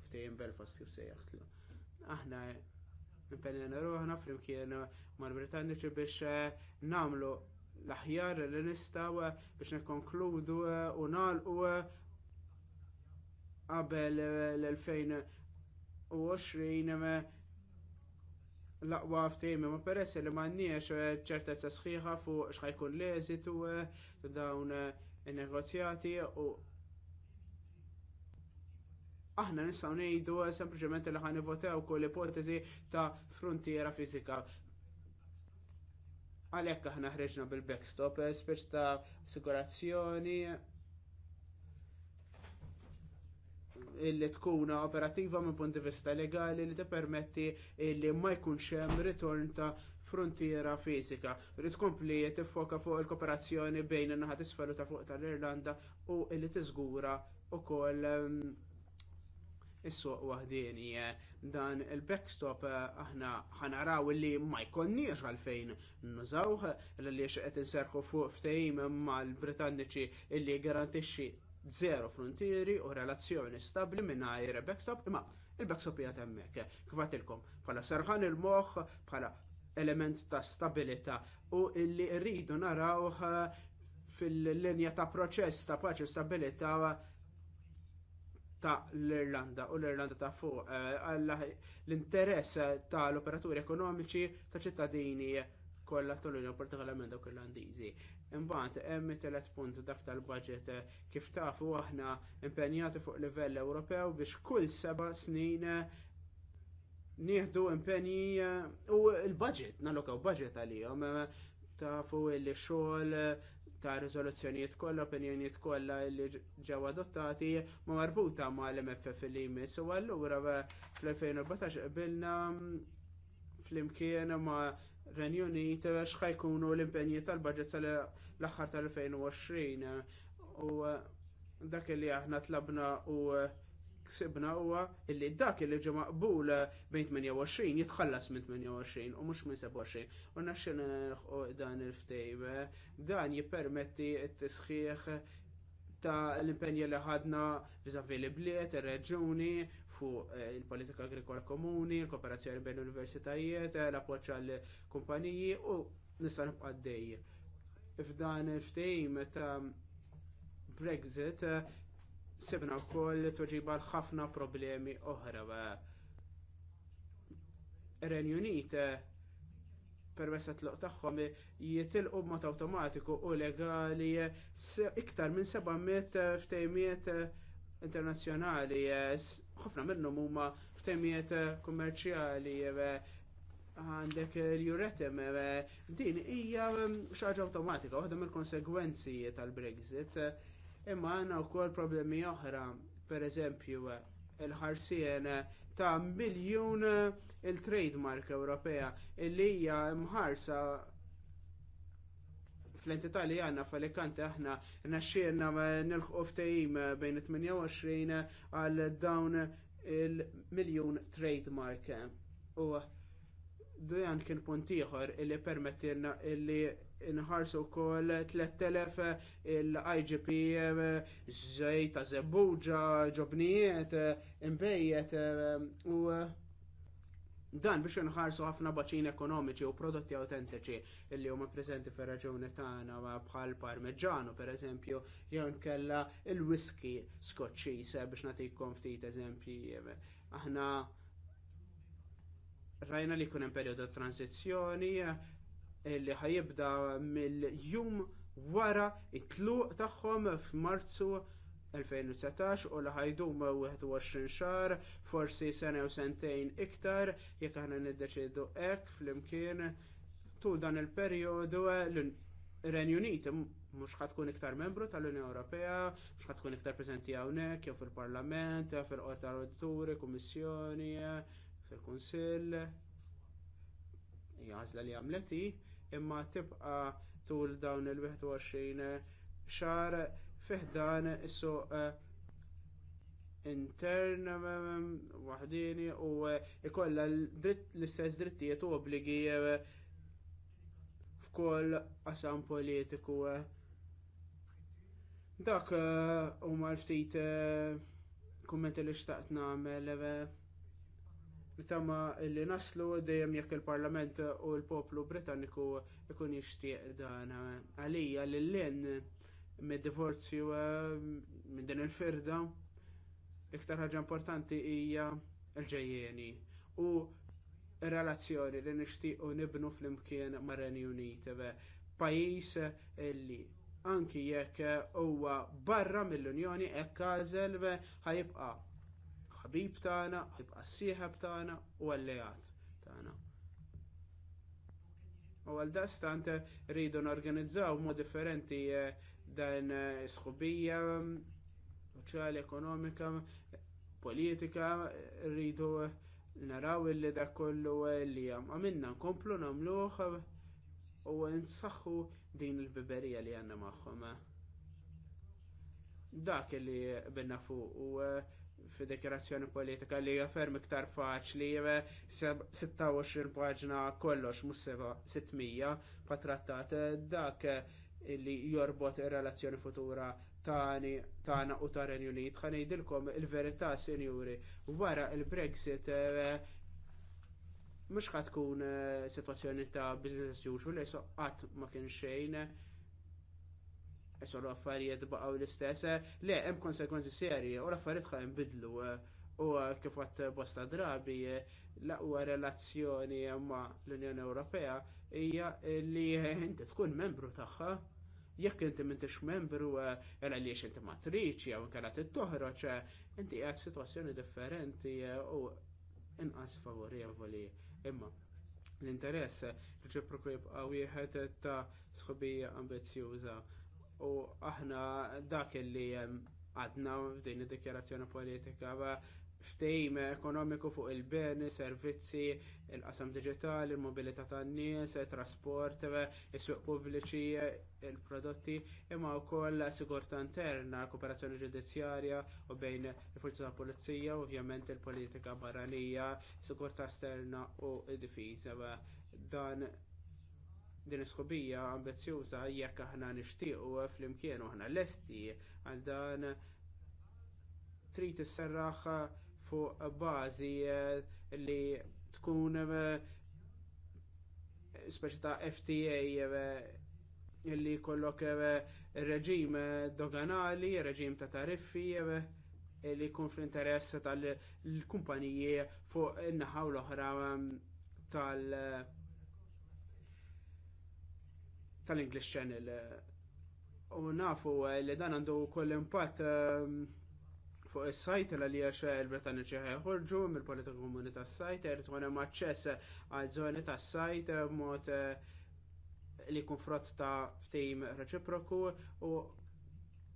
ftehim Belfast kif sejjaħtlu. Aħna impenjana ruħna flimkien mal-Britanniċi biex namlu l-aħjar li nistaw biex nikkonkludu u nalqu qabel l-2020 l-aqwa ftejmi ma peress li m'għandniex eh, ċertezza sħiħa fuq x'ħajkun l-eżitu eh, ta' dawn eh, in-negozjati u aħna nistgħu ngħidu sempliċement li ħan votew kull ipotezi ta' frontiera fiżika. Għalhekk aħna ħreġna bil-backstop, speċ ta' assigurazzjoni, li tkun operattiva minn punt di vista legali li tippermetti li ma jkunx hemm ritorn ta' frontiera fiżika. Rid tkompli tiffoka fuq il-kooperazzjoni bejn in-naħa isfelu ta' fuq tal-Irlanda u li tiżgura wkoll ehm, is-suq waħdieni dan il-backstop eh, aħna ħanaraw li ma jkonniex għalfejn nużawh l-li qed inserħu fuq ftehim mal-Britanniċi illi garantixxi zero frontieri u relazzjoni stabbli mingħajr backstop, imma il-backstop hija hemmhekk. Kvatilkom bħala serħan il-moħħ, bħala element ta' stabilità u illi rridu narawh fil-linja ta' proċess ta' paċi u stabilità ta' l-Irlanda u l-Irlanda ta' fuq l-interess tal operaturi ekonomiċi ta' ċittadini kollha tal-Unjoni partikolarment dawk Irlandiżi. Imbagħad hemm it-telet punt dak tal-budget eh, kif tafu aħna impenjati fuq livell Ewropew biex kull seba' snin eh, nieħdu impenji eh, u l-budget nalokaw budget għalihom tafu li xogħol ta' riżoluzzjonijiet kollha, opinjonijiet kollha li ġew adottati ma marbuta ma' l-MFF li jmiss u allura fl-2014 qbilna mm, flimkien ma' Renjoni tebex ħajkunu l-impenji tal-budget tal-axħar tal-2020 u eh, dak li aħna tlabna u eh, ksibna huwa illi dak li ġie maqbul bejn 28 jitħallas minn 28 u mhux minn 27. U naxxin nilħqu dan il-ftejb. Eh, dan jippermetti t-tisħiħ ta' l li ħadna viżavi li bliet, ir-reġuni fuq eh, il-politika agrikola komuni, il-kooperazzjoni bejn l-universitajiet, eh, l-appoċ għall-kumpaniji u nista' nibqa' F'dan il-ftejm ta' Brexit eh, sebna wkoll toġiba ħafna problemi oħra. Renju Unit t tloq tagħhom jitilqu b'mod awtomatiku u legali iktar minn 700 ftejmiet internazzjonali, eh, ħafna minnhom huma f'temijiet eh, kummerċjali eh, għandek l-juretem, din hija mm, xaġa awtomatika, waħda mill-konsegwenzi tal-Brexit, imma għandna wkoll problemi oħra, pereżempju il-ħarsien ta' miljun il-trademark Ewropea illi hija mħarsa fl-entità li għanna f'Alicante aħna naxxirna eh, nilħu ftehim eh, bejn 28 eh, għal dawn il-miljon trademark. U dan kien punt ieħor illi permettilna illi inħarsu wkoll 3000 il-IGP żej ta' zebbuġa, ġobnijiet, imbejjet u Dan biex nħarsu ħafna baċin ekonomiċi u prodotti autentiċi li huma preżenti fir-raġuni tagħna bħal parmeġġanu pereżempju jew nkella il-whisky skoċċis biex nagħtikom ftit eżempji. Aħna rajna li jkun hemm perjodu ta' tranzizzjoni li ħajibda mill-jum wara it-tluq tagħhom f'Marzu 2019 u li ħajduma 21 xahar, forsi sena u sentejn iktar, jekk aħna niddeċidu hekk flimkien tul dan il-perjodu l-Renju Unit mhux tkun iktar membru tal-Unjoni Ewropea, mhux tkun iktar preżenti hawnhekk jew fil-Parlament, jew fil-Qorti tal-Auditori, Kummissjoni, fil-Kunsill. Hija għażla li għamleti, imma tibqa' tul dawn il-21 xahar fiħdan is-suq eh, intern eh, waħdini u eh, ikolla l-istess drittijiet u obbligi f'kull qasam politiku. Dak huma l-ftit kummenti li xtaqt nagħmel tama li naslu dejjem jekk il-Parlament u l-poplu Britanniku ikun jixtieq dan għalija l-len mid divorzju eh, minn din il-firda iktar ħaġa importanti hija l-ġejjeni u r relazzjoni li nixtiequ nibnu flimkien mar-Renju Unit eh, pajjiż li anki jekk huwa barra mill-Unjoni hekk għażel ħajibqa' ħabib tagħna, ħajibqa' sieħeb tagħna u alleat tagħna. U għal dastant rridu norganizzaw mod differenti eh, dan eh, sħubija soċjali, ekonomika, politika, rridu eh, naraw illi dak kollu eh, li għamilna nkomplu nagħmluh u nsaħħu din il-biberija li għandna magħhom. Dak li binna fuq u fi politika li ferm iktar faċli 26 paġna kollox mhux 600 pa trattat dak illi jorbot ir-relazzjoni futura tani tana u ta' Renju Unit. Ħanejdilkom il-verità, sinjuri, wara l brexit eh, mhux ħad tkun eh, sitwazzjoni ta' business as usual, eso eh, qatt ma kien xejn. Eso l-affarijiet baqgħu l-istess, le hemm konsekwenzi serji u l-affarijiet ħa jinbidlu u kif għat bosta drabi l-aqwa relazzjoni ma' l-Unjoni Ewropea hija li inti tkun membru tagħha jekk inti m'intix membru għaliex eh, inti ma matriċ jew inkella toħroġ eh, inti qed f'sitwazzjoni differenti eh, u inqas favorevoli. Imma l-interess reċiproku jibqa' wieħed ta' sħabija ambizzjuża u aħna dak li għadna f'din id-dikjarazzjoni politika ftejm ekonomiku fuq il-beni, servizzi, il-qasam digitali, il-mobilità tan-nies, trasport, is-suq pubbliċi, il-prodotti, imma wkoll sigurtà interna, kooperazzjoni ġudizzjarja u bejn il-forzi ta' pulizija, ovvjament il-politika barranija, sigurtà esterna u d-difiża. Dan din iskubija ambizzjuża jekk aħna nixtiequ flimkien u aħna lesti għal dan trid isserraħ fuq bażi eh, li tkun eh, speċi ta' FTA eh, li jkollok reġim doganali, reġim ta' tariffi li jkun fl-interess tal-kumpaniji fuq in-naħa u l-oħra tal- tal-English Channel. U nafu li dan għandu koll impatt fuq is-sajt l li il-Britanniċi ħeħorġu mill-politika komuni tas-sajt, irid tkun hemm aċċess għal żoni tas-sajt b'mod eh, eh, li jkun frott ta' ftehim reċiproku u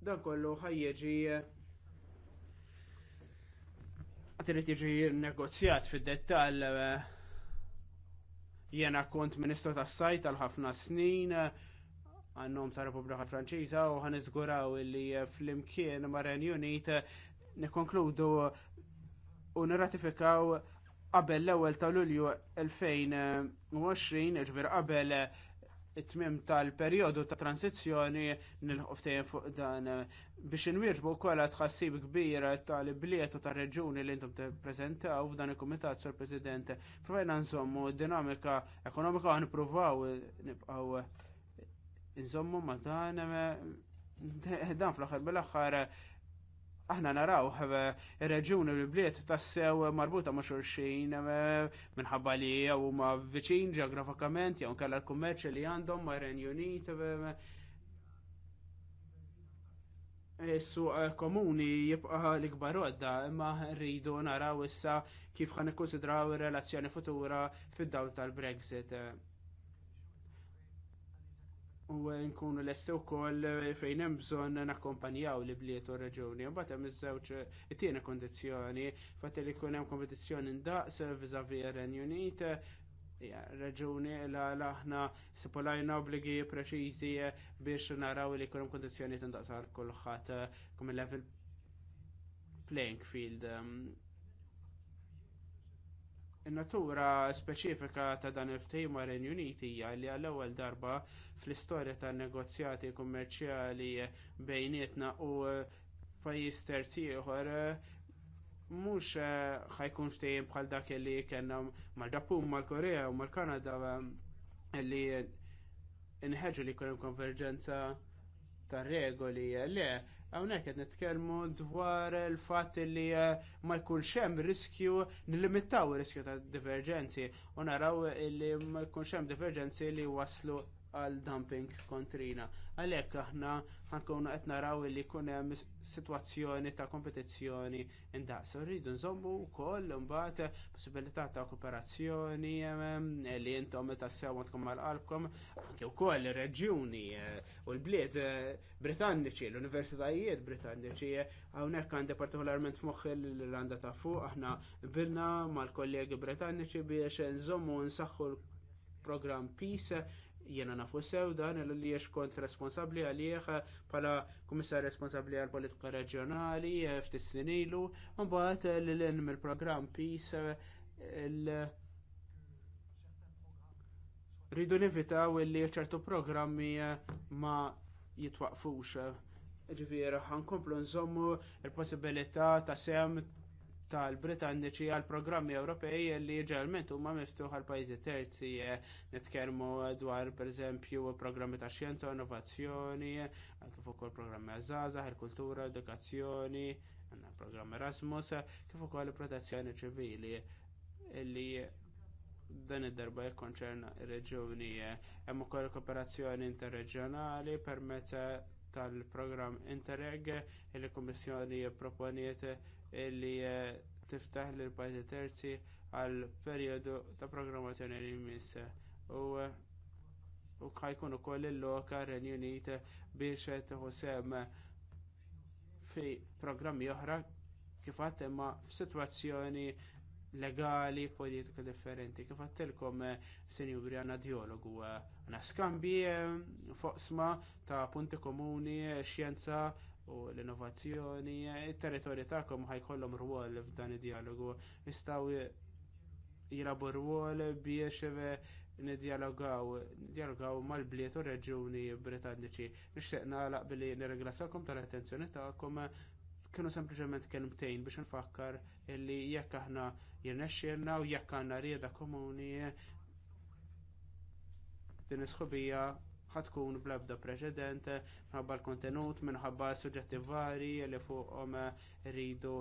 dan kollu ħajjeġi eh, trid jiġi negozjat fid-dettall jiena kont Ministru tas-sajt għal ħafna snin għannom ta' Repubblika Franċiża u ħan iżguraw li fl-imkien ma' Renju Unit nikkonkludu u nirratifikaw qabel l-ewwel ta' Lulju 2020, ġvir qabel it-tmim tal-perjodu ta' transizzjoni nil-ħoftejn fuq dan biex inwieġbu wkoll tħassib kbir tal-bliet u tar-reġuni li intom tippreżentaw f'dan il-Kumitat sur President. Provajna nżommu dinamika ekonomika għan provaw nibqgħu nżommu ma dan dan fl-aħħar bil-aħħar aħna naraw eh, reġjuni li bliet tassew marbuta ma' xulxin eh, minħabba li jew ma' viċin ġeografikament jew kalla l kummerċi li għandhom ma' Renju Unit. Eh, Issu komuni jibqa l-ikbar għodda imma rridu naraw issa kif ħan ikkonsidraw ir-relazzjoni futura fid-dawl tal-Brexit. U nkunu l-estew kol fejn hemm bżonn nakkompanjaw li bliet u raġuni. Mbagħad hemm iż-żewġ it-tieni kondizzjoni fatt li jkun hemm kompetizzjoni ndaqs viżavi Renju Unit raġuni la l-aħna sipolajna obligi preċiżi biex naraw li jkun hemm kondizzjoni tindaqsar kulħadd eh, kum level playing field. Eh, In-natura speċifika ta' dan il-ftehim mar Renju Uniti hija li għall-ewwel darba fl-istorja tan-negozjati kummerċjali bejnietna u pajjiż terzi ieħor mhux eh, ħajkun ftehim bħal dak li kellna mal-Ġappun, mal-Korea u mal-Kanada eh, li inħeġu li jkun hemm konverġenza tar regoli le Hawnhekk qed nitkellmu dwar il-fatt li eh, ma jkunx hemm riskju nil ir-riskju ta' diverġenzi u naraw li ma jkunx hemm diverġenzi li waslu għal dumping kontrina. Għalhekk aħna ħankunu qed naraw li jkun hemm sitwazzjoni ta' kompetizzjoni indaqs. Rridu nżommu wkoll imbagħad possibilità ta' kooperazzjoni ehm, li intom tassew għandkom mal-qalbkom anke wkoll ir-reġjuni eh, u l-bliet eh, Britanniċi, l-Universitajiet Britanniċi hawnhekk għandi partikolarment f'moħħi l-Irlanda ta' fuq aħna bilna mal-kollegi Britanniċi biex nżommu nsaħħu l-programm Peace Jiena nafu sew dan li jiex kont responsabbli għalih bħala kummissar responsabbli għall politika reġjonali ftit sinilu ilu, mbagħad lil l mill-programm Peace il rridu nivitaw li ċertu programmi ma jitwaqfux. Ġifieri ħankomplu nżommu l possibilità ta' sem tal-Britanniċi għal programmi Ewropej li ġerment huma miftuħ għal pajjiżi terzi eh, nitkellmu dwar pereżempju programmi ta' xjenza u innovazzjoni, kif ukoll programmi għażaża, il-kultura, edukazzjoni, għandna programm Erasmus, kif ukoll protezzjoni ċivili li dan id-darba jikkonċerna reġuni eh. hemm ukoll kooperazzjoni interreġjonali permezz tal-programm Interreg il-Kummissjoni proponiet li eh, tiftaħ lill pajjiżi terzi għal perjodu ta' programmazzjoni li jmiss u eh, u ħajkun ukoll il-loka Unit biex tħossem fi programmi oħra kif għadd imma f'sitwazzjoni legali, politika differenti. Kif għattilkom eh, senjuri għanna dialogu, għanna skambi fuqsma ta' punti komuni, xjenza, u l-innovazzjoni, il-territorju tagħkom ħajkollhom rwol f'dan id-dialogu. Jistgħu jilabu rwol biex eh, nidjalogaw, nidjalogaw mal-bliet u reġuni britanniċi. Nixtieq nagħlaq billi nirringrazzjakom tal-attenzjoni tagħkom kienu sempliċement kelmtejn biex nfakkar illi jekk aħna jirnexxielna u jekk għandna rieda komuni din is-sħobija ħatkun bl-ebda preċedent minħabba l-kontenut, minħabba suġġetti vari li fuqhom rridu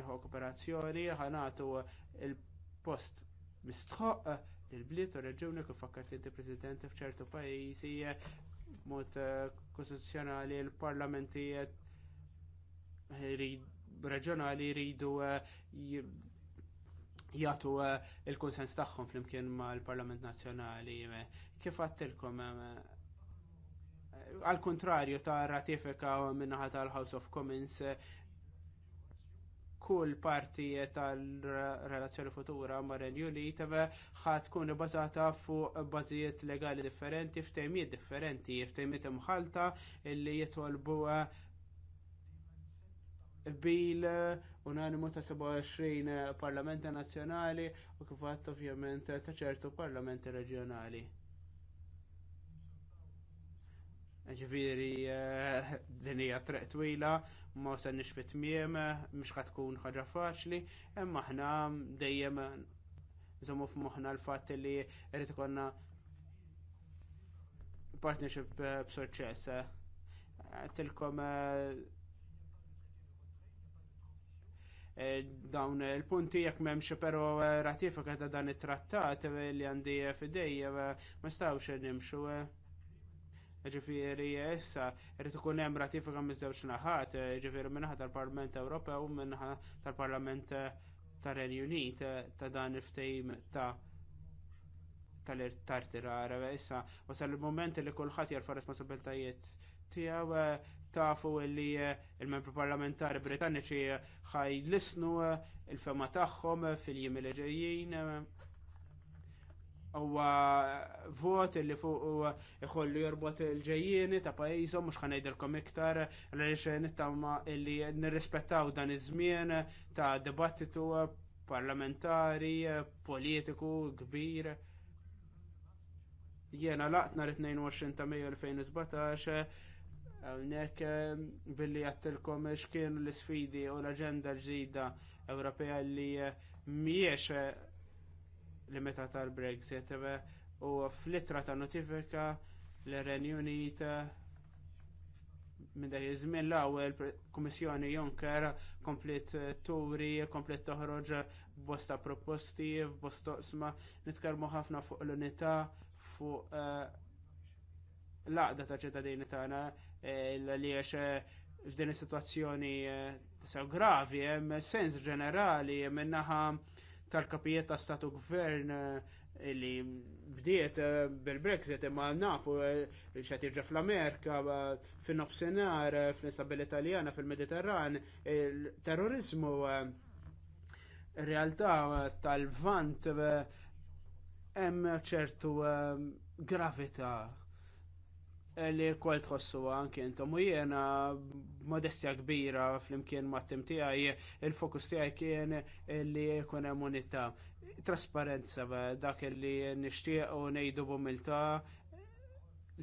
nħu kooperazzjoni, ħanatu il-post mistħoq il-bliet u reġuni kif fakkart inti president f'ċertu pajjiżi mod kostituzzjonali l-parlamenti reġjonali jridu eh, jagħtu eh, l kunsens tagħhom flimkien mal parlament Nazzjonali Kif għattilkom għal kontrarju ta' ratifika minnaħa tal-House of Commons kull parti tal-relazzjoni futura ma' Juli tebe ħat kun bazata fuq bażijiet legali differenti, ftejmiet differenti, ftejmiet imħalta illi jitolbu eh, bil unanimu ta' 27 parlamenti nazzjonali u kifat ovvjament ta' ċertu parlamenti reġjonali. Ġviri, eh, dinija treq twila, ma se nixfit miem, mux tkun ħaġa faċli, imma ħna dejjem zomu f'moħna l-fat li rrit konna partnership eh, b'suċċess. Eh, tilkom dawn il-punti jekk m'hemmx però ratifika ta' dan it-trattat li għandi fidejja ma stawx nimxu. Ġifiri, issa, rrit ikun hemm ratifika miż-żewġ naħat, ġifiri minnaħa tal-Parlament Ewropew u minnaħa tal-Parlament eh, tar-Renju Unit eh, ta' dan il-ftehim ta' tal-irtartirar. Issa, wasal il-moment li kulħadd jarfa' responsabiltajiet tiegħu eh, tafu li il-membri parlamentari Britanniċi ħaj lisnu il-fema tagħhom fil-jiem li ġejjin huwa vot li fuq ikollu jorbot il-ġejjieni ta' pajjiżhom mhux ħanejdilkom iktar għaliex nittama li nirrispettaw dan iż-żmien ta' dibattitu parlamentari, politiku, kbir. Jiena laqt nhar 22 ta' Mejju 2017 hawnhekk billi jattilkom x'kienu l isfidi u l aġenda l ġdida Ewropea li mhijiex li meta tal-Brexit u fl-ittra ta' notifika l-Renju Unit minn dak iż-żmien l-ewwel Kummissjoni Juncker komplet eh, turi, komplet toħroġ b'bosta proposti, bosta toqsma, nitkellmu ħafna fuq l-unità, fuq eh, l-għaqda ta' ċittadini tagħna eh, li għax f'din is-sitwazzjoni gravi, hemm sens ġenerali minnaħa tal-kapijiet ta' statu gvern eh, li bdiet eh, bil-Brexit imma nafu eh, xed irġa fl-Amerika fin-nofsinhar fl-instabilità Italjana fil-Mediterran il-terrorizmu realtà tal-vant hemm ċertu gravità li kol tħossu għanki intom u jena modestja kbira fl-imkien ma' tim tijaj il-fokus tijaj kien li jkun hemm unità. Trasparenza dak li nixtieq u ngħidu bumilta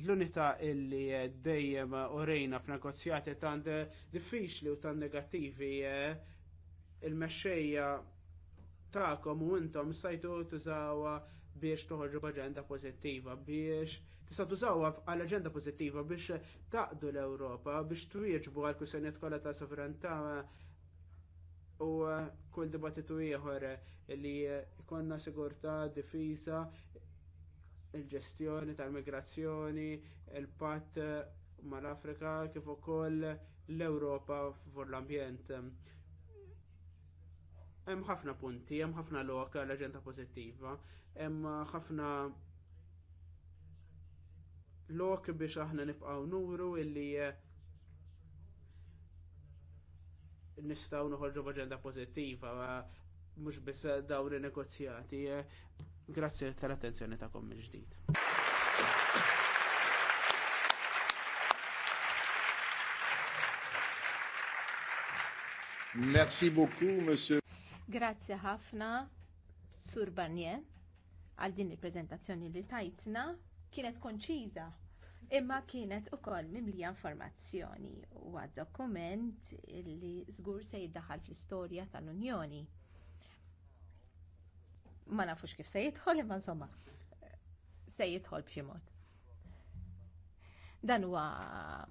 l-unità illi dejjem u rejna f'negozjati tant diffiċli u tant negattivi il-mexxejja tagħkom u intom stajtu tużawha biex toħorġu b'aġenda pożittiva biex tista' tużawha għall aġenda pożittiva biex taqdu l-Ewropa biex twieġbu għal kwistjonijiet kollha ta' sovranità u kull dibattitu ieħor li jkollna sigurtà, difiża il-ġestjoni tal-migrazzjoni, il-patt mal-Afrika kif ukoll l-Ewropa fuq l-ambjent. Hemm ħafna punti, hemm ħafna loka l-aġenda pożittiva, hemm ħafna lok biex aħna nibqaw nuru illi eh, nistaw noħorġu b'aġenda pozittiva mhux biss dawn in-negozjati. Eh. Grazzi tal-attenzjoni tagħkom mill-ġdid. Merci beaucoup, monsieur. Grazie ħafna, Sur Barnier, għal din il-prezentazzjoni li tajtna kienet konċiża imma kienet ukoll mimlija informazzjoni huwa dokument li żgur se jiddaħħal fl-istorja tal-Unjoni. Ma nafux kif se jidħol imma insomma se jidħol b'xi mod. Dan huwa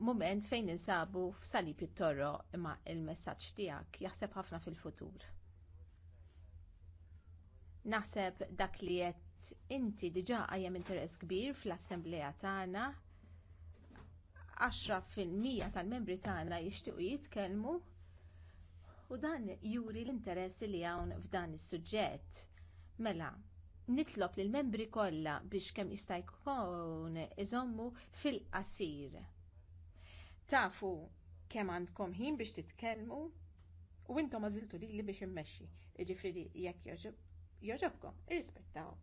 mument fejn insabu f'sali pittorro imma il-messaġġ tiegħek jaħseb ħafna fil-futur. Naħseb dak li qed inti diġà għajjem interess kbir fl-Assembleja tagħna għaxra fil-mija tal-membri tagħna jixtiequ jitkellmu u dan juri l-interess li hawn f'dan is-suġġett. Mela, nitlob lill membri kollha biex kemm jista' jkun iżommu fil-qasir. Tafu kemm għandkom ħin biex titkellmu u intom għażiltu lili biex immexxi. Jiġifieri jekk jogħġobkom, irrispettaw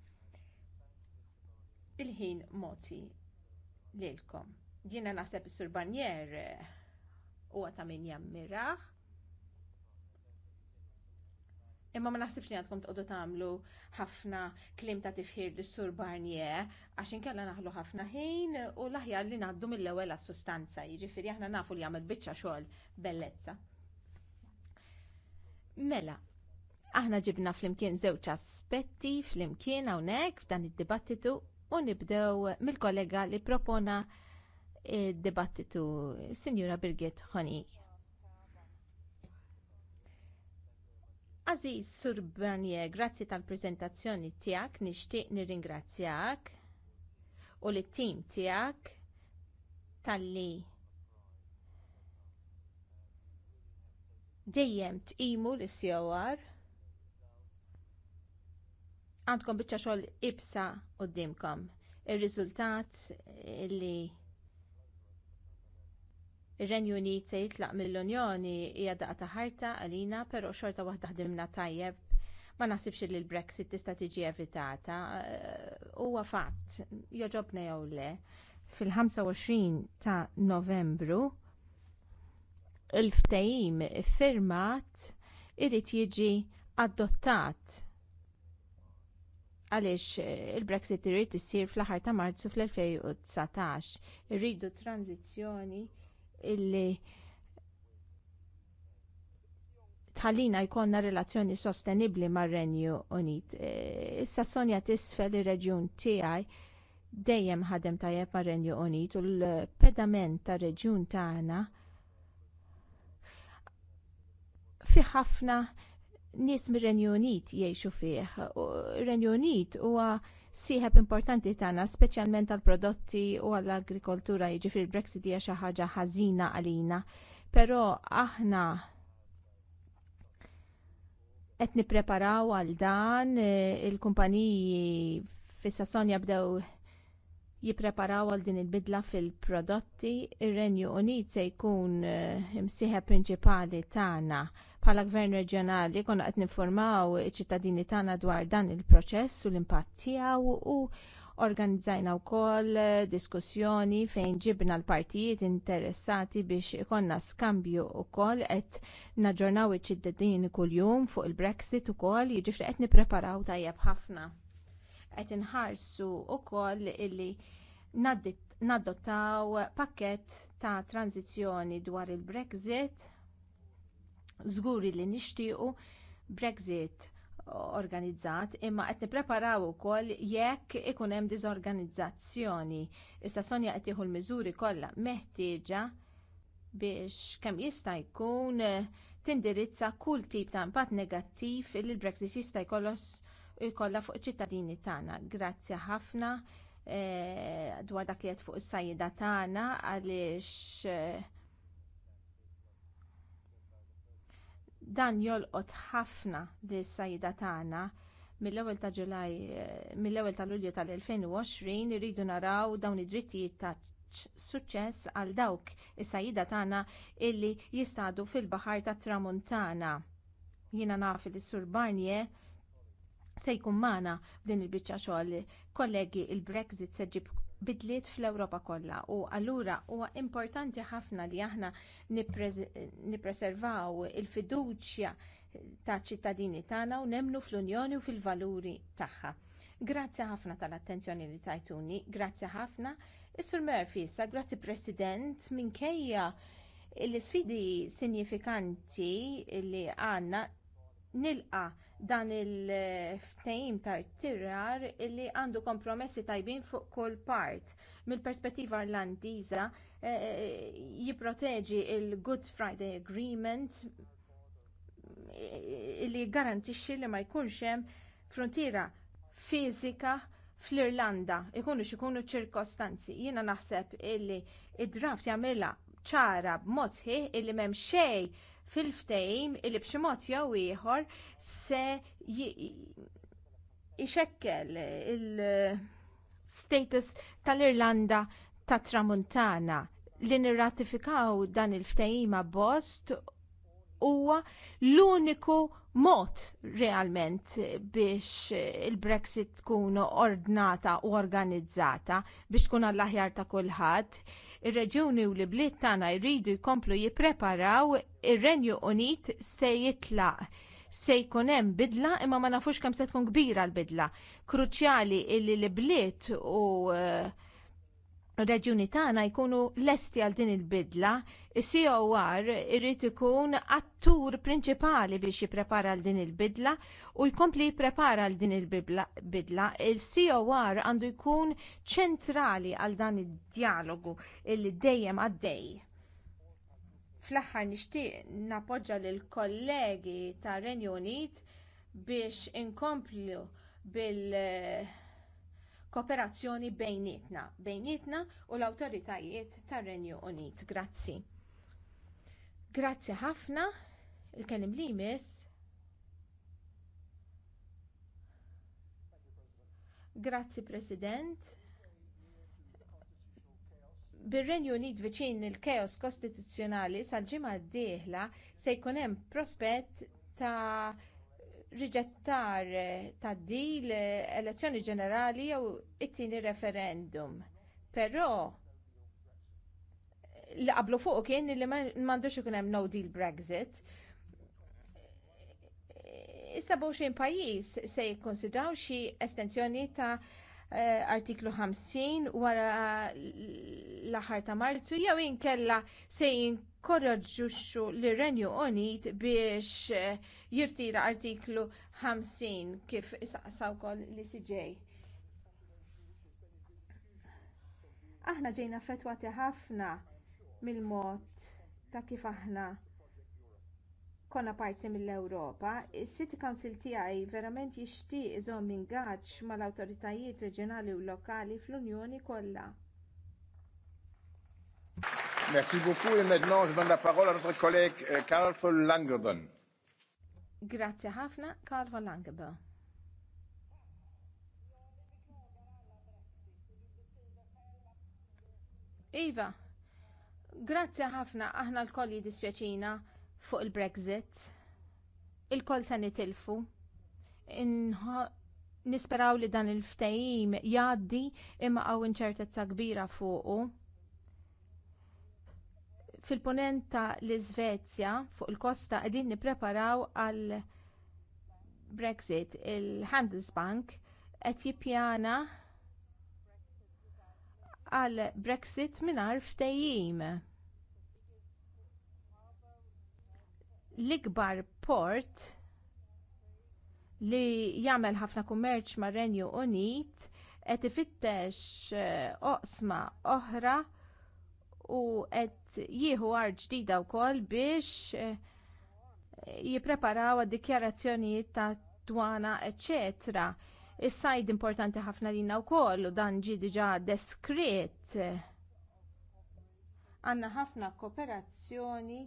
il-ħin moti lilkom. Jiena naħseb is-Sur Barnier eh, huwa ta' min jammirah. Imma ma naħsibx li għandkom tqogħdu tagħmlu ħafna klim ta' tifħir lis-Sur Barnier għax inkella naħlu ħafna ħin u l-aħjar li ngħaddu mill-ewwel għas-sustanza, jiġifieri aħna nafu li jagħmel biċċa xogħol bellezza. Mela, aħna ġibna flimkien żewġ aspetti flimkien hawnhekk f'dan id-dibattitu u nibdew mill-kollega li propona il dibattitu Sinjura Birgit Honi. Aziz Surbanje, grazzi tal-prezentazzjoni tijak, nishtiq nirringrazzjak u li tim tijak tal-li dejjem tqimu l-sjowar għandkom biċċa xogħol ibsa dimkom. il riżultat li ir-Renju Unit se jitlaq mill-Unjoni hija daqqa ta' ħarta għalina, però xorta waħda ħdimna tajjeb. Ma naħsibx li l-Brexit tista' tiġi evitata. Huwa fatt, joġobna jew le, fil-25 ta' Novembru il-ftehim firmat irid jiġi adottat għaliex eh, il-Brexit irid issir fl-aħħar ta' Marzu fl-2019. Irridu tranzizzjoni illi tħallina jkollna relazzjoni sostenibbli mar-Renju Unit. Eh, issa Sonja tisfel ir-reġjun tiegħi dejjem ħadem tajjeb mar-Renju Unit u l-pedament tar-reġjun tagħna fi ħafna nies mir-Renju Unit jgħixu fih. Renju Unit huwa sieħeb importanti tagħna speċjalment għall prodotti u għall agrikoltura fil jiġifieri Brexit hija xi ħaġa ħażina għalina. Però aħna qed nippreparaw għal dan il-kumpaniji fissa sassonja bdew jippreparaw għal din il-bidla fil-prodotti, ir-Renju Unit se jkun eh, imsieħeb prinċipali tagħna Bħala gvern reġjonali konna qed ninformaw iċ-ċittadini tagħna dwar dan il-proċess u l-impatt tiegħu u organizzajna wkoll eh, diskussjoni fejn ġibna l-partijiet interessati biex ikonna skambju wkoll qed naġġornaw iċ-ċittadini kuljum fuq il-Brexit ukoll jiġifieri qed nippreparaw tajjeb ħafna. Qed inħarsu wkoll illi nadottaw pakket ta' tranzizjoni dwar il-Brexit Żguri li nixtiequ Brexit organizzat imma qed nippreparaw ukoll jekk ikun hemm diżorganizzazzjoni. Issa Sonja qed tieħu l-miżuri kollha meħtieġa biex kemm jista' jkun tindirizza kull tip ta' impatt negattiv li l-Brexit jista' jkollha fuq iċ-ċittadini tagħna. Grazzi ħafna eh, dwar dak li qed fuq is sajda tagħna għaliex eh, dan jolqot ħafna lis sajda tagħna mill-ewwel ta' Ġulaj eh, mill-ewwel ta' Lulju tal-2020 iridu naraw dawn id-drittijiet ta' suċċess għal dawk is-sajjida tagħna illi jistadu fil-baħar tat-Tramuntana. Jiena naf li Sur Barnier se jkun magħna f'din il-biċċa xogħol kollegi l brexit se ġib bidliet fl-Ewropa kollha u allura huwa importanti ħafna li aħna nippreservaw il-fiduċja taċ ċittadini tagħna u nemmnu fl-Unjoni u fil-valuri tagħha. Grazzi ħafna tal-attenzjoni li tajtuni, grazzi ħafna. Is-Sur Murphy, sa grazzi President, minkejja l isfidi sinifikanti li għandna nilqa' dan il-ftehim eh, ta' tirar illi għandu kompromessi tajbin fuq kull part. Mill-perspettiva irlandiża jiproteġi eh, eh, jipproteġi l good Friday Agreement illi garantixxi li ma jkunx hemm frontiera fizika fl-Irlanda ikunu xikunu ċirkostanzi. Jiena naħseb illi id-draft jagħmilha ċara b'mod ħieħ illi m'hemm xej fil-ftehim il b'xi mod jew ieħor se ixekkel il-status eh, tal-Irlanda tat tramuntana li nirratifikaw dan il-ftehim bost huwa l-uniku mod realment biex il-Brexit tkun ordnata u organizzata biex tkun għall-aħjar ta' kulħadd, ir-reġjuni u l-bliet tagħna jridu jkomplu jippreparaw ir-Renju Unit se jitlaq se jkun hemm bidla imma ma nafux kemm se tkun kbira l-bidla. Kruċjali li l-bliet u uh, reġjuni tagħna jkunu lesti għal din il-bidla, is-COR irid ikun attur prinċipali biex jipprepara għal din il-bidla u jkompli jipprepara għal din il-bidla. Il-COR għandu jkun ċentrali għal dan id-dialogu li dejjem għaddej. Fl-aħħar nixtieq napoġġa lil kollegi tar Renju Unit biex inkomplu bil- kooperazzjoni bejnietna, bejnietna u l-awtoritajiet tar-Renju Unit. Grazzi. Grazzi ħafna il-kelim li jmiss. Grazzi President. Bir-Renju Unit viċin il-keos kostituzzjonali sal-ġimgħa d-dieħla se jkun hemm prospett ta' riġettar eh, ta' dil eh, elezzjoni ġenerali jew it-tieni referendum. Però li qablu fuq kien li m'għandux ikun hemm no deal Brexit. Issa xejn pajjiż se jikkonsidraw xi estensjoni ta' eh, artiklu 50 wara l-aħħar ta' Marzu jew inkella se jink korraġġuxxu li renju Unit biex eh, jirtira artiklu 50 kif saqsaw ukoll li siġej. Aħna ġejna fetwati ħafna mill-mod ta' kif aħna konna parti mill-Ewropa, is-City Council tiegħi verament jixtieq iżomm ingaġġ mal-awtoritajiet reġjonali u lokali fl-Unjoni kollha. Merci beaucoup et maintenant je donne la parole à notre collègue euh, Karl von Langeben. Grazie ħafna, Karl von Langeben. Iva, grazzi ħafna aħna l-koll jidispjaċina fuq il-Brexit. Il-koll se nitilfu. Nisperaw li dan il-ftehim jgħaddi imma għaw inċertezza kbira fuqu. Fil-ponent ta' l-Iżvezja fuq il-kosta qegħdin nippreparaw għal Brexit. Il-Handelsbank qed jippjana għal Brexit mingħajr ftehim. L-ikbar port li jagħmel ħafna kummerċ mar-Renju Unit qed ifittex eh, oqsma oħra u qed jieħu art ġdida wkoll biex eh, jippreparaw għad-dikjarazzjonijiet ta' dwana, eċetera. Is-sajd importanti ħafna lilna wkoll u dan ġie diġà deskritt. Għandna ħafna kooperazzjoni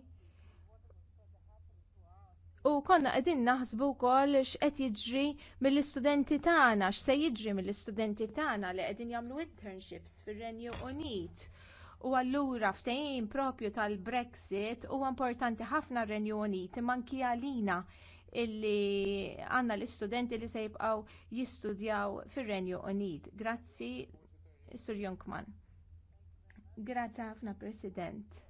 u konna qegħdin naħsbu wkoll x'qed jiġri mill-istudenti tagħna, x'se jiġri mill-istudenti tagħna li qegħdin jagħmlu internships fir-Renju Unit u allura ftehim propju tal-Brexit huwa importanti ħafna r-Renju Unit manki għalina illi għandna l-istudenti li se jibqgħu jistudjaw fir-Renju Unit. Grazzi, Sur Junkman. Grazzi ħafna, President.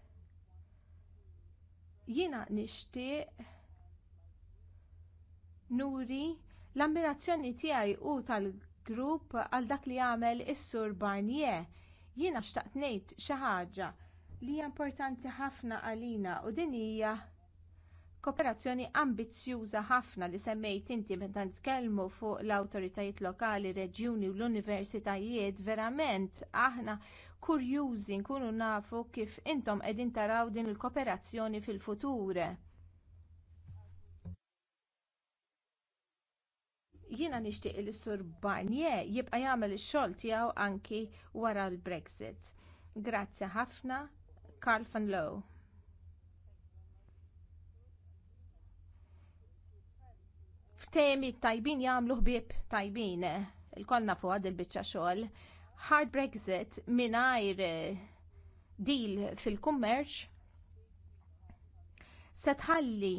Jiena nixtieq nuri l-ammirazzjoni tiegħi u tal-grupp għal dak li għamel is-Sur Barnier Jiena xtaqt ngħid xi ħaġa li hija importanti ħafna għalina u din hija kooperazzjoni ambizzjuża ħafna li semmejt inti meta nitkellmu fuq l-awtoritajiet lokali, reġjuni u l-universitajiet, verament aħna kurjużi nkunu nafu kif intom qegħdin taraw din il-kooperazzjoni fil-futur. Jiena nixtieq li sur Barnier jibqa' jagħmel ix-xogħol tiegħu anki wara l-Brexit. Grazzi ħafna, Karl van Loo. F'temi tajbin jagħmlu ħbieb tajbin. Il-kolna fuq għad il-biċċa xogħol. Hard Brexit mingħajr eh, deal fil-kummerċ se tħalli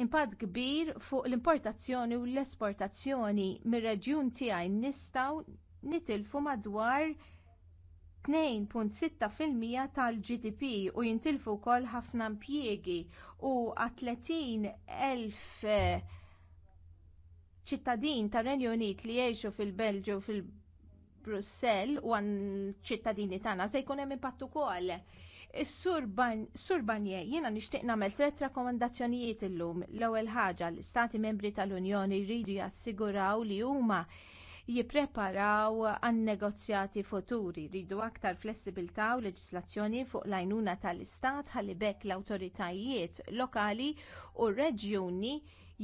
impatt kbir fuq l-importazzjoni u l-esportazzjoni mir-reġjun tiegħi nistgħu nitilfu madwar 2.6% tal-GDP u jintilfu wkoll ħafna impjiegi u elf eh, ċittadin tar renju Unit li jgħixu fil u fil-Brussell u għan ċittadini tagħna se jkun hemm impatt ukoll Is-Sur Barnier jiena nixtieq nagħmel tliet rakkomandazzjonijiet illum. L-ewwel ħaġa l-Istati Membri tal-Unjoni jridu jassiguraw li huma jippreparaw għan negozjati futuri, jridu aktar flessibilità u leġislazzjoni fuq l-għajnuna tal-istat ħalli bekk l awtoritajiet lokali u reġjuni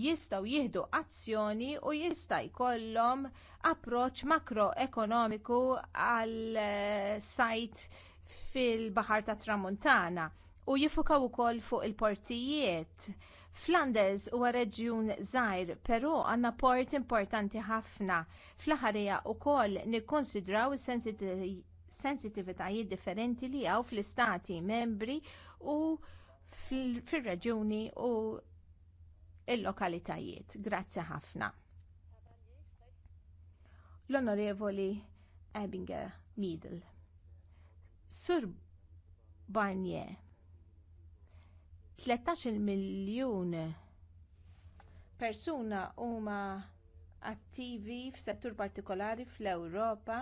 jistgħu jieħdu azzjoni u jista' jkollhom approċċ makroekonomiku għal sajt fil baħar tat Tramuntana u jifukaw ukoll fuq il-portijiet. Flanders huwa reġjun żgħir, però għandna port importanti ħafna. Fl-aħarija wkoll nikkonsidraw is-sensitivitajiet differenti li hawn fl-istati membri u fir-reġjuni u l lokalitajiet Grazzi ħafna. L-Onorevoli Ebinger Middle. Sur Barnier, 13 miljun persuna huma attivi f'settur partikolari fl-Ewropa.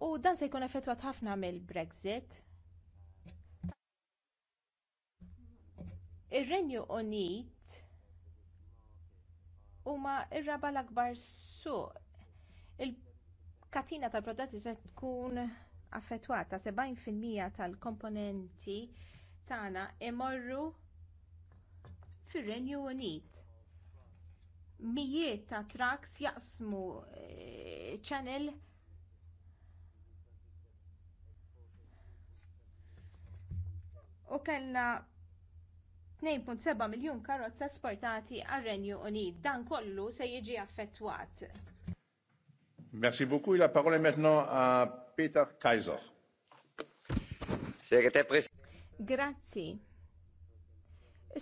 U dan se jkun effettwat ħafna mill-Brexit. Ir-Renju Unit huma r-raba l-akbar suq. Il-katina tal-prodotti se tkun affettwata 70% tal-komponenti tagħna imorru fir-Renju Unit. Mijiet ta' traks jaqsmu eh, channel u kellna 2.7 miljun karozza sportati għar-Renju Unit. Dan kollu se jiġi affettwat. Merci beaucoup. La parole maintenant à Peter Kaiser. Grazzi.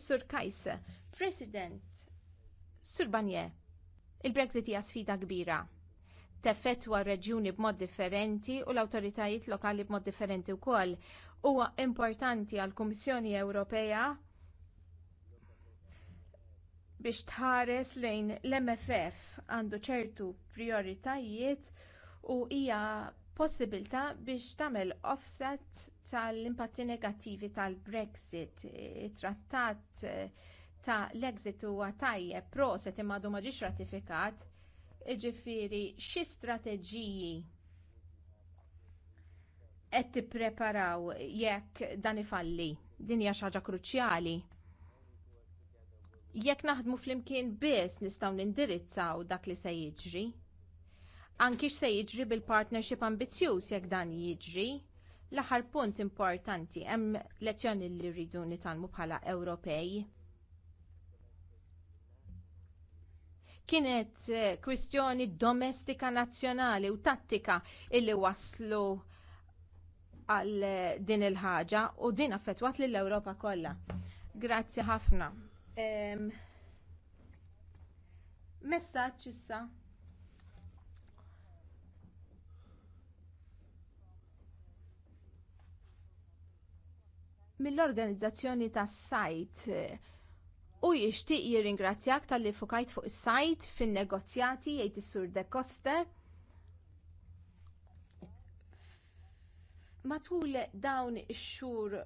Sur Kaiser, President, Sur Banje, il-Brexit hija sfida kbira teffettwa reġjuni b'mod differenti u l-awtoritajiet lokali b'mod differenti wkoll. Huwa importanti għall kummissjoni Ewropea biex tħares lejn l-MFF għandu ċertu prioritajiet u hija possibilità biex tagħmel offset tal-impatti negattivi tal-Brexit. It-trattat eh, ta' l-exit huwa tajjeb proset imma għadu ma ġiex ratifikat, jiġifieri xi strateġiji qed tippreparaw jekk dan ifalli. Din hija xi ħaġa kruċjali. Jekk naħdmu flimkien biss nistgħu nindirizzaw dak li se jiġri. Anki se jiġri bil-partnership ambizzjuż jekk dan jiġri, l-aħħar punt importanti hemm lezzjoni li rridu nitalmu bħala Ewropej. Kienet eh, kwistjoni domestika nazzjonali u tattika illi waslu għal eh, din il-ħaġa u din affettwat lill-Ewropa kollha. Grazzi ħafna. Messaċ issa. mill-organizzazzjoni tas-sajt eh, u jixtieq jirringrazzjak talli fukajt fuq is-sajt fin-negozjati jgħid is-Sur De Coster. Matul dawn ix-xhur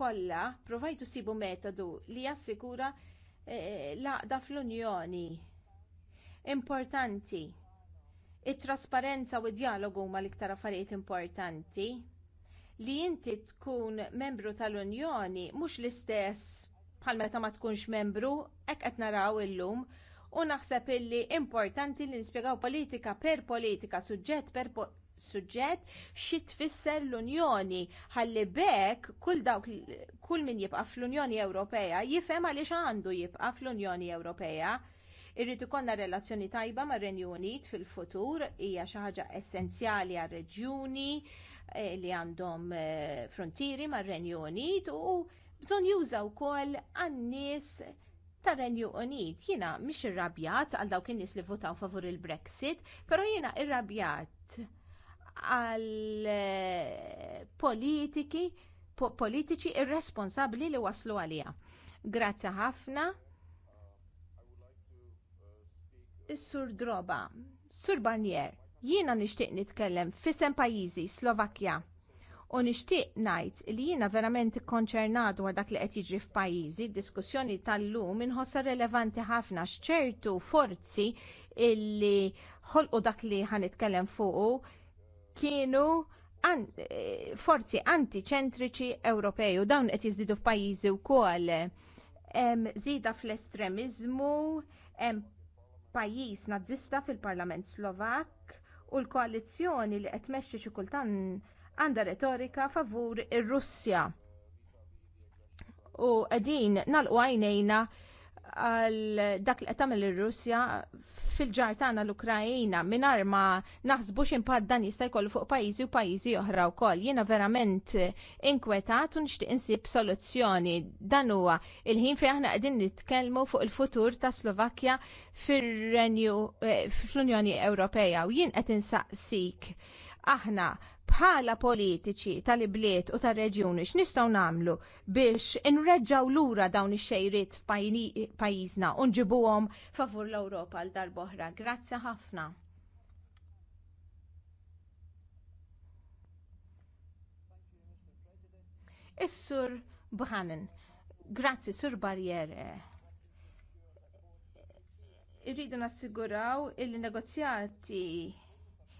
kollha provajtu sibu metodu li jassigura eh, eh, laqda fl-Unjoni. Importanti. It-trasparenza u d dialogu huma l-iktar affarijiet importanti li inti tkun membru tal-Unjoni mhux l-istess bħal meta ma tkunx membru, hekk qed naraw illum u naħseb illi importanti li nispjegaw politika per politika, suġġett per po suġġett xi tfisser l-Unjoni ħalli bekk kull dawk kull min jibqa' fl-Unjoni Ewropea jifhem għaliex għandu jibqa' fl-Unjoni Ewropea. Irrid ikollna relazzjoni tajba mar-Renju Unit fil-futur hija xi ħaġa essenzjali għar-reġjuni eh, li għandhom eh, frontieri mar-Renju Unit u bżonn jużaw wkoll għan-nies tar renju Unit. Jiena mhix irrabjat għal dawk in-nies li votaw favur il-Brexit, però jiena irrabjat għal eh, politiki politiċi irresponsabbli li waslu għalija. Grazzi ħafna. Is-Sur Droba, Sur Barnier, jiena nixtieq nitkellem fisem pajjiżi Slovakkja u nixtieq ngħid li jiena verament konċernat dwar dak li qed jiġri f'pajjiżi, diskussjoni tal-lum inħossha relevanti ħafna x'ċertu forzi illi ħolqu dak li ħanitkellem fuqu kienu an eh, forzi antiċentriċi Ewropej u dawn qed jiżdiedu f'pajjiżi wkoll. Hemm żieda fl-estremiżmu, hemm pajjiż nazzista fil-Parlament Slovak u l-koalizzjoni li qed tmexxi xi kultant għandha retorika favur ir-Russja. U qegħdin nagħlqu għajnejna għal dak li qed tagħmel ir-Russja fil-ġar tagħna l ukraina mingħajr ma naħsbu x'impatt dan jista' jkollu fuq pajjiżi u pajjiżi oħra wkoll. Jiena verament inkwetat u nixtieq insib soluzzjoni. Dan huwa il-ħin fejn aħna qegħdin nitkellmu fuq il-futur ta' Slovakkja fir-Renju eh, fl-Unjoni Ewropea u jien qed insaqsik aħna bħala politiċi tal-ibliet u tal-reġjuni x'nistgħu nagħmlu biex inreġġaw lura dawn ix-xejriet f'pajjiżna u nġibuhom favur l-Ewropa għal darb'oħra. Grazzi ħafna. Is-Sur Buchanan, grazzi Sur Barriere irridu nassiguraw il-negozjati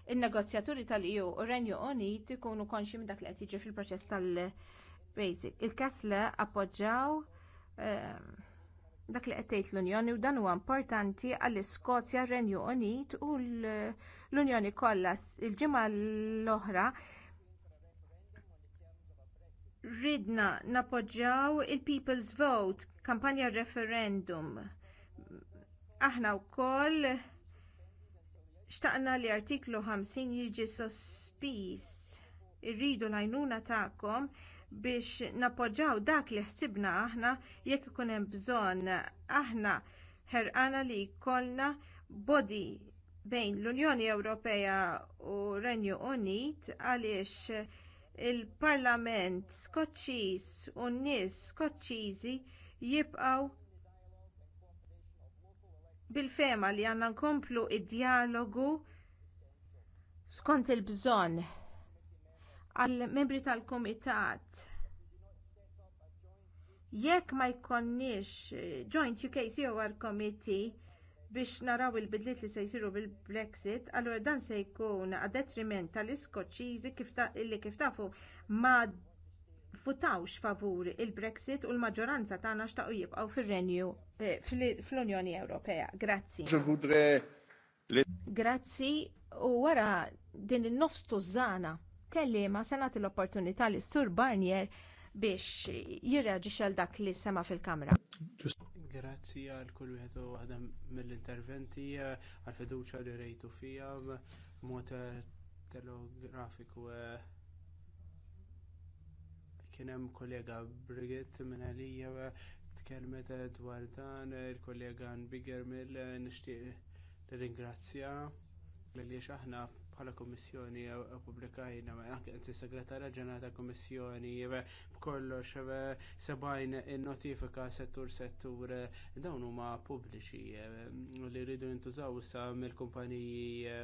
in-negozjaturi tal-EU u Renju Unit ikunu konxi minn dak li qed jiġi fil-proċess tal-Basic. Il-Kasla appoġġjaw ehm, dak li qed tgħid l-Unjoni u dan huwa importanti għall-Iskozja, Renju Unit u l-Unjoni kollha il-ġimgħa l-oħra ridna napoġġaw il-People's Vote, kampanja referendum. Aħna wkoll Xtaqna li artiklu 50 jiġi sospiż. Irridu l-għajnuna tagħkom biex napoġġaw dak li ħsibna aħna jekk ikun hemm bżonn aħna ħerqana li jkollna bodi bejn l-Unjoni Ewropea u Renju Unit għaliex il-Parlament Skoċċiż u n-nies Skoċċiżi jibqgħu bil-fema li għandna nkomplu id-dialogu skont il-bżonn għall membri tal-kumitat jekk ma jkonniex eh, joint UK COR committee biex naraw il-bidliet li se jsiru bil-Brexit, allura dan se jkun għad detriment tal-Iskoċċiżi kif tafu ma votawx favur il-Brexit u l-maġġoranza tagħna xtaqgħu jibqgħu fir-Renju eh, fl-Unjoni Ewropea. Grazzi. Grazzi u wara din in-nofs tużana kelli se nagħti l-opportunità lis sur Barnier biex jirraġi għal dak li sema fil-kamra. Grazzi għal kull wieħed u għadam mill-interventi għal fiduċa li rejtu fija mod telegrafiku eh, kien hemm kollega Brigitte minn għalija eh, tkellmet dwar dan il-kollega Bigger mill eh, nixtieq ringrazzja li aħna bħala Kummissjoni pubblikajna anke segretarja ġenerali tal Kummissjoni b'kollox eh, sebgħin in-notifika settur settur dawn huma pubbliċi li rridu jintużaw sa mill-kumpaniji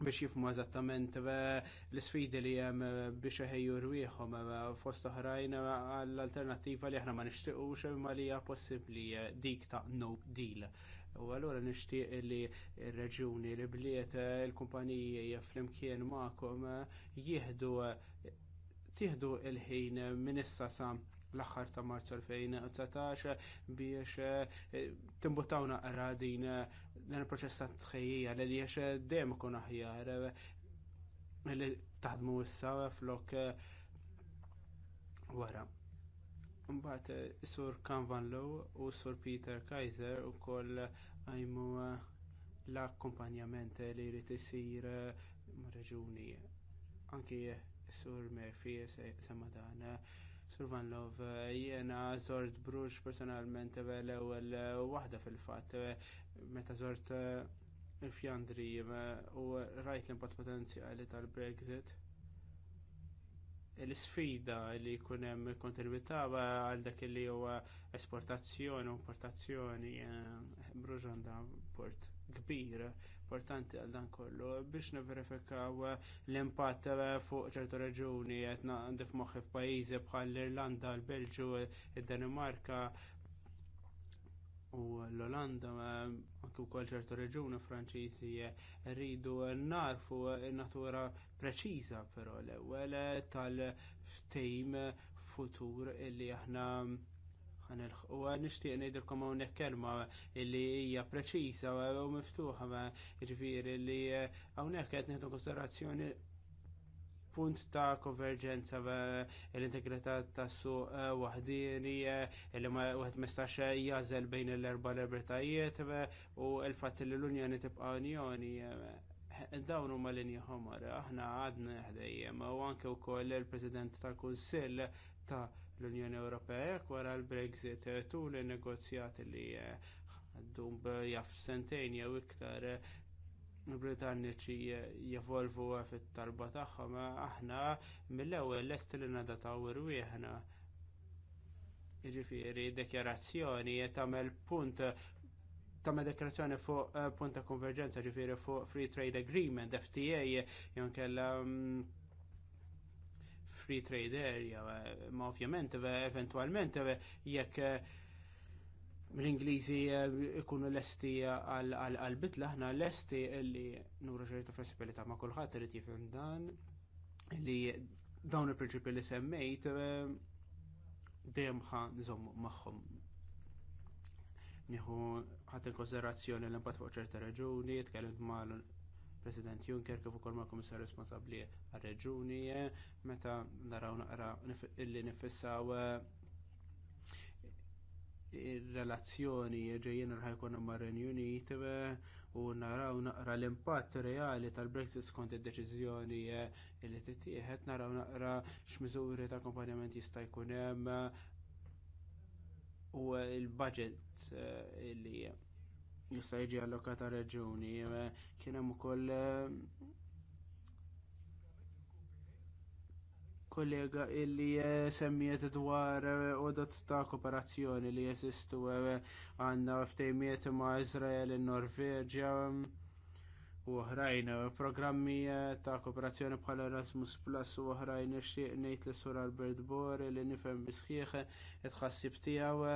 biex jifmu eżattament eh, l-sfidi li jem eh, biex eħejju rwieħom eh, fost oħrajn għall-alternativa li aħna ma nixtiequx imma li hija possibbli dik ta' no deal. U allura nixtieq li r-reġuni, li bliet, il-kumpaniji flimkien ma'kom jieħdu tieħdu il-ħin minn issa sa l-axħar ta' marzu 2019 biex timbutawna qra din dan il-proċess ta' tħejjija li jiex dejjem ikun aħjar li taħdmu issa flok eh, wara. Mbagħad eh, sur Kanvan Low u sur Peter Kaiser ukoll eh, għajmu l-akkompanjament li jrid isir reġuni. Anki sur Murphy semma dan. Sur Van Lov, jena zort Bruġ personalment l-ewwel waħda fil-fatt meta zort eh, il-Fjandri eh, u rajt l-impat potenzjali tal-Brexit. l isfida li jkun hemm il-kontinwità għal dak li huwa esportazzjoni u importazzjoni eh, bruġan da port kbir, importanti għal dan kollu biex nifverifikaw l-impatt fuq ċertu reġuni qed naqdif moħħi f'pajjiżi bħal l-Irlanda, l-Belġu, id-Danimarka u l-Olanda anke wkoll ċertu reġuni Franċiżi eh, rridu narfu eh, natura preċiża però l-ewwel eh, tal-tejm futur illi aħna ħanilħu nixtieq ngħidilkom hawnhekk kelma illi hija preċiża u miftuħa jiġifieri li hawnhekk qed nieħdu konsiderazzjoni punt ta' konverġenza eh, l-integrità tas-suq eh, waħdini eh, li ma wieħed mistax jażel bejn l-erba' libertajiet u l-fatt li l-Unjoni tibqa' Unjoni dawn huma inja ħomar aħna għadna ħdejjem u anke wkoll il-President tal-Kunsill ta' l-Unjoni Ewropea wara l-Brexit tul in-negozjati li għaddu jaf sentejn jew iktar Britanniċi jevolvu fit-talba tagħhom aħna mill-ewwel lest li nadataw irwieħna. Jiġifieri dekjarazzjoni tagħmel punt tagħmel deklarazzjoni fuq eh, punt ta' konverġenza ġifieri fuq Free Trade Agreement FTA jew kellha mm, Free Trade Area ma ovvjament eventwalment jekk eh, l-Ingliżi eh, ikunu lesti eh, għal-bitla, aħna lesti li nuru ċertu flessibilità ma' kulħadd irid jifhem dan li dawn il-prinċipi li semmejt eh, dejjem ħa nżomm magħhom. Nieħu ħadd konsiderazzjoni l-impatt fuq ċerta reġuni, tkellimt mal President Juncker kif ukoll ma' kummissar responsabbli għar-reġuni meta naraw naqra li nifissaw il-relazzjoni ġejjin ħajkun mar renju Unit eh, u naraw naqra l-impatt reali tal-Brexit skont id-deċiżjoni eh, li tittieħed naraw naqra x'miżuri ta' kompanjament jista' jkun hemm eh, u l-budget li jista' jiġi allokat reġuni kien hemm ukoll kollega illi eh, semmiet dwar eh, odot ta' kooperazzjoni li jesistu eh, għandna ftejmiet ma' Izrael, Norveġja u oħrajn, programmi ta' kooperazzjoni bħala Erasmus Plus u oħrajn xieq ngħid li sur Albert Bor li nifhem bisħieħ tħassib tiegħu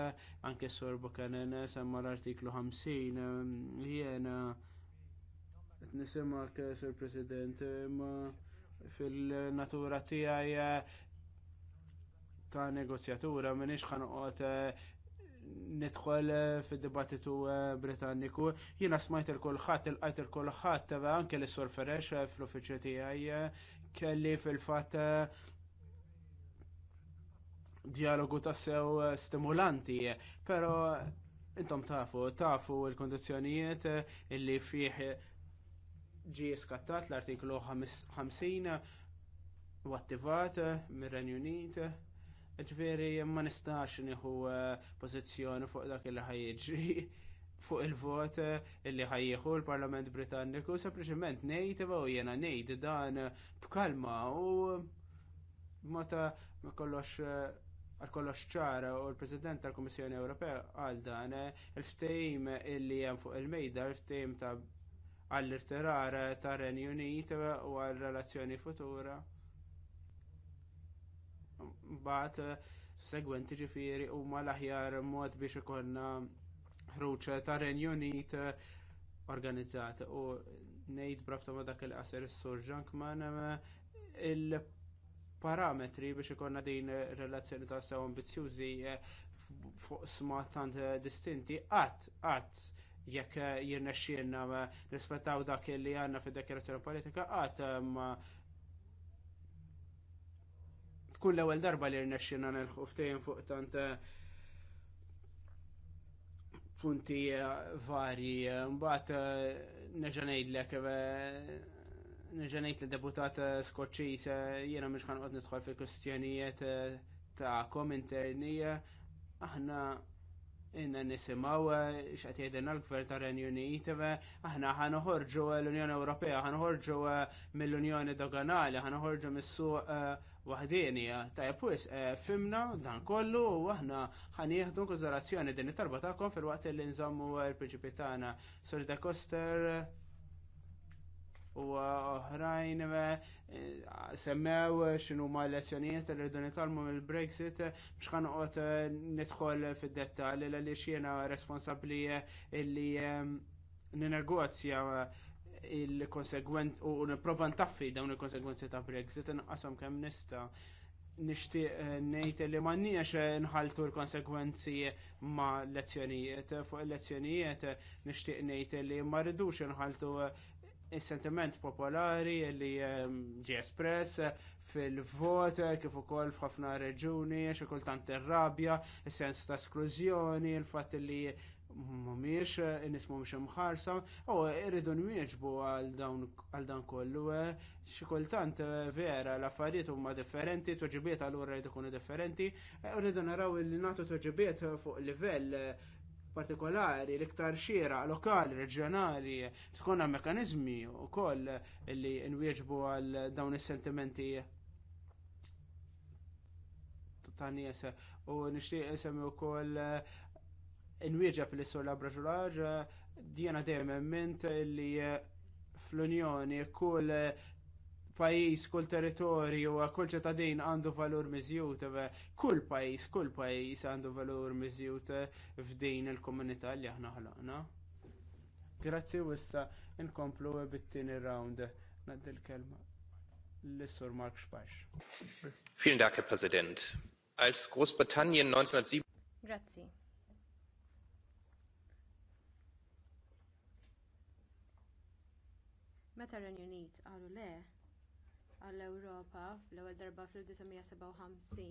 anke sur Buchanan semma l-artiklu 50 jiena qed nisimak sur President ma' fil-natura tiegħi eh, ta' negozjatura m'iniex ħanqot eh, nidħol eh, fid-dibattitu Britanniku. Jiena smajt il-kulħadd, il-qajt il-kulħadd, anke l-Sur Ferex fl-uffiċċju tiegħi kelli fil-fatt dialogu tassew stimulanti, però intom tafu, tafu l kondizjonijiet illi fih ġie skattat l-artiklu 50 u attivat mir-Renju Unit. Ġveri ma nistax nieħu eh, pożizzjoni fuq dak li ħajjiġri *laughs* fuq il-vot eh, illi ħajjieħu l-Parlament Britanniku sempliċement ngħid u jiena ngħid dan b'kalma u meta ma kollox eh, għal kollox ċara u l-President tal-Kummissjoni Ewropea għal dan il-ftejm illi hemm fuq il-mejda, il-ftejm ta' għall-irtirar tar Renju Unit u għal-relazzjoni futura. mbagħad eh, segwenti ġifieri huma l aħjar mod biex ikollna ħruġ tar Renju Unit eh, organizzat u ngħid brabta ma dak il-qasir is sur ġankman eh, il-parametri biex ikollna din relazzjoni ta' sew ambizzjużi fuq sma tant distinti, qatt qatt jekk eh, jirnexxielna eh, rispettaw dak li għandna fid-dekjerazzjoni politika għad eh, ma tkun l-ewwel darba li rnexxielna nilħu ftehim fuq tant punti vari mbagħad neġa' ngħidlek neġa' ngħid deputat Skoċċis jiena mhux ħanqod nidħol fi kwistjonijiet ta' kom interni aħna inna nisimaw eh, xqed jgħidilna għal gvern ta' Renju Unit, eh, aħna ħanħorġu eh, l-Unjoni Ewropea, ħanħorġu mill-Unjoni Doganali, ħanħorġu mis-suq waħdini. Tajb wis fimna dan kollu u aħna ħanieħdu konsiderazzjoni din it-tarba tagħkom fil-waqt li nżammu l-prinċipi tagħna. Sur de Koster, u oħrajn eh, semmew xinu ma lezzjonijiet li rridu nitalmu mill-Brexit biex ħanqot eh, nidħol fid-dettall li xiena responsabbli eh, illi ninegozja il-konsegwenz u nipprova ntaffi dawn il-konsegwenzi ta' Brexit inqashom kemm nista' nixtieq ngħid li ma m'għandniex nħaltu l-konsegwenzi ma' lezzjonijiet fuq il-lezzjonijiet nixtieq ngħid li ma rridux nħaltu is-sentiment popolari li ehm, ġie espress fil-vot kif ukoll f'ħafna reġuni xi kultant ir-rabja, is-sens ta' esklużjoni, il-fatt li mhumiex in-nies mhumiex imħarsa, u irridu nwieġbu għal dan kollu e, xi kultant e, vera l-affarijiet huma differenti, toġibiet allura jrid ikunu differenti, e, rridu naraw li nagħtu toġibiet fuq livell partikolari, l-iktar xiera lokali, reġjonali, tkun hemm mekanizmi wkoll li nwieġbu għal dawn is-sentimenti ta' nies u nixtieq isemmi wkoll inwieġeb li sur labra ġuraġ djena dejjem ment li fl-Unjoni kull pajis, kull territorju, kull ċittadin għandu valur miżjud e, kull pajis, kull pajis għandu valur miżjud e, f'din il-komunità li aħna ħlaqna. Grazzi u issa inkomplu bit-tieni round. Naddi l-kelma l-Sur Mark Spax. Vielen Dank, Herr Präsident. Als Großbritannien 1907 Grazzi. Meta r-Renju Unit le għall-Ewropa l-ewwel darba fl-1957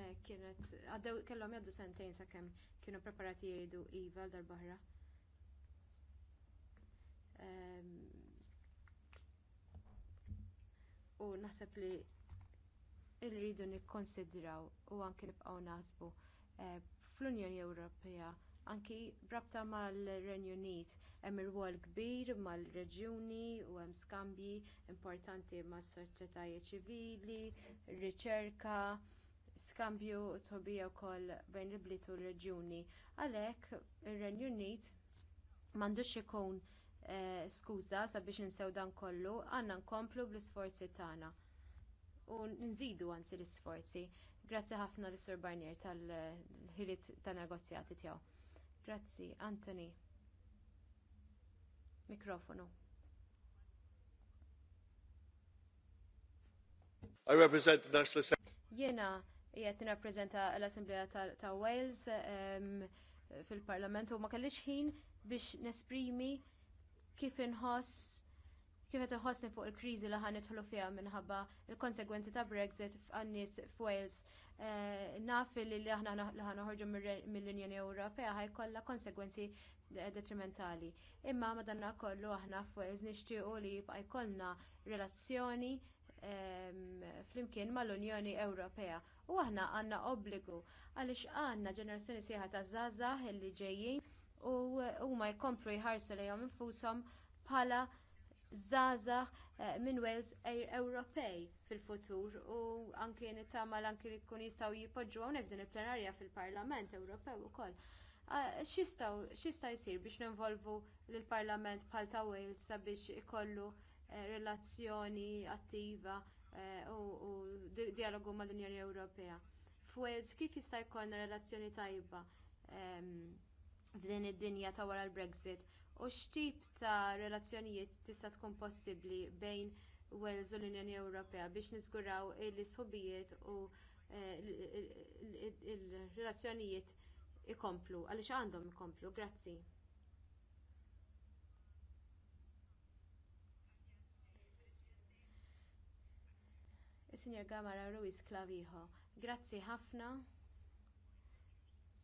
eh, kienet għaddew kellhom jgħaddu sentejn sakemm kienu preparati jgħidu iva l darba ehm, U naħseb li irridu nikkonsidraw u anke nibqgħu naħsbu eh, fl-Unjoni Ewropea anki b'rabta mar-renju unit hemm irwol kbir mar-reġjuni u hemm skambji importanti mas-soċjetajiet ċivili riċerka skambju u tobija wkoll bejn il-bliet u r-reġjuni għalhekk ir-renju unit m'għandux ikun eh, skuża sabiex insew dan kollu għandna nkomplu bl-isforzi tagħna u nżidu anzi l-isforzi. Grazzi ħafna lis sur Barnier tal-ħiliet tan negozjati tiegħu. Grazzi, Anthony. Mikrofonu. I represent the National Assembly. Jena, jgħet nirrappreżenta l-Assemblea ta, Wales ehm, fil-Parlament u ma kellix ħin biex nesprimi kif inħoss kif qed iħossni fuq il-kriżi li ħan nidħlu fiha minħabba il-konsegwenzi ta' Brexit għan-nies f'Wales. Eh, naf li aħna li ħan noħorġu mill-Unjoni Ewropea ħajkollha konsegwenzi detrimentali. Imma madanna kollu aħna f'Wales nixtiequ li jibqa' jkollna relazzjoni ehm, flimkien mal-Unjoni Ewropea. U aħna għandna obbligu għaliex għandna ġenerazzjoni sieħa ta' żgħażagħ li ġejjin u huma jkomplu jħarsu lejhom infushom bħala żgħażagħ eh, minn Wales e-, Ewropej fil-futur u anke nittama anke jkun jistgħu jipoġġu hawnhekk din il-plenarja fil-Parlament Ewropew ukoll. X'jista' jsir biex ninvolvu lill-Parlament bħal ta' Wales sabiex ikollu eh, relazzjoni attiva eh, u dijalogu mal-Unjoni Ewropea. F'Wales kif jista' jkollna relazzjoni tajba ehm, f'din id-dinja ta' wara l-Brexit u x'tip ta' relazzjonijiet tista' tkun possibbli bejn wales u l-Unjoni Ewropea biex niżguraw li sħubijiet u il-relazzjonijiet eh, ikomplu għaliex għandhom ikomplu. Grazzi. Is-Sinjor Gamara Ruiz Clavijo. Grazzi ħafna.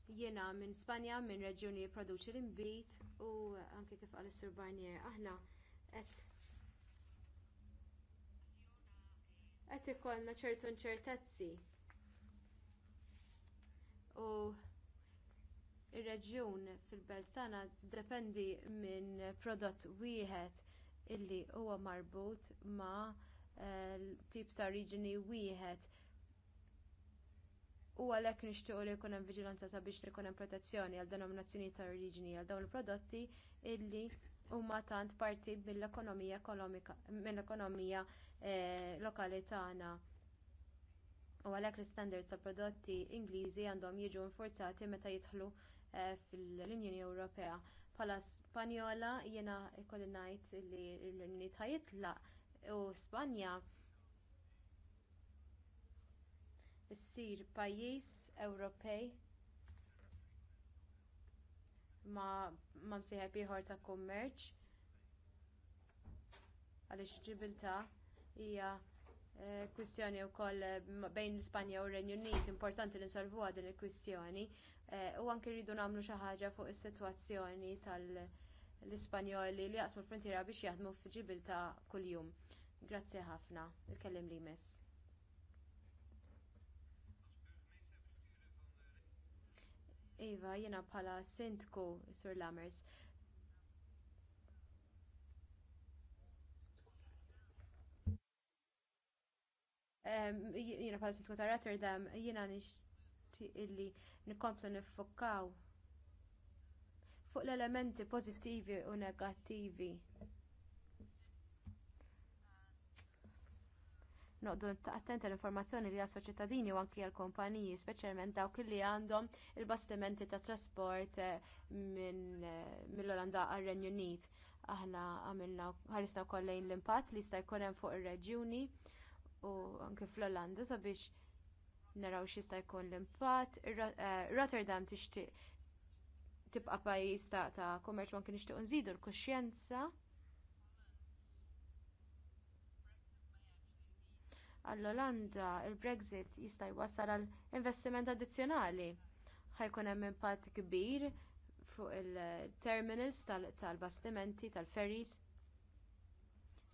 Jiena minn Spanja, minn reġjuni li produċi l-imbit u anke kif għal sur Barnier aħna qed qed ikollna ċertu inċertezzi. U ir-reġjun fil-belt tagħna tiddependi minn prodott wieħed illi huwa marbut ma' tip ta' riġini wieħed u għalhekk nixtiequ li jkun hemm viġilanza sabiex li jkun hemm protezzjoni għal denominazzjoni ta' oriġini għal dawn il-prodotti illi huma tant parti mill-ekonomija mill-ekonomija eh, lokali tagħna. U għalhekk l-istandards ta' prodotti Ingliżi għandhom jiġu infurzati meta jidħlu eh, fil-Unjoni Ewropea. Bħala Spanjola jiena ikolli ngħid li l-Unjoni ta' u Spanja issir pajjiż Ewropej ma' msieħeb ieħor ta' kummerċ għaliex ġibilta hija eh, kwistjoni wkoll eh, bejn l-Ispanja u r-Renju Unit importanti li nsolvuha din il-kwistjoni eh, u anke rridu nagħmlu xi ħaġa fuq is-sitwazzjoni tal-Ispanjoli li jaqsmu l-frontiera biex jaħdmu f'ġibilta kuljum. Grazzi ħafna, il-kellim li jmiss. Iva, jiena bħala sindku, Sur Lamers. Jiena bħala sindku ta' Rotterdam, jiena nixtieq illi nikomplu niffokkaw fuq l-elementi pożittivi u negattivi noqdu attenti l-informazzjoni li għas ċittadini u anki għal kumpaniji speċjalment dawk li għandhom il-bastimenti ta' trasport eh, eh, mill-Olanda għal renju Unit. Aħna għamilna ħarisna kollejn l-impatt li jista' jkun hemm fuq ir-reġjuni u anke fl-Olanda sabiex naraw x'jista' jkun l-impatt. Eh, Rotterdam tixtieq tibqa' pajjiż ta' kummerċ anki nixtiequ nżidu l-kuxjenza għall-Olanda il-Brexit jista' jwassal għal investiment addizzjonali. Ħajkun hemm impatt kbir fuq il-terminals tal-bastimenti tal-ferries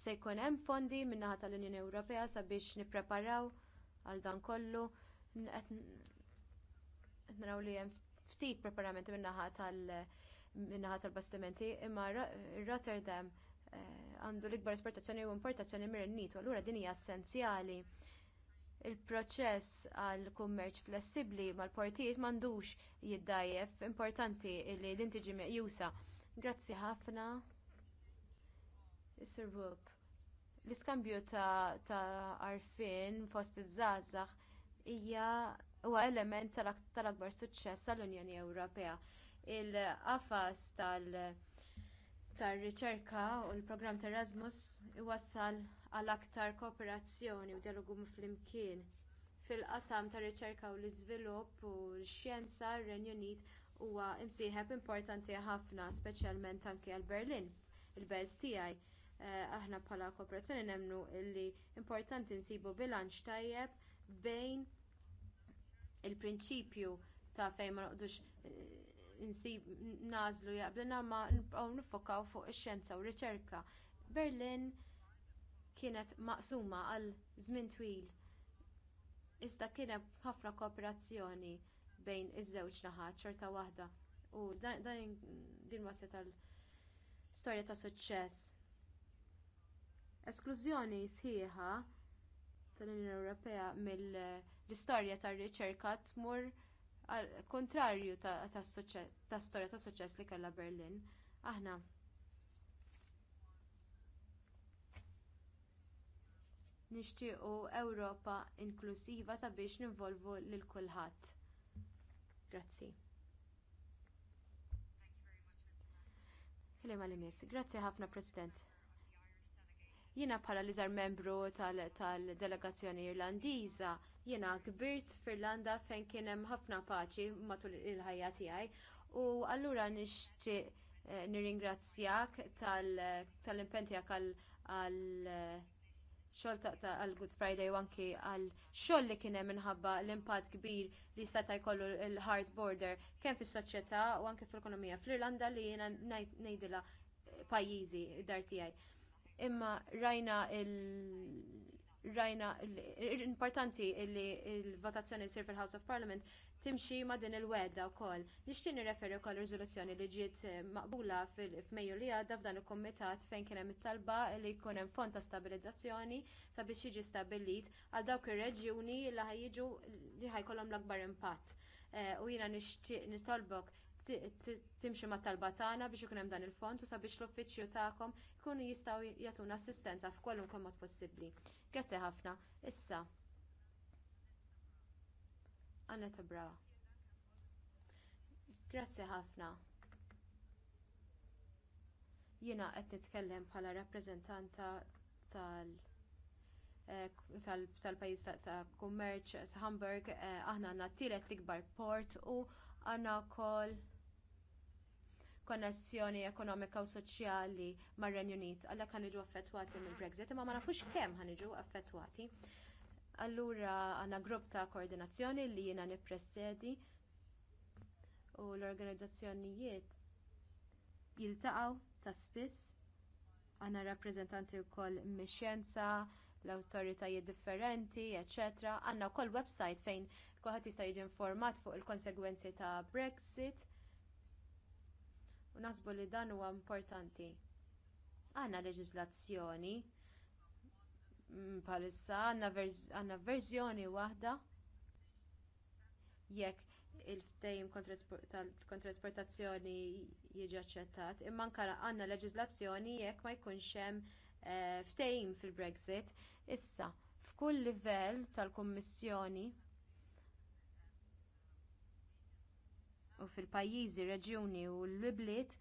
se jkun hemm fondi min-naħa tal-Unjoni Ewropea sabiex nippreparaw għal dan kollu qed naraw li hemm ftit preparamenti min-naħa tal-bastimenti imma Rotterdam għandu l-ikbar esportazzjoni u importazzjoni mir-nit, u allura din hija essenzjali. Il-proċess għall kummerċ flessibbli mal-portijiet m'għandux jiddajjef importanti li din tiġi meqjusa. Grazzi ħafna. Sir Whoop. L-iskambju ta', ta arfin fost iż-żgħażagħ hija huwa element tal-akbar suċċess tal-Unjoni Ewropea. Il-qafas tal-, -tal tar-riċerka u l-programm ta' Erasmus iwassal għal aktar kooperazzjoni u dijalogu flimkien fil-qasam tar-riċerka u l-iżvilupp u x-xjenza r renju Unit huwa msieħeb importanti ħafna, speċjalment anke għal Berlin, il-belt tiegħi. Eh, aħna bħala kooperazzjoni nemmnu li importanti nsibu bilanċ tajjeb bejn il-prinċipju ta' fejn ma noqdux eh, nsib nażlu jaqblina ma nibqgħu nifokaw fuq ix-xjenza u r-riċerka. Berlin kienet maqsuma għal żmien twil iżda kien hemm ħafna kooperazzjoni bejn iż-żewġ naħat xorta waħda u dan din waslet tal-storja ta' suċċess. Esklużjoni sħiħa tal-Unjoni Ewropea mill-istorja tar-riċerka tmur kontrarju tas storja ta' suċċess li kellha Berlin. Aħna nixtiequ Ewropa inklużiva sabiex ninvolvu lil kulħadd. Grazzi. Kelima li miss. Grazzi ħafna President. Jiena bħala l-iżar membru tal-delegazzjoni Irlandiża Jiena kbirt f'Irlanda fejn kien hemm ħafna paċi matul il-ħajja tiegħi u allura nixtieq eh, nirringrazzjak tal-impenn tiegħek għal eh, xogħol ta' għal Good Friday u anki għal xogħol li kien hemm minħabba l-impatt kbir li seta' jkollu l-hard border kemm fis-soċjetà u anke fl-ekonomija fl-Irlanda li jiena ngħidilha eh, pajjiżi dar tiegħi. Imma rajna il rajna l importanti li l-votazzjoni sir fil-House of Parliament timxi ma' din il-wedda wkoll. Nixtieq nirreferi wkoll riżoluzzjoni li ġiet eh, maqbula f'Mejju li għadda f'dan il-Kumitat fejn kien hemm it-talba li jkun hemm fond ta' stabilizzazzjoni sabiex jiġi stabbilit għal dawk ir-reġjuni li ħajjiġu li ħajkollhom l-akbar impatt. Eh, u jiena nixtieq nitolbok timxi mat talba tagħna biex ikun hemm dan il-fond u sabiex l-uffiċċju tagħkom ikunu jistgħu jagħtuna assistenza f'kwalunkwe mod possibbli. Grazzi ħafna. Issa. Anneta Brava. Grazzi ħafna. Jiena qed nitkellem bħala rappreżentanta tal- eh, tal-pajis ta' kummerċ ta' Hamburg, eh, aħna għandna t-tielet l-ikbar port u għandna wkoll konnessjoni ekonomika u soċjali mar-Renju Unit għalhekk iġu affettwati mill-Brexit imma ma nafux kemm ħaniġu affettwati. Allura għandna grupp ta' koordinazzjoni li jiena nippresedi u l-organizzazzjonijiet jiltaqgħu ta' spiss għandna rappreżentanti wkoll mix-xjenza, l-awtoritajiet differenti, eċetera. Għandna wkoll website fejn kulħadd jista' jiġi informat fuq il-konsegwenzi ta' Brexit u naħsbu li dan huwa importanti. Għandna leġiżlazzjoni bħalissa mm, għandna verżjoni waħda jekk il-ftejim kontra esportazzjoni jiġi aċċettat, imma nkara għandna leġiżlazzjoni jekk ma jkunx hemm eh, ftehim fil-Brexit. Issa, f'kull livell tal-Kummissjoni u fil-pajjiżi, reġjuni u l-bliet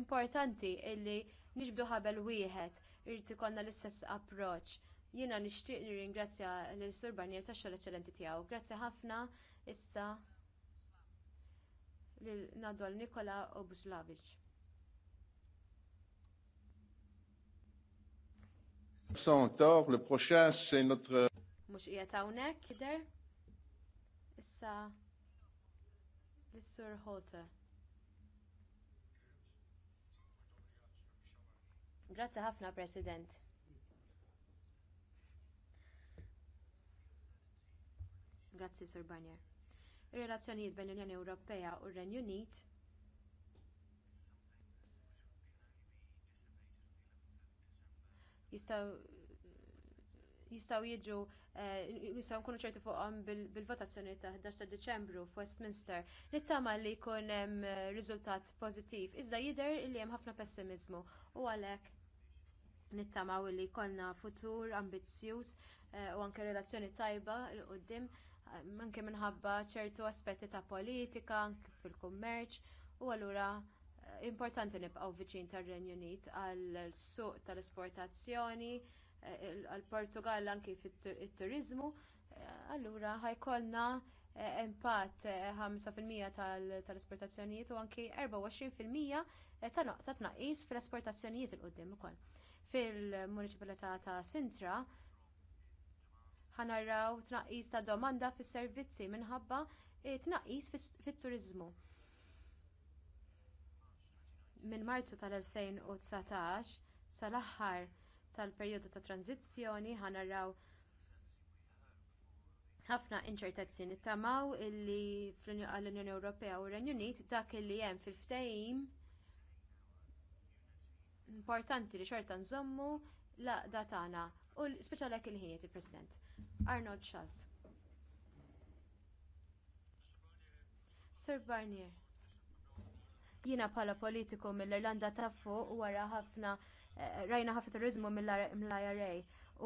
importanti illi nixbdu ħabel wieħed irid ikollna l-istess approċċ. Jiena nixtieq nirringrazzja lil Sur Barnier tax-xogħol eċċellenti tiegħu. Grazzi ħafna issa lil nadol Nikola Obuslavic. absent Le prochain, c'est notre. Mux ija tawnek, kider? Issa, lis-sur Holte. Grazzi ħafna President. Grazzi Sir Barnier. Ir-relazzjonijiet bejn l-Unjoni Ewropea u r-Renju Unit jistgħu jiġu jisa eh, nkunu ċerti fuqhom bil-votazzjoni ta' 11 ta' Deċembru f'Westminster. Nittama li jkun hemm eh, riżultat pożittiv, iżda jidher li hemm ħafna pessimiżmu u għalhekk nittamaw li jkollna futur ambizzjuż eh, u anke relazzjoni tajba l qoddim anke minħabba ċertu aspetti ta' politika, anke fil-kummerċ, u allura importanti nibqgħu viċin tar-Renju Unit għal suq tal-esportazzjoni, għal-Portugal anki fit-turizmu, eh, allura ħajkollna eh, impatt 5% eh, tal-esportazzjonijiet u anki 24% ta' tnaqqis fil-esportazzjonijiet il-qoddim ukoll. Fil-Municipalità ta' Sintra ħanarraw tnaqqis ta' domanda fis-servizzi minħabba tnaqqis fit-turiżmu. Minn Marzu tal-2019 sal-aħħar tal-perjodu ta' tranzizzjoni ħanaraw ħafna inċertezzi nittamaw illi għall-Unjoni Ewropea u r-Renju Unit dak illi hemm fil-ftehim importanti li xorta nżommu laqda tagħna u speċjalek il-ħiniet il-President. Arnold Charles. Sir Barnier. Jiena bħala politiku mill-Irlanda ta' fuq wara ħafna Eh, rajna ħafna turizmu mill-IRA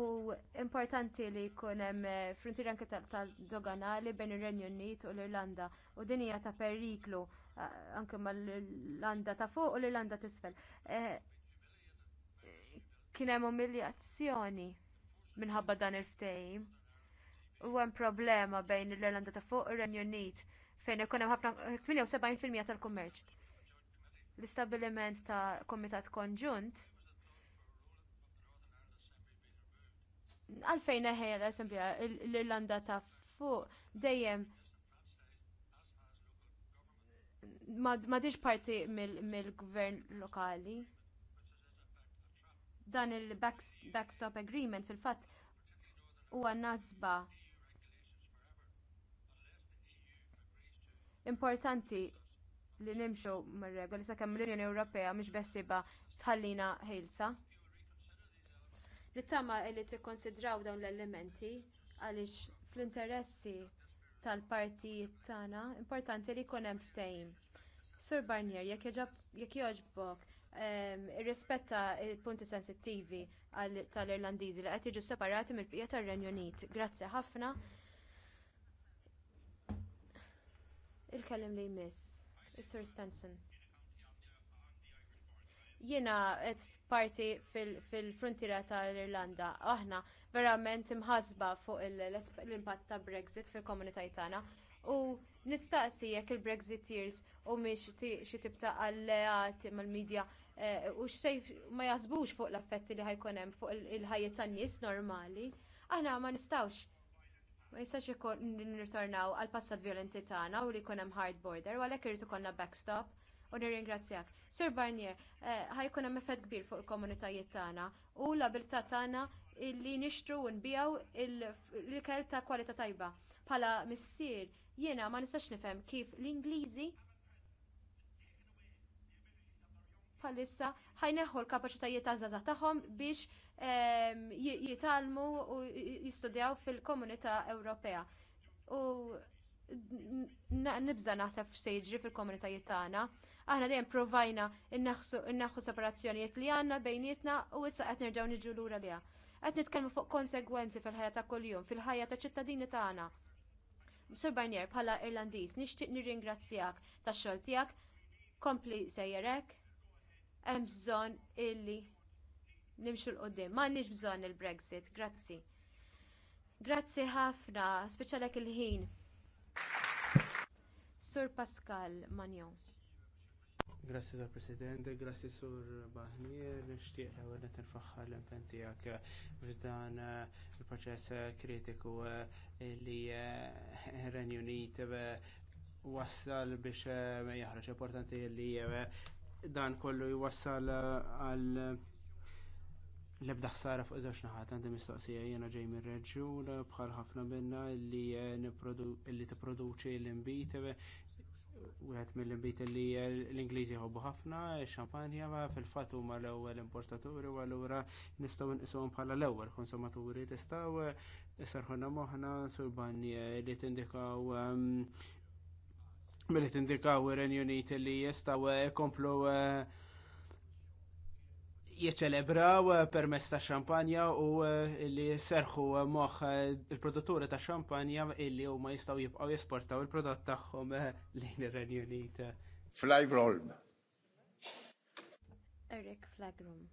u importanti li jkun hemm eh, frontier anke tal-doganali bejn ir-Renju Unit u l-Irlanda u din hija ta' periklu eh, anke mal-Irlanda ta' fuq u l-Irlanda t'isfel. Kien hemm umiljazzjoni minħabba dan il-ftehim. U hemm problema bejn l-Irlanda ta' fuq u r-Renju Unit fejn ikun hemm ħafna fil-mija tal-kummerċ. L-istabbiliment ta' komitat konġunt għalfejn eħeja għal assemblea l-Irlanda ta' fuq dejjem ma diġ parti mill-gvern lokali. Dan il-backstop agreement fil-fatt huwa nazba importanti li nimxu mar-regoli sakemm l-Unjoni Ewropea mhix bessiba tħallina ħilsa. Li-tama' li tikkonsidraw dawn l-elementi għaliex fl-interessi tal-partijiet tagħna importanti li jkun hemm ftehim. Sur Barnier, jekk jogħġbok, ehm, irrispetta l punti sensittivi tal-Irlandiżi li qed jiġu separati mill-bqija tar-Renju Unit. Grazzi ħafna. Il-kellim li jmiss, is-Sur Stenson. Jiena qed parti fil-frontiera tal-Irlanda. Aħna verament imħasba fuq l-impatt ta' Brexit fil-komunitajt tagħna u nistaqsi jekk il-Brexiteers u miex xi tip ta' alleati mal-medja eh, u xsejf ma jaħsbux fuq l-affetti li ħajkun hemm fuq il-ħajja tan-nies normali, aħna ma nistgħux ma jistax nirtornaw għall passat vjolenti tagħna u li jkun hemm hard border u għalhekk irid ikollna backstop u nirringrazzjak. Sur Barnier, eh, ħajkun hemm effett kbir fuq il-komunitajiet tagħna u l-abilità tagħna li nixtru u nbijaw l-ikel ta' kwalità tajba. Bħala missier, jiena ma nistax nifhem kif l-Ingliżi bħalissa ħajneħħu l-kapaċitajiet ta' żgħażagħ tagħhom biex ehm, jitalmu u jistudjaw fil-komunità Ewropea. U nibża naħseb x'se jiġri fil-komunitajiet tagħna. Aħna dejjem provajna innaħħu separazzjonijiet li għandna bejnietna u issa qed nerġgħu niġu lura liha. Qed nitkellmu fuq konsegwenzi fil-ħajja ta' kuljum, fil-ħajja ta' ċittadini tagħna. Sur Barnier, bħala Irlandiż, nixtieq nirringrazzjak tax-xogħol tiegħek, kompli sejjerek, hemm bżonn illi nimxu l-qoddim. M'għandniex bżonn il-Brexit, grazzi. Grazzi ħafna, speċjalek il-ħin. Sur Pascal Magnon. Grazzi sur President, grazzi sur Bahnir. nishtiq l-ewel net l-impen tiegħek f'dan eh, il-proċess eh, kritiku eh, li *laughs* Renju wassal biex jaħraġ importanti li dan kollu jwassal għal l-ebda ħsara fuq żewġ naħat għandi mistoqsija jiena ġej minn reġjun bħal ħafna minna li tipproduċi l-inbit Wieħed mill-inbit li l-Ingliżi jħobbu ħafna, xampanja ma fil-fatt huma l-ewwel importaturi u allura nistgħu nqisuhom bħala l-ewwel konsumaturi tistgħu isarħuna moħħna surbani li tindikaw ehm, milli tindikaw ir-Renju Unit li jistgħu jkomplu uh, jiċelebraw eh, permess ta' xampanja u eh, li serħu eh, moħ il-produtturi ta' xampanja illi huma jistgħu jibqgħu jesportaw il-prodott tagħhom *laughs* lejn ir-Renju Unit. Flagrom. Eric Flagrom.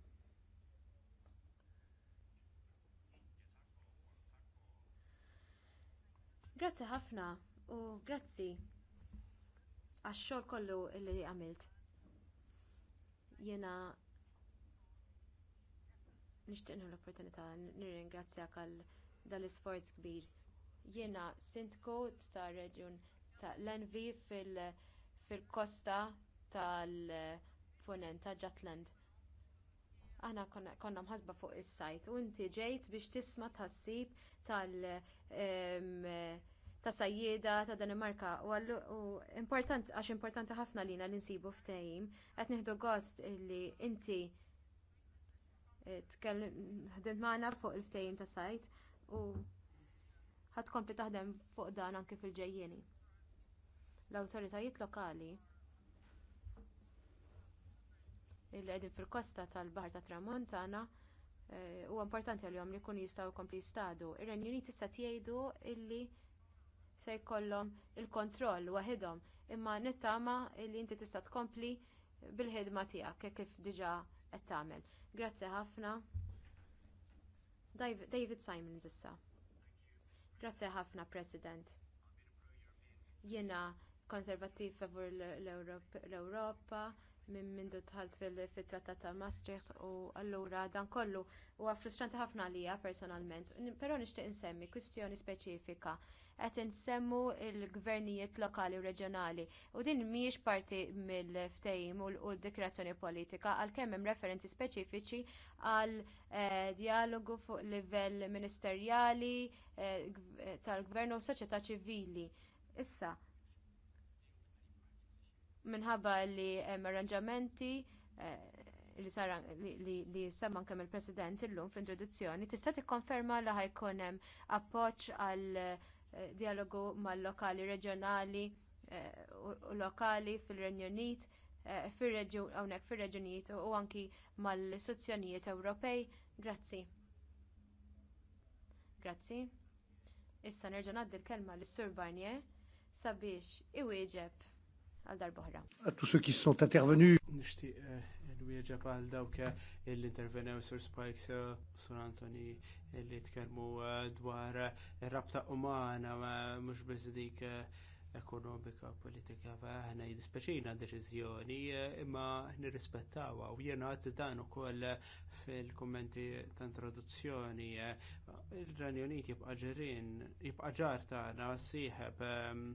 Grazzi ħafna u grazzi għax-xogħol kollu li għamilt. Jena nixtieq l-opportunità nirringrazzjak għal dan l-isforz kbir. Jiena sindku tar reġjun ta' Lenvi fil-kosta tal-Punent ta' Jutland. Aħna konna mħasba fuq is-sajt u inti ġejt biex tisma' tħassib tal- ta' sajjieda ta' Danimarka u importanti għax importanti ħafna lina li nsibu ftehim qed nieħdu gost li inti tkellem magħna fuq il-ftehim ta' sajt u ħadd kompli taħdem fuq dan anke fil ġejjieni L-awtoritajiet lokali li qegħdin fil-kosta tal-Baħar tat Tramuntana eh, huwa importanti għalihom li jkunu jistgħu jkompli jistadu. Ir-Renju tista' tgħidu jgħidu illi se jkollhom il-kontroll waħedhom imma nittama li inti tista' tkompli bil-ħidma tiegħek kif diġà qed tagħmel. Grazzi ħafna. David Simon issa. Grazzi ħafna, President. Jiena konservattiv favur l-Ewropa minn mindu tħalt fil-trattat ta' Maastricht u allura dan kollu huwa frustranti ħafna għalija personalment, però nixtieq insemmi kwistjoni speċifika qed insemmu l-gvernijiet lokali u reġjonali u din mhijiex parti mill-ftehim u l-dikrazzjoni politika għalkemm hemm referenzi speċifiċi għal eh, dijalogu fuq livell ministerjali eh, tal-gvern u soċjetà ċivili. Issa minħabba li hemm arranġamenti eh, li sar li semma kemm il-President illum fl-introduzzjoni tista' tikkonferma li ħajkun hemm appoġġ għal Eh, dialogu mal-lokali reġjonali eh, u lokali fil-Renju Unit eh, hawnhekk fir-reġunijiet u anki mal-istituzzjonijiet Ewropej. Grazzi. Grazzi. Issa nerġa' ngħaddi l-kelma lis-Sur Barnier sabiex iwieġeb għal darba oħra. Wieġeb għal dawk illi intervenew sur Spikes sur Antoni, illi tkellmu eh, dwar ir-rabta umana mhux biss dik eh, ekonomika politika aħna jidispeċina deċiżjoni eh, imma nirrispettawha u jiena għadd dan ukoll fil-kummenti ta' introduzzjoni il-Renju jibqa' ġarien jibqa' ġar tagħna sieħeb ehm,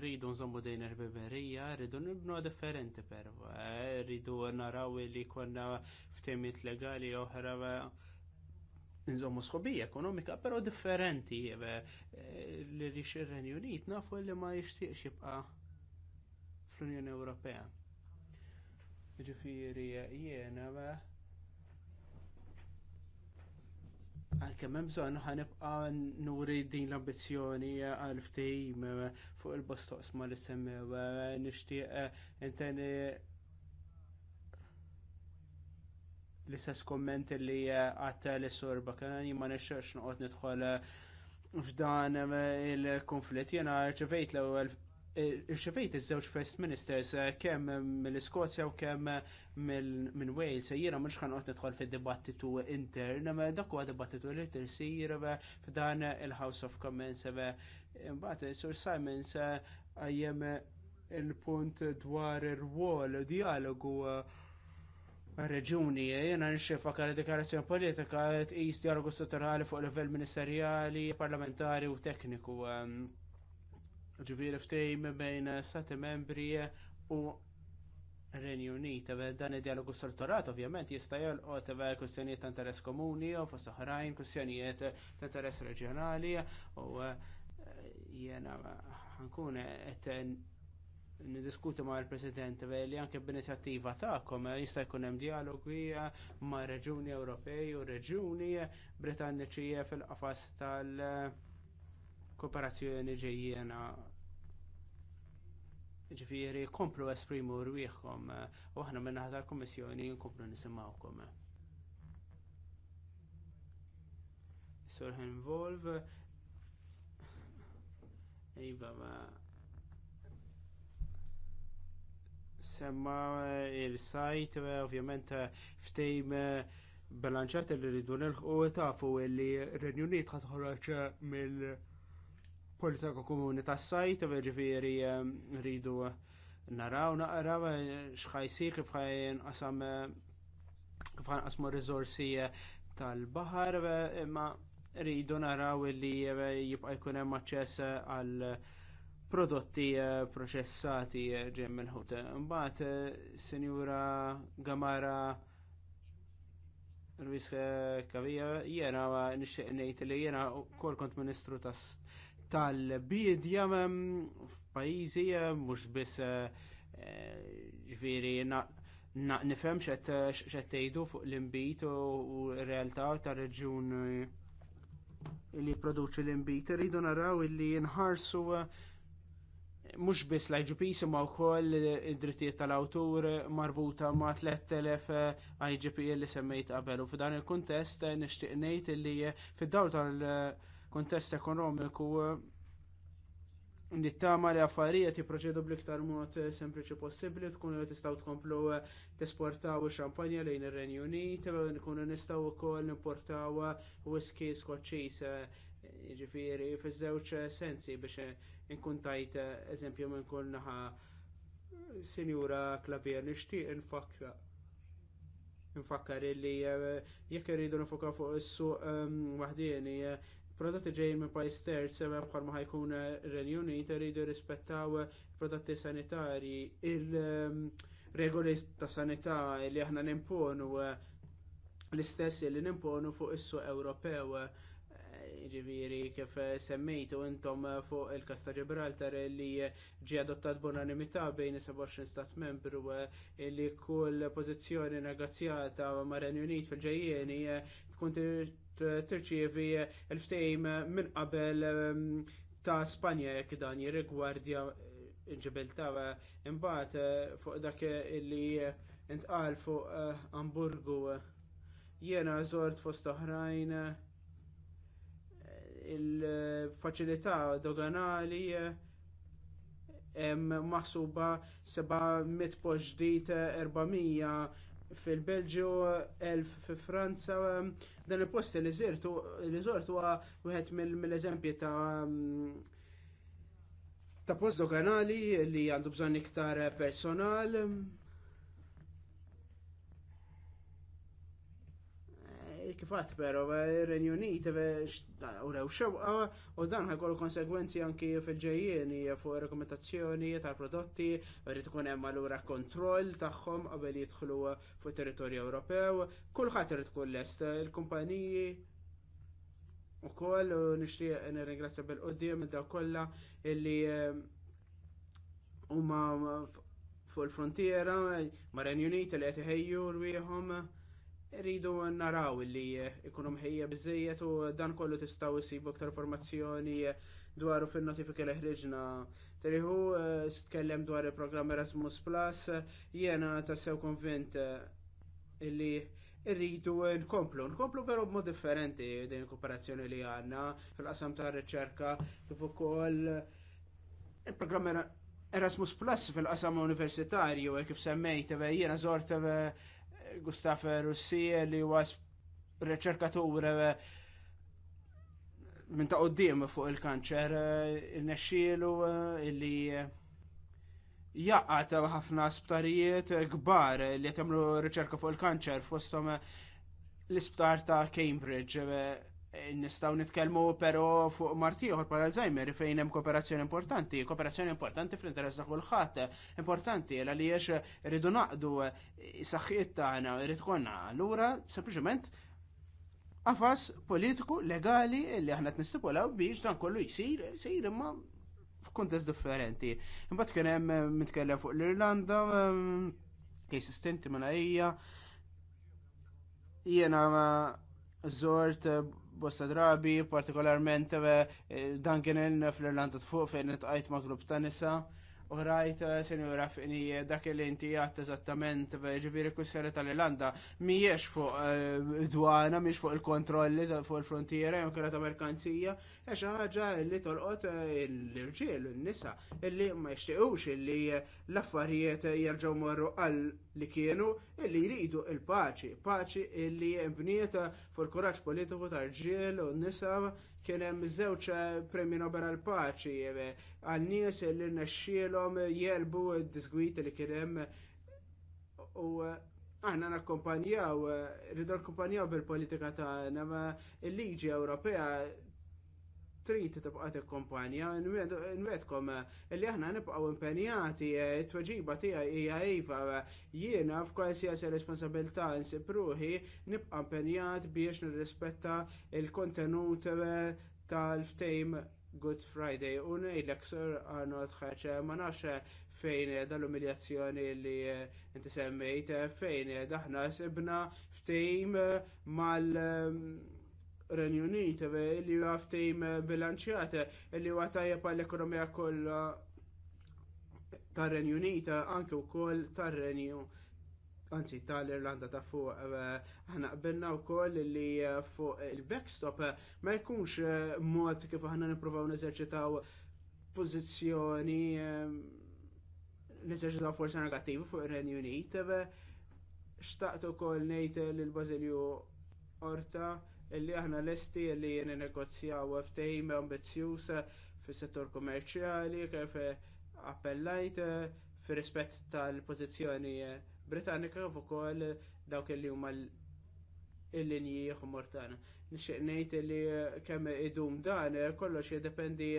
Rridu nżommu dejn il rridu nibnu differenti però, eh, rridu naraw li konna ftemiet legali oħra eh, nżommu sħobija ekonomika, pero differenti eh, li rix ir-Renju Unit nafu li ma jishtiq xibqa fl-Unjoni Ewropea. Ġifiri jena, Għalkemm hemm bżonn ħanibqa' nuri din l-ambizzjoni għal ftehim fuq il-bostoqsma li semmew nixtieq eh, inteni l-istess komment li eh, għatta li sorba kan ma nixxax noqgħod nidħol eh, f'dan il-konflitt jena ċevejt l-ewwel Eh, irċevejt iż-żewġ First Ministers eh, kemm mill-Iskozja u kemm minn Wales eh, jiena mhux ħanqod nidħol fid-dibattitu intern, ma dak huwa dibattitu li tisir f'dan il-House of Commons. Imbagħad Sir Simons għajjem il-punt dwar ir wol dialogu Reġuni, jena nxefa kalla dikarazzjoni politika tqis dialogu strutturali fuq livell ministerjali, parlamentari u tekniku ġiviri ftejm bejn stati membri u Renju Unit, dan id-dialogu strutturat ovvjament jista' jolqot kwistjonijiet ta' interess komuni u fost oħrajn, kwistjonijiet ta' interess reġjonali u e, jena ħankun qed nidiskuti ma' l-President li anke b'inizjattiva tagħkom jista' jkun hemm dialogi ma' reġuni Ewropej u reġuni Britanniċi fil-qafas tal- kooperazzjoni ġejjiena Ġifieri komplu esprimu rwieħkom eh, u aħna minna tal kommissjoni nkomplu nisimgħukom. Sur involve Iva ma semma il-sajt ovvjament eh, ftejm eh, bilanċat li rridu nilħu tafu li r-Renjuniet ħatħorraċ mill- politika komuni tas-sajt, ġifiri ehm, rridu naraw naqraw eh, x'ħajsir kif qasam eh, kif ħanqasmu qasmu rizorsi eh, tal-baħar imma rridu naraw li jibqa' jkun hemm aċċess għal prodotti proċessati ġejjin mill-ħut. Imbagħad Sinjura Gamara Ruiz Kavija jiena nixtieq ngħid li jiena wkoll kont Ministru tas tal-bidja f'pajjiżi mhux biss eh, eh, ġifieri nifhem x'qed tgħidu fuq l-inbit u r-realtà tar-reġjun eh, li jipproduċi l-inbit irridu naraw illi nħarsu mhux biss l-IGPs imma wkoll id-drittijiet tal-awtur marbuta ma' 3000 IGP li semmejt qabel u f'dan il-kuntest nixtieq ngħid illi fid-dawl tal- kontest ekonomiku eh, nittama li affarijiet jipproċedu bl-iktar mod eh, sempliċi possibbli tkunu li tistgħu tkomplu eh, tesportaw ix-xampanja lejn ir-Renju Unit, nkunu nistgħu wkoll nimportaw whisky skoċċiż jiġifieri fiż-żewġ sensi biex inkun tajt eżempju minn kun naħa Sinjura Klavier nixtieq infakra nfakkar illi jekk irridu nifoka fuq is-suq waħdieni prodotti ġejjin minn pajjiż terz bħal ma ħajkun Renju Unit iridu jirrispettaw prodotti sanitarji il-regoli ta' sanità li aħna nimponu l-istess li nimponu fuq is-suq Ewropew ġiviri kif semmejtu intom fuq il kasta Gibraltar li ġie adottat b'unanimità bejn 27 stat membru eh, li kull pożizzjoni negozjata ma' Renju Unit fil-ġejjeni eh, tkun tirċievi il-ftejm minn qabel mm, ta' Spanja jekk dan jirrigwardja ġibilta imbagħad eh, fuq dak li intqal fuq Hamburgu jiena żort fost oħrajn il-faċilità doganali maħsuba 700 poġ 400 fil-Belġju, 1000 fil Franza. Dan il-post li zirtu, li wieħed mill-eżempji ta' ta' post doganali li għandu bżonn iktar personal. kifat, pero eh, Renju Unit eh, u rew xewqa u dan ħajkollu konsegwenzi anki fil-ġejjieni eh, fuq rekomendazzjoni tal-prodotti, rrid ikun hemm allura kontroll tagħhom qabel jidħlu fuq territorju Ewropew. Kulħadd irid tkun lest il-kumpaniji koll, u nixtieq nirringrazzja bil-qudiem daw kollha illi huma fuq il-frontiera ma' Renju Unit li qed l rwieħhom rridu naraw li ikunu ħejja bizzejiet u dan kollu tistaw isibu aktar informazzjoni dwaru fin-notifika li ħriġna. Triħu eh, stkellem dwar il-programm Erasmus Plus, jiena tassew konvint eh, li rridu nkomplu, nkomplu però b'mod differenti din il kooperazzjoni li għandna fil-qasam ta' riċerka kif ukoll il-programm Erasmus Plus fil-qasam universitarju eh, kif semmejt jiena żort Gustaf Russie li huwa riċerkatur eh, minn ta' qoddim fuq il-kanċer eh, il-nexxielu eh, illi jaqqat ħafna sptarijiet kbar li jtemlu riċerka fuq il-kanċer fostom l-isptar ta' Cambridge Eh, nistaw nitkellmu però fuq martiħor pal Alzheimer fejn hemm kooperazzjoni importanti, kooperazzjoni importanti fl-interess ta' kulħadd, importanti l għaliex rridu naqdu is-saħħiet eh, tagħna irid konna. Allura sempliċement qafas politiku legali li aħna qed nistipulaw biex dan kollu jsir jisir imma f'kuntest differenti. Imbagħad kien hemm eh, mitkellem fuq l-Irlanda, kejs istenti minn hija. Jiena żort bosta drabi, partikolarment eh, eh, dan kien fl-Irlanda t fuq fejn it-għajt ma' grupp ta' nisa U rajt, eh, senjura, fini dak li inti għat eżattament, ġibiri kussjoni tal-Irlanda, miex fuq eh, dwana, miex fuq il-kontrolli fuq il-frontiera, jew kera ta' merkanzija, eċa ħagġa li tolqot eh, l-irġiel, l-nisa, illi ma jxtiqux illi l-affarijiet jarġaw morru għal li kienu, illi jridu il-paċi, paċi illi mbniet fuq il-kuraċ politiku tal-irġiel u n-nisa kien hemm żewġ eh, premji Nobel għal paċi eh, għal nies li nexxielhom jerbu d-disgwit li kien hemm u eh, aħna nakkompanjaw, rridu nakkompanjaw bil-politika tagħna ma l-liġi Ewropea trid tibqa' tikkumpanja nwedkom eh, li aħna nibqgħu impenjati, eh, t-tweġiba tiegħi hija iva jiena f'kwalsiasi responsabilità nsib ruħi nibqa' impenjat biex nirrispetta l kontenut eh, tal-ftejm Good Friday u ngħidlek Sir Arnold ħaċ ma nafx fejn dal-umiljazzjoni li inti semmejt fejn daħna sibna ftejm mal Renjunit eh, li huwa ftehim eh, bilanċjat eh, li huwa pa l ekonomija kollha tar-Renju anke anke wkoll tar-Renju anzi tal-Irlanda ta' fuq aħna qbilna wkoll li fuq il-backstop ma jkunx mod kif aħna nippruvaw neżerċitaw pożizzjoni neżerċitaw forsi negattivi fuq ir-Renju Unit x'taqtu ukoll ngħid lil bazilju Orta illi aħna lesti illi negozjaw ftehim ambizzjuż fis-settur kommerċjali kif eh, appellajt eh, fir-rispett tal-pożizzjoni eh, Britannika kif ukoll dawk li huma il-linji xumortana. Nixtieq ngħid li kemm idum dan kollox jiddependi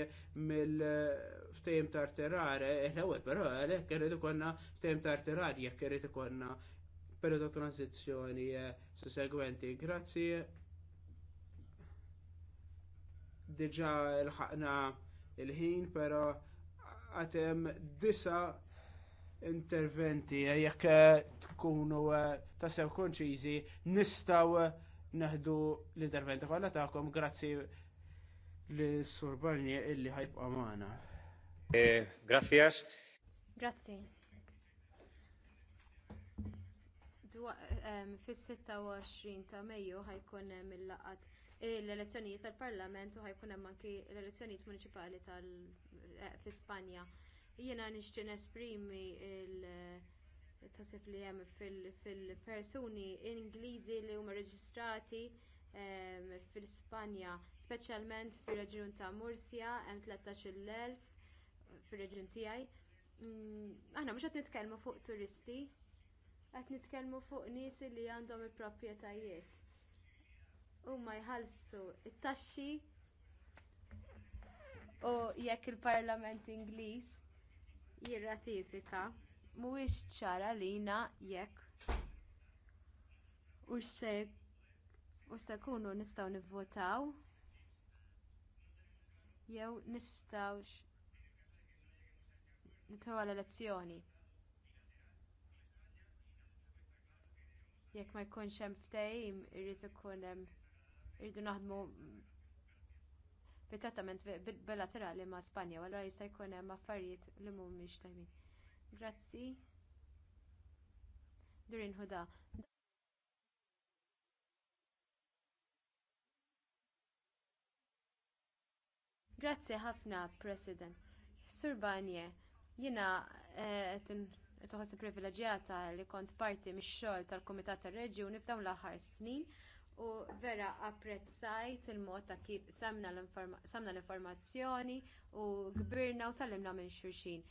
mill-ftehim tarterare, l-ewwel però għalhekk irid ikollna ftehim tarterare jekk irid ikollna periodu transizzjoni sussegwenti. Grazzi diġa l-ħakna il-ħin, pero għatem disa interventi, eh, jekk eh, tkunu eh, tasew konċizi, nistaw neħdu l-interventi kollha tagħkom grazzi l Surbanje illi ħajbqa' għamana. Grazzjas. Grazzi. Fis-26 ta' Mejju ħajkun hemm il l-elezzjonijiet tal-Parlament u ħajkun hemm anki l-elezzjonijiet muniċipali tal eh, fi Spanja. Jiena nixtieq nesprimi l eh, tasib li hemm fil-persuni Ingliżi li huma reġistrati ehm, fil-Spanja, speċjalment fir-reġjun ta' Murcia, hemm 13,000 fir-reġjun tiegħi. Mm, aħna mhux qed nitkellmu fuq turisti, qed nitkellmu fuq nies li għandhom il-proprjetajiet huma jħallsu t taxxi u jekk il-Parlament Ingliż jirratifika mhuwiex ċara lilna jekk u se jkunu nistgħu nivvotaw jew nistgħux nitħu l elezzjoni Jekk ma jkunx hemm ftehim, irid ikun hemm Irridu naħdmu fit-trattament bilaterali ma' Spanja, għallura jista' jkun hemm affarijiet li mhumiex tajmin. Grazzi. Durin Huda. Grazzi ħafna, President. Sur Banje, jina eh, qed privileġjata li kont parti mix-xogħol tal-Kumitat tar-Reġjuni f'dawn l-aħħar snin u vera apprezzajt il-mod ta' kif samna l-informazzjoni u kbirna u tallimna minn xulxin.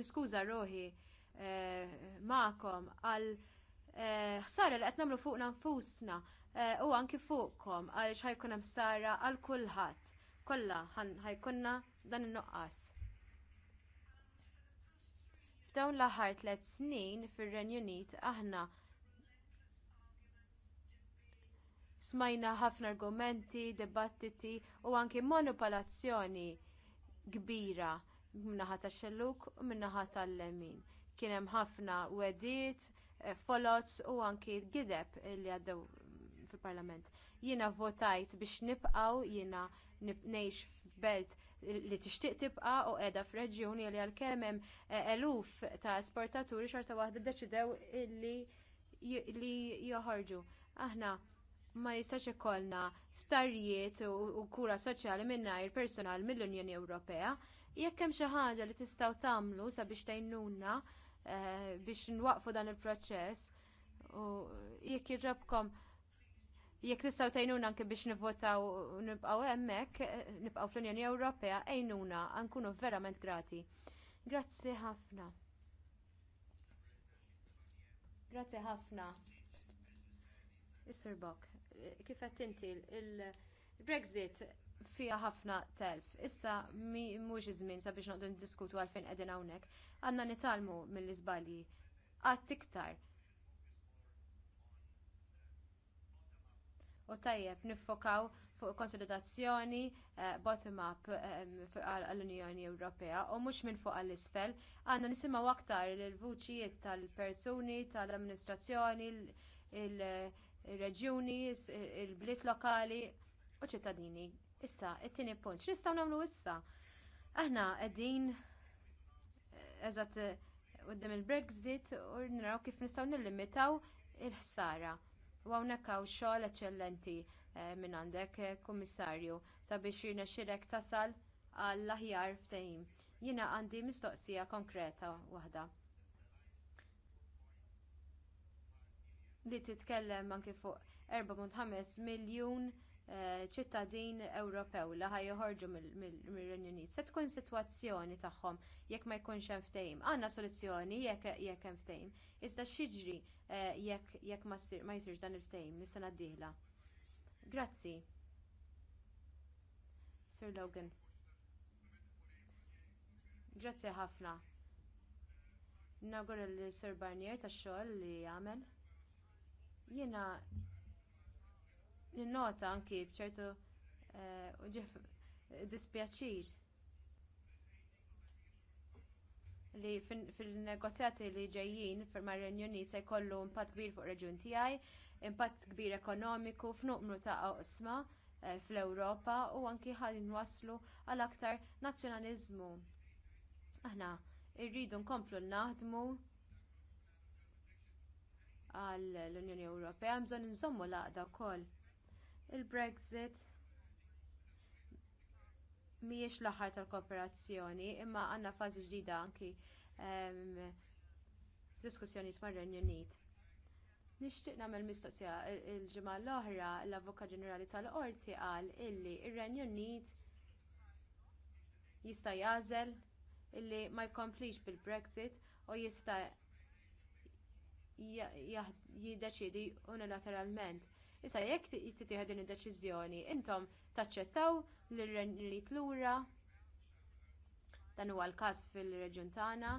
Niskuża ruħi eh, ma'kom għal eh, ħsara li qed nagħmlu fuqna nfusna eh, u anki fuqkom għal ħajkun hemm ħsara għal kulħadd. Kollha ħajkunna dan in-nuqqas. F'dawn l-aħħar tliet snin fir-Renju Unit aħna Smajna ħafna argumenti, dibattiti u anki manipolazzjoni kbira minnaħa tax xelluk u minnaħa tal-lemin. Kien hemm ħafna wedit, eh, folots u anki gideb li għaddew fil-parlament. Jiena votajt biex nibqgħu jiena ngħix f'belt li tixtieq tibqa' u qiegħda f'reġjuni li għalkemm hemm eh, eluf ta' esportaturi xorta waħda ddeċidew li joħorġu. Aħna ma jistax ikollna starijiet u kura soċjali mingħajr personal mill-Unjoni Ewropea. Jekk hemm xi ħaġa li tistgħu tagħmlu sabiex tgħinuna eh, biex nwaqfu dan il-proċess u jekk jiġobkom jekk tistgħu tgħinuna anke biex nivvotaw nibqgħu hemmhekk eh, nibqgħu fl-Unjoni Ewropea għajnuna nkunu verament grati. Grazzi ħafna. Grazzi ħafna. Is-Sir Bok kif qed inti il-Brexit fiha ħafna telf. Issa mhux iż-żmien sabiex noqogħdu niddiskutu għalfejn qegħdin hawnhekk. Għandna nitalmu mill-iżbalji għad iktar. U tajjeb niffokaw fuq konsolidazzjoni eh, bottom-up eh, għall-Unjoni Ewropea u mhux minn fuq għall-isfel. Għandna nisimgħu aktar il-vuċijiet tal-persuni, tal-amministrazzjoni, il- ir-reġjuni, il-bliet lokali u ċittadini. Issa, it-tieni punt, x'nistgħu nagħmlu issa? Aħna qegħdin eżatt quddiem il-Brexit u naraw kif nistgħu nillimitaw il-ħsara. U hawnhekk hawn xogħol eċċellenti eh, minn għandek, eh, Kummissarju, sabiex jirna xirek tasal għall aħjar ftehim. Jiena għandi mistoqsija konkreta waħda. li titkellem kif fuq 4.5 miljun eh, ċittadin Ewropew li ħaj joħorġu mir-Renju Unit. Se tkun sitwazzjoni tagħhom jekk ma jkunx hemm ftehim. Għandna soluzzjoni jekk hemm ftehim. Iżda x'jiġri eh, jekk ma jsirx dan il-ftehim mis-sena d Grazzi. Sir Logan. Grazzi ħafna. Nagur l-Sir Barnier tax-xogħol li għamel. Jiena ninnota anki bċertu eh, dispjaċir li fil-negozjati li ġejjin mar renju Unit se jkollu impatt kbir fuq reġjun tiegħi, impatt kbir ekonomiku f'nuqmru ta' oqsma eh, fl-Ewropa u anki ħalli nwasslu għal aktar nazzjonaliżmu. Aħna rridu nkomplu naħdmu għall-Unjoni Ewropea bżonn inżommu l-għaqda wkoll. Il-Brexit mhijiex l-aħħar tal-kooperazzjoni, imma għandna fażi ġdida anki diskussjonijiet mar-Renju Unit. Nixtieq nagħmel mistoqsija il-ġimgħa l-oħra l-Avukat Ġenerali tal-Qorti qal illi r-Renju Unit jista' jażel illi ma jkomplix bil-Brexit u jista' jiddeċiedi unilateralment. Issa jekk jittieħed din id-deċiżjoni, intom taċċettaw lir renjiet lura dan huwa l-każ fil-reġjun tagħna,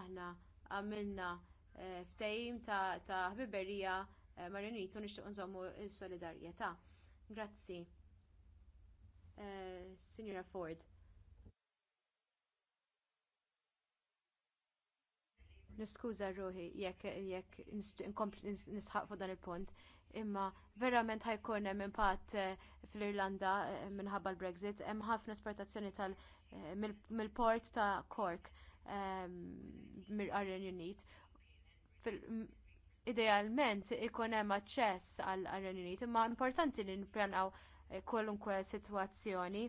aħna għamilna eh, ftehim ta' ħbiberija eh, marinitu nixtieq nżommu s-solidarjetà. Grazzi. Eh, Signora Ford. niskuża ruħi jekk jekk nisħaq fuq dan il-punt, imma verament ħajkun hemm impatt eh, fl-Irlanda eh, minħabba l-Brexit, hemm ħafna esportazzjoni tal eh, mill-port ta' Cork ehm, mill-Iron Unit. Idealment ikun hemm aċċess għall iron Unit, imma importanti li nippjanaw kwalunkwe sitwazzjoni.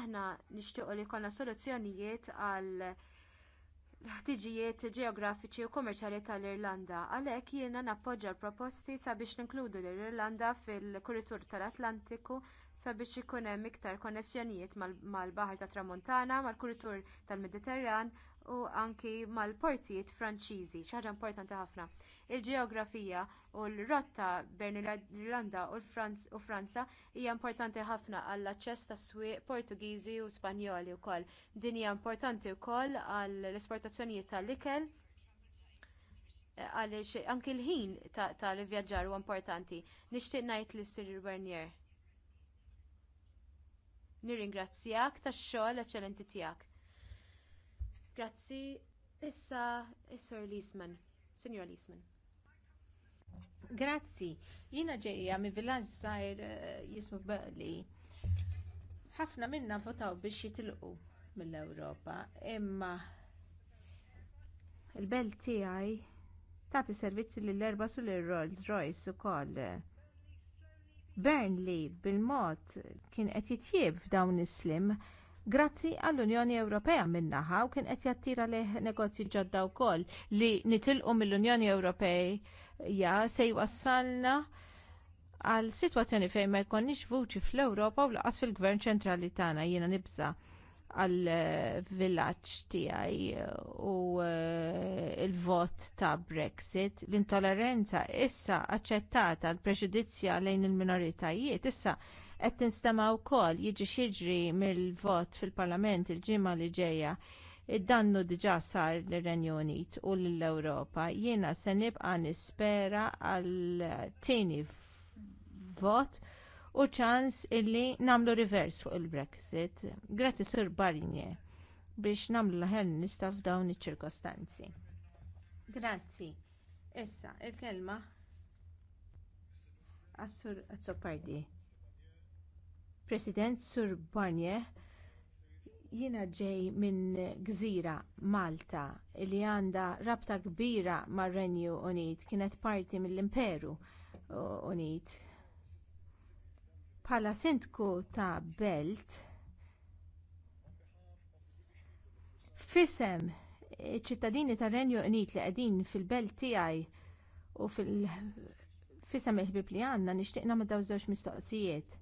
Aħna nixtiequ li jkollna soluzzjonijiet għal ħtiġijiet ġeografiċi u kummerċjali tal-Irlanda. Għalhekk jiena nappoġġja l-proposti sabiex ninkludu l-Irlanda fil-kuritur tal-Atlantiku sabiex ikun hemm iktar konnessjonijiet mal-Baħar tat Tramuntana, mal-Kuritur tal-Mediterran u anki mal-portijiet Franċiżi, xi ħaġa importanti ħafna. Il-ġeografija u l-rotta bejn l-Irlanda u Franza hija importanti ħafna għall aċċess tas-swieq Portugiżi u Spanjoli wkoll. Din hija importanti wkoll għall esportazzjonijiet tal-ikel għaliex anki l-ħin tal-vjaġġar huwa importanti. Nixtieq ngħid li Sir Bernier. Nirringrazzjak tax-xogħol eċċellenti tiegħek. Grazzi, issa is Leisman, Lisman, Signor Lisman. Grazzi, jina ġejja mi villaġġ sajr eh, jismu Berli. Ħafna minna votaw biex jitilqu mill-Ewropa, imma il-belt tiegħi tagħti servizzi lill erba su Rolls Royce ukoll. Burnley bil-mod kien qed jitjieb f'dawn is-slim grazzi għall-Unjoni Ewropea minnaħa u kien qed jattira leħ negozji ġodda wkoll li nitilqu mill-Unjoni Ewropea se jwassalna għal sitwazzjoni fejn ma jkollniex vuċi fl-Ewropa u laqas fil-Gvern ċentrali tagħna jiena nibża' għal eh, villaġġ tiegħi u eh, l-vot ta' Brexit, l-intolleranza issa aċċettata l preġudizzja lejn il-minoritajiet issa qed tinstema' wkoll jiġi xiġri mill-vot fil-Parlament il-ġimgħa li ġejja id-dannu diġà sar lir-Renju Unit u l-Ewropa. Jiena se nibqa' nispera għal tieni vot u ċans illi nagħmlu rivers fuq il-Brexit. Grazzi Sur Barnier biex nagħmlu l-ħel nista' f'dawn iċ-ċirkostanzi. Grazzi. Issa, il-kelma Assur sur President Sur Barnier, jiena ġej minn gżira Malta li għandha rabta kbira mar-Renju Unit, kienet parti mill-Imperu Unit. Bħala sindku ta' Belt, fisem ċittadini tar Renju Unit li qegħdin fil-Belt tiegħi u fil- fisem il-ħbib li għandna nixtieq nagħmel dawn żewġ mistoqsijiet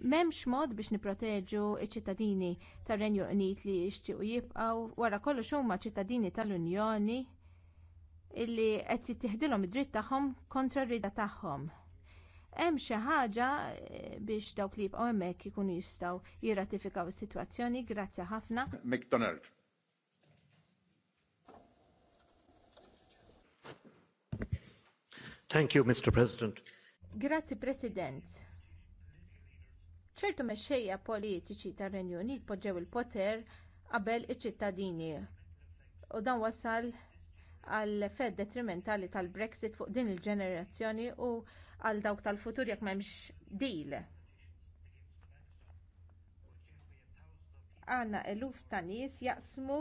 M'hemmx mod biex nipproteġu iċ-ċittadini tar-Renju Unit li jixtiequ jibqgħu wara kollox huma ċittadini tal-Unjoni illi qed jittieħdilhom id-dritt tagħhom kontra r-rida tagħhom. Hemm xi ħaġa eh, biex dawk li jibqgħu hemmhekk ikunu jistgħu jirratifikaw is-sitwazzjoni. Grazzi ħafna. McDonald. Thank you, Mr. President. Grazzi, President ċertu mexxejja politiċi tar-Renju Unit poġġew il-poter qabel iċ-ċittadini u dan wassal għal effett detrimentali tal-Brexit fuq din il-ġenerazzjoni u għal dawk tal-futur jekk m'hemmx deal. Għanna eluf ta' nies jaqsmu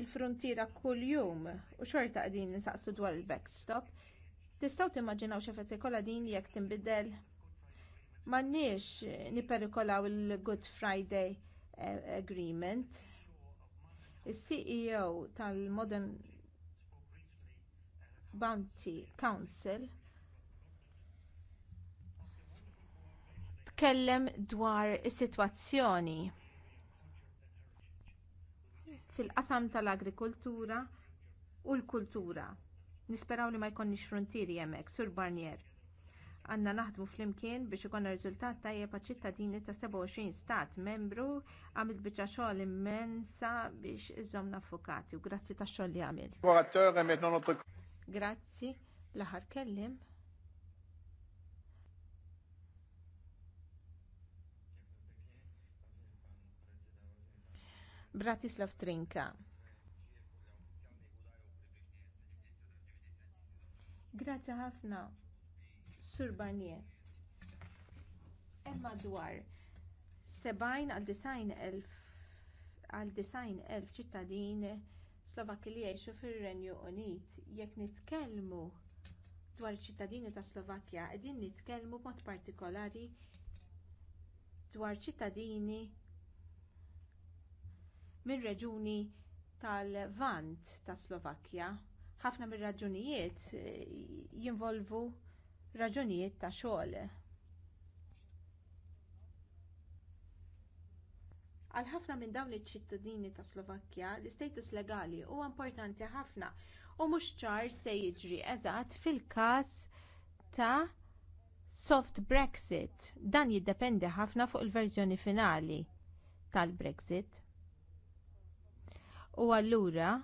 l frontiera kuljum u xorta qegħdin nisaqsu dwar il-backstop. Tistgħu timmaġinaw x'effett ikolla din jekk tinbidel M'għandniex niperikolaw il-Good Friday eh, Agreement. Is-CEO tal-Modern Bounty Council tkellem dwar is-sitwazzjoni fil-qasam tal-agrikoltura u l-kultura. Nisperaw li ma jkollniex frontieri hemmhekk, Sur Barnier għandna naħdmu flimkien biex ikun riżultat tajjeb għaċ-ċittadini ta' 27 stat membru għamilt biċċa xogħol immensa biex iżomna affukati u grazzi tax xogħol li għamil. E grazzi, l-aħħar kellim. Bratislav Trinka. Grazzi ħafna. Sur Barnier. Hemm madwar 70 għal 90,000 għal ċittadin Slovakki li jgħixu fir-Renju Unit. Jekk nitkellmu dwar iċ ċittadini ta' Slovakkja, qegħdin nitkellmu b'mod partikolari dwar ċittadini mir-reġuni tal-Vant ta' Slovakkja. Ħafna mir-raġunijiet jinvolvu raġunijiet ta' xogħol. Għal ħafna minn dawn iċ-ċittadini ta' Slovakkja, l-istatus legali huwa importanti ħafna u mhux ċar se jiġri eżatt fil-każ ta' soft Brexit. Dan jiddependi ħafna fuq il-verżjoni finali tal-Brexit. U allura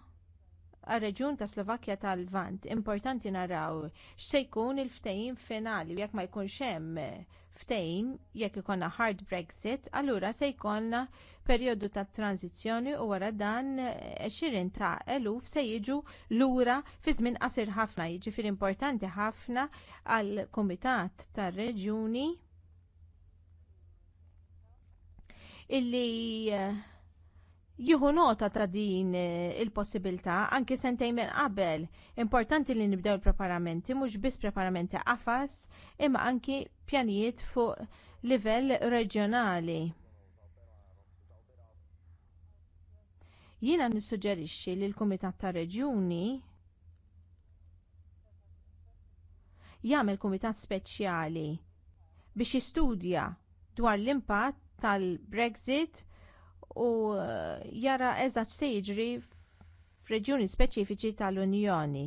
għar-reġjun ta' Slovakkja tal-Vant. Importanti naraw x'se jkun il-ftehim finali u jekk ma jkunx hemm ftehim jekk ikonna hard Brexit, allura se jkollna perjodu ta' tranzizzjoni u wara dan 20 ta' eluf se jiġu lura fi żmien qasir ħafna, jiġifieri importanti ħafna għall kumitat tar-Reġjuni illi eh, Jihu nota ta' din eh, il-possibilità anke sentejn minn qabel. Importanti li nibdew il-preparamenti, mhux biss preparamenti qafas, imma anki pjanijiet fuq livell reġjonali. Jiena nissuġġerixxi li l-Kumitat tar Reġjuni jagħmel kumitat speċjali biex jistudja dwar l-impatt tal-Brexit u eh, jara eżatt se jiġri f'reġjuni speċifiċi tal-Unjoni.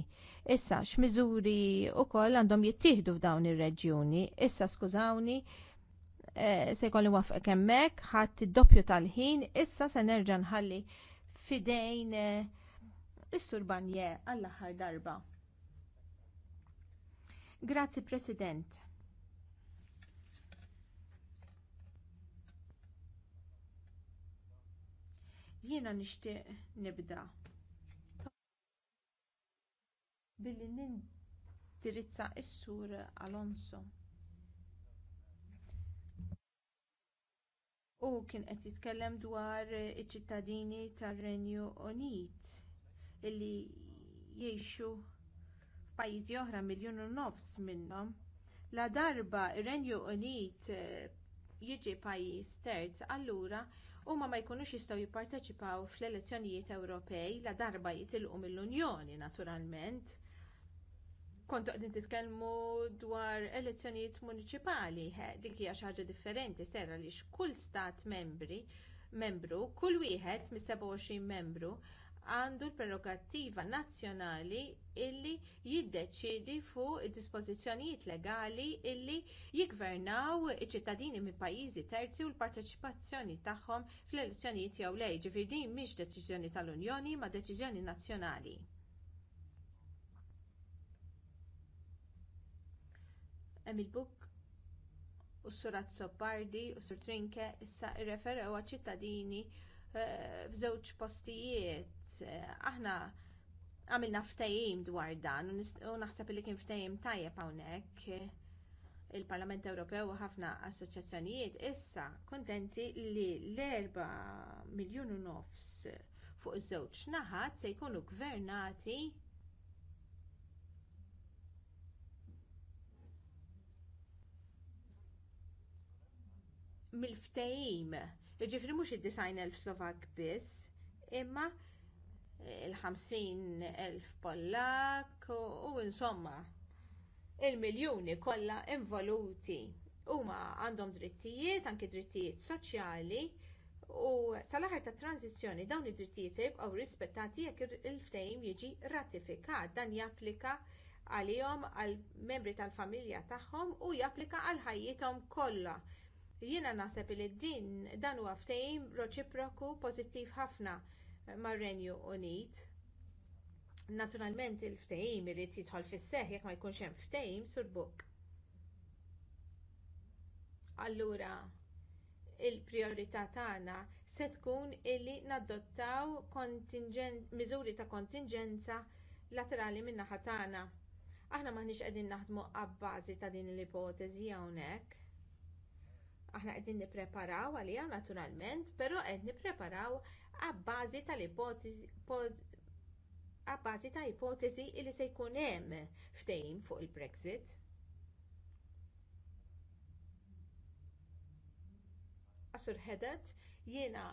Issa x'miżuri wkoll għandhom jittieħdu f'dawn ir-reġjuni. Issa skużawni eh, se jkolli wafqek hemmhekk, ħadd id-doppju tal-ħin, issa se nerġa' nħalli fidejn eh, is-sur Barnier għall-aħħar darba. Grazzi President. Jiena nixtieq nibda billi nindirizza s-sur Alonso. U kien qed jitkellem dwar iċ-ċittadini tar-Renju Unit illi jgħixu f'pajjiżi oħra miljun u nofs minnhom. La darba ir-Renju Unit eh, jiġi pajjiż terz, allura huma ma jkunux jistgħu jipparteċipaw fl-elezzjonijiet Ewropej la darba jitilqu mill-Unjoni naturalment. Kont qegħdin titkellmu dwar elezzjonijiet muniċipali, dik hija xi ħaġa differenti serra lix kull stat membri membru, kull wieħed mis-27 membru għandu l-prerogattiva nazzjonali illi jiddeċiedi fuq id-dispożizzjonijiet legali illi jiggvernaw iċ-ċittadini minn pajjiżi terzi u l-parteċipazzjoni tagħhom fl-elezzjonijiet jew lej ġifieri din mhix deċiżjoni tal-Unjoni ma' deċiżjoni nazzjonali. Emil u Surazzo Bardi u Sur Trinke issa irreferew għal ċittadini Eh, f'żewġ postijiet. Eh, aħna għamilna ftehim dwar dan u naħseb li kien ftehim tajjeb hawnhekk il-Parlament Ewropew u ħafna assoċjazzjonijiet issa kuntenti li l-4 miljun u nofs fuq iż-żewġ naħat se jkunu gvernati mill-ftehim Ġifri mhux id-90,000 Slovak biss, imma eh, il-50,000 Pollak u insomma il-miljuni kollha involuti huma għandhom drittijiet, anki drittijiet soċjali u sal-aħħar tat tranzizzjoni dawn id-drittijiet se jibqgħu rispettati jekk il-ftehim jiġi ratifikat. Dan japplika għalihom għall membri tal-familja tagħhom u japplika għal ħajjithom kollha Jiena naħseb li din dan huwa ftehim reċiproku pożittiv ħafna mar-Renju Unit. Naturalment il-ftehim irid jidħol fis-seħħ jekk ma jkunx hemm ftehim sur Allura, il-priorità tagħna se tkun illi nadottaw miżuri ta' kontingenza laterali min-naħa tagħna. Aħna m'aħniex qegħdin naħdmu għabbażi ta' din l-ipotezi hawnhekk. Aħna qegħdin nippreparaw għaliha naturalment, però qed nippreparaw għabbażi tal-ipotezi għabbażi ta' ipotezi li se jkun hemm ftehim fuq il-Brexit. Asur ħedet jiena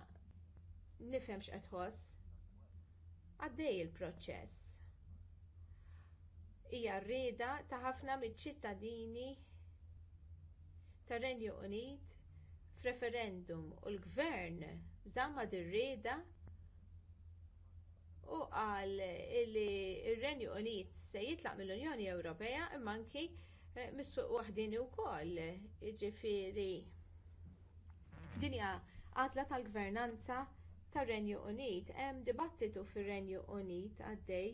nifhem x'qed ħoss għaddej il-proċess. Hija rrieda ta' ħafna miċ-ċittadini tar-Renju Unit f'referendum u l-Gvern żamma dir-rieda u qal li r-Renju Unit se jitlaq mill-Unjoni Ewropea imma anki eh, mis-suq waħdini wkoll. Jiġifieri din hija għażla tal-gvernanza tar-Renju Unit hemm dibattitu fir-Renju Unit għaddej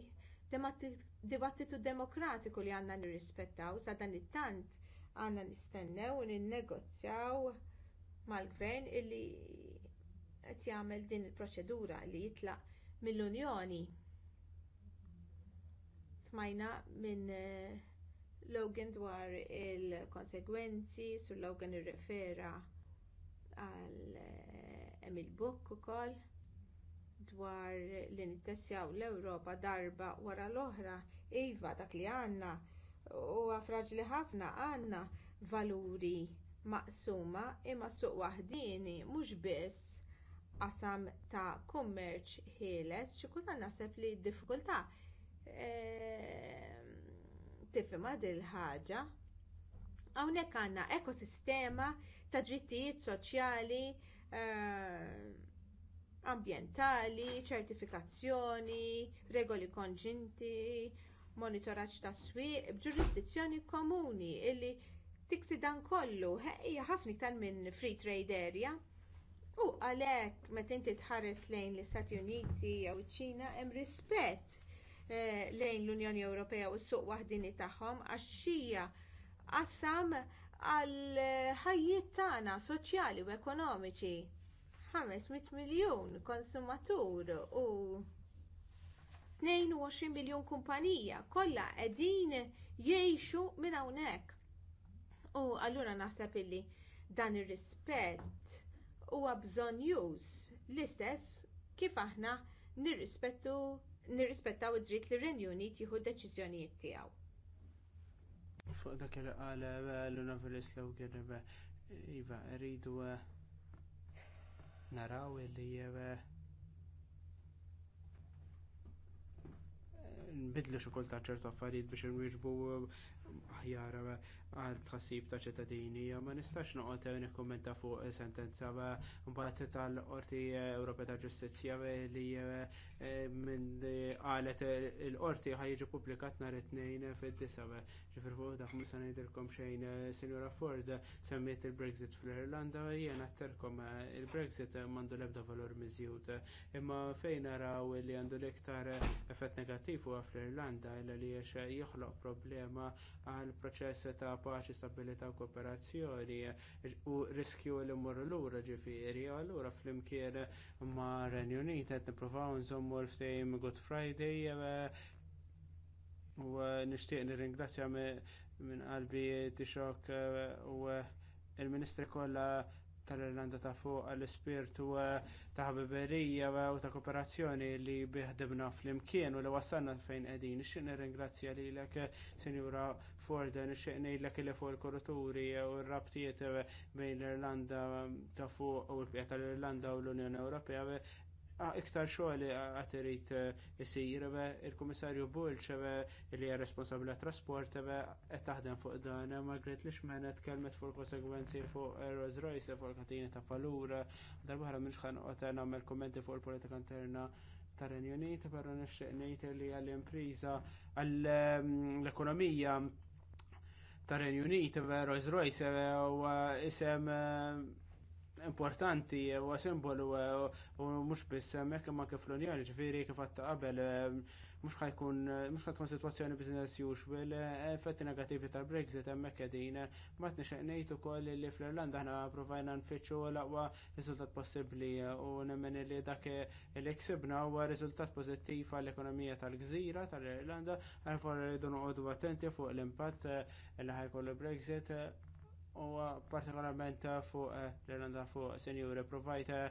dibattitu demokratiku li għandna nirrispettaw sa dan it-tant Għandna nistennew u nnegozjaw mal-gvern illi qed jagħmel din il-proċedura li jitlaq mill-Unjoni. Smajna minn eh, Logan dwar il-konsegwenzi sur Logan irrefera għal eh, Emil Book ukoll dwar li nittessjaw l-Ewropa darba wara l-oħra iva dak li għandna huwa fraġli ħafna għandna valuri maqsuma imma suq waħdini mhux biss qasam ta' kummerċ ħieles xi kultant naħseb li d-diffikultà e, tifhimha din ħaġa Hawnhekk għandna ekosistema ta' drittijiet soċjali ehm, ambjentali, ċertifikazzjoni, regoli konġinti, monitoraġġ tas-swieq b'ġurisdizzjoni komuni illi tiksi dan kollu hija ħafna iktar minn free trade area. U għalhekk meta inti tħares lejn l-Istati Uniti jew iċ-Ċina hemm rispett eh, lejn l-Unjoni Ewropea u s-suq waħdini tagħhom għax hija qasam għal ħajjiet tagħna soċjali u ekonomiċi. 500 miljun konsumatur u 22 miljon kumpanija kollha qegħdin jgħixu minn hawnhekk. U allura naħseb illi dan ir-rispett huwa bżonn już l-istess kif aħna nirrispettu nirrispettaw id-dritt li r-Renju Unit jieħu d-deċiżjonijiet tiegħu. Fuq dak li qal eh, Luna Velislow Gerbe, eh, iva rridu eh, naraw li nbidlu xi kultant ċertu affarijiet biex inwieġbu aħjar għal tħassib ta' ċittadini. Ma nistax noqgħod nikkummenta fuq sentenza mbagħad tal-Qorti Ewropea ta' Ġustizzja li eh, minn qalet il-qorti ħajġi pubblikat nhar it-tnejn fid-disa. Ġifier fuq dak ma se ngħidilkom xejn eh, Sinjura Ford semmiet il-Brexit fl-Irlanda jien atterkom eh, il-Brexit m'għandu l-ebda valur miżjud. Imma fejn naraw li għandu l-iktar effett negattiv huwa fl-Irlanda illa li jiex joħloq problema għal proċess ta' paċi, stabilità u kooperazzjoni u riskju li mmorru lura ġifieri, allura flimkien ma' Renju Unit qed nippruvaw nżommu l-ftehim Good Friday eh, u eh, nixtieq nirringrazzja minn qalbi tixok eh, u l ministri kollha tal-Irlanda ta' fuq għall-ispirtu ta' ħabiberija u ta' kooperazzjoni li biħdibna flimkien u li wasalna fejn qegħdin. Ixtieq nirringrazzja lilek, Sinjura Forden, nixtieq ngħidlek li fuq il-kuruturi u r-rabtiet bejn l-Irlanda ta' fuq u l-pjat tal-Irlanda u l-Unjoni Ewropea iktar xogħol għad irid isir il-Kummissarju Bulċ li hija responsabbli trasport qed taħdem fuq dan Margaret li qed kelmet fuq konsegwenzi fuq Rolls Royce fuq katina ta' falura darbaħra minx ħanqod nagħmel kummenti fuq il-politika interna tar-Renju Unit, però nixtieq ngħid li għall-impriża għall-ekonomija ta' renju Unit eh, Rolls Royce eh, u eh, isem importanti u simbolu u mux bis hemmhekk ma kif l-Unjoni ġifieri kif qatt qabel mhux ħajkun mhux ħatkun sitwazzjoni business usual effetti negattivi ta' Brexit hemmhekk qegħdin ma tnixeq ngħid ukoll li fl-Irlanda aħna provajna nfittxu l-aqwa riżultat possibbli u nemmen li dak li ksibna huwa riżultat pożittiv għall-ekonomija tal-Gżira tal-Irlanda għalfor rridu noqogħdu attenti fuq l-impatt li l Brexit u partikolarment fuq l-Irlanda fuq senjuri provajta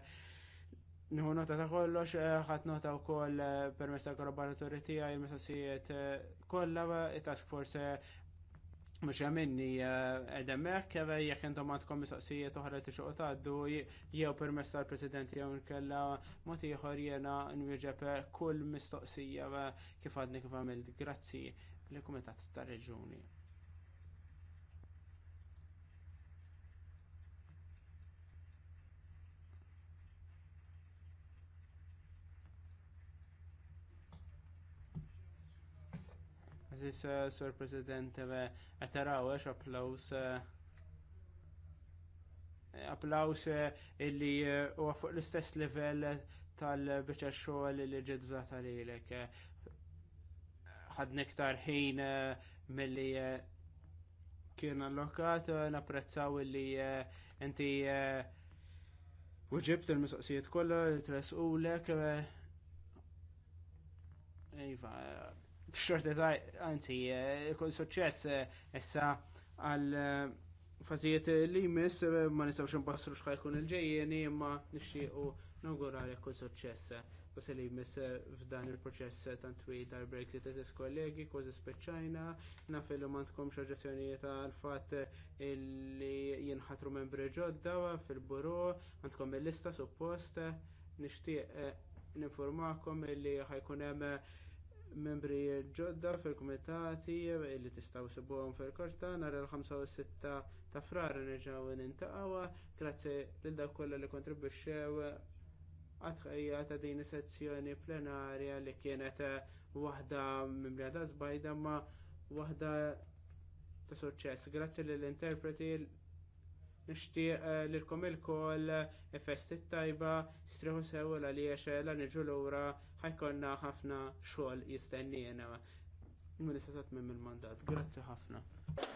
Nħu nota ta' kollox, eh, ħat nota u koll eh, permess ta' korroboratori tija il-mistoqsijiet eh, kollha il-task force mux jamenni edemmek, keve jek intom għandkom mistoqsijiet uħra t-xoqot għaddu, jew permess tal-presidenti jew nkella moti jħor jena nwieġeb kull mistoqsija kif għadni kif għamilt. Grazzi l-Kumitat tar reġuni Aziz Sur President, eh, għataraw għax eh, eh, applaus applaus illi u fuq l-istess level tal-bicċa xogħol li ġedva tal-ilek. Ħadni ktar ħin milli kien allokat, napprezzaw illi inti uġibt il-mistoqsijiet kollha li tresqulek. Iva, f'xort ta' anzi, eh, kull suċċess issa eh, għal eh, fazijiet li jmiss ma nistawx nbassru xħaj kun il-ġejjeni imma nixtiequ nawgurali kull suċċess. Bas li jmiss f'dan il-proċess tant twil tal-Brexit eżis kollegi, kważi speċċajna, naf li mandkom xaġazzjonijiet għal-fat li jinħatru membri ġodda fil-buru, għandkom il-lista suppost, nixtieq ninformakom li ħajkun hemm membri ġodda fil-kumitati li tistaw sibuhom fil-korta nhar il-5 u 6 ta' frar nerġgħu nintaqgħu grazzi lil dawk kollha li kontribwixxew għatħajja ta' din is-sezzjoni plenarja li kienet waħda mimreda żbajda ma waħda ta' suċċess. Grazzi lill interpreti nixtieq eh, lilkom ilkoll eh, festit tajba striħu sew għaliex la niġu lura ħajkonna ħafna xogħol jistennina. Minister Sat minn il-mandat. Grazzi ħafna.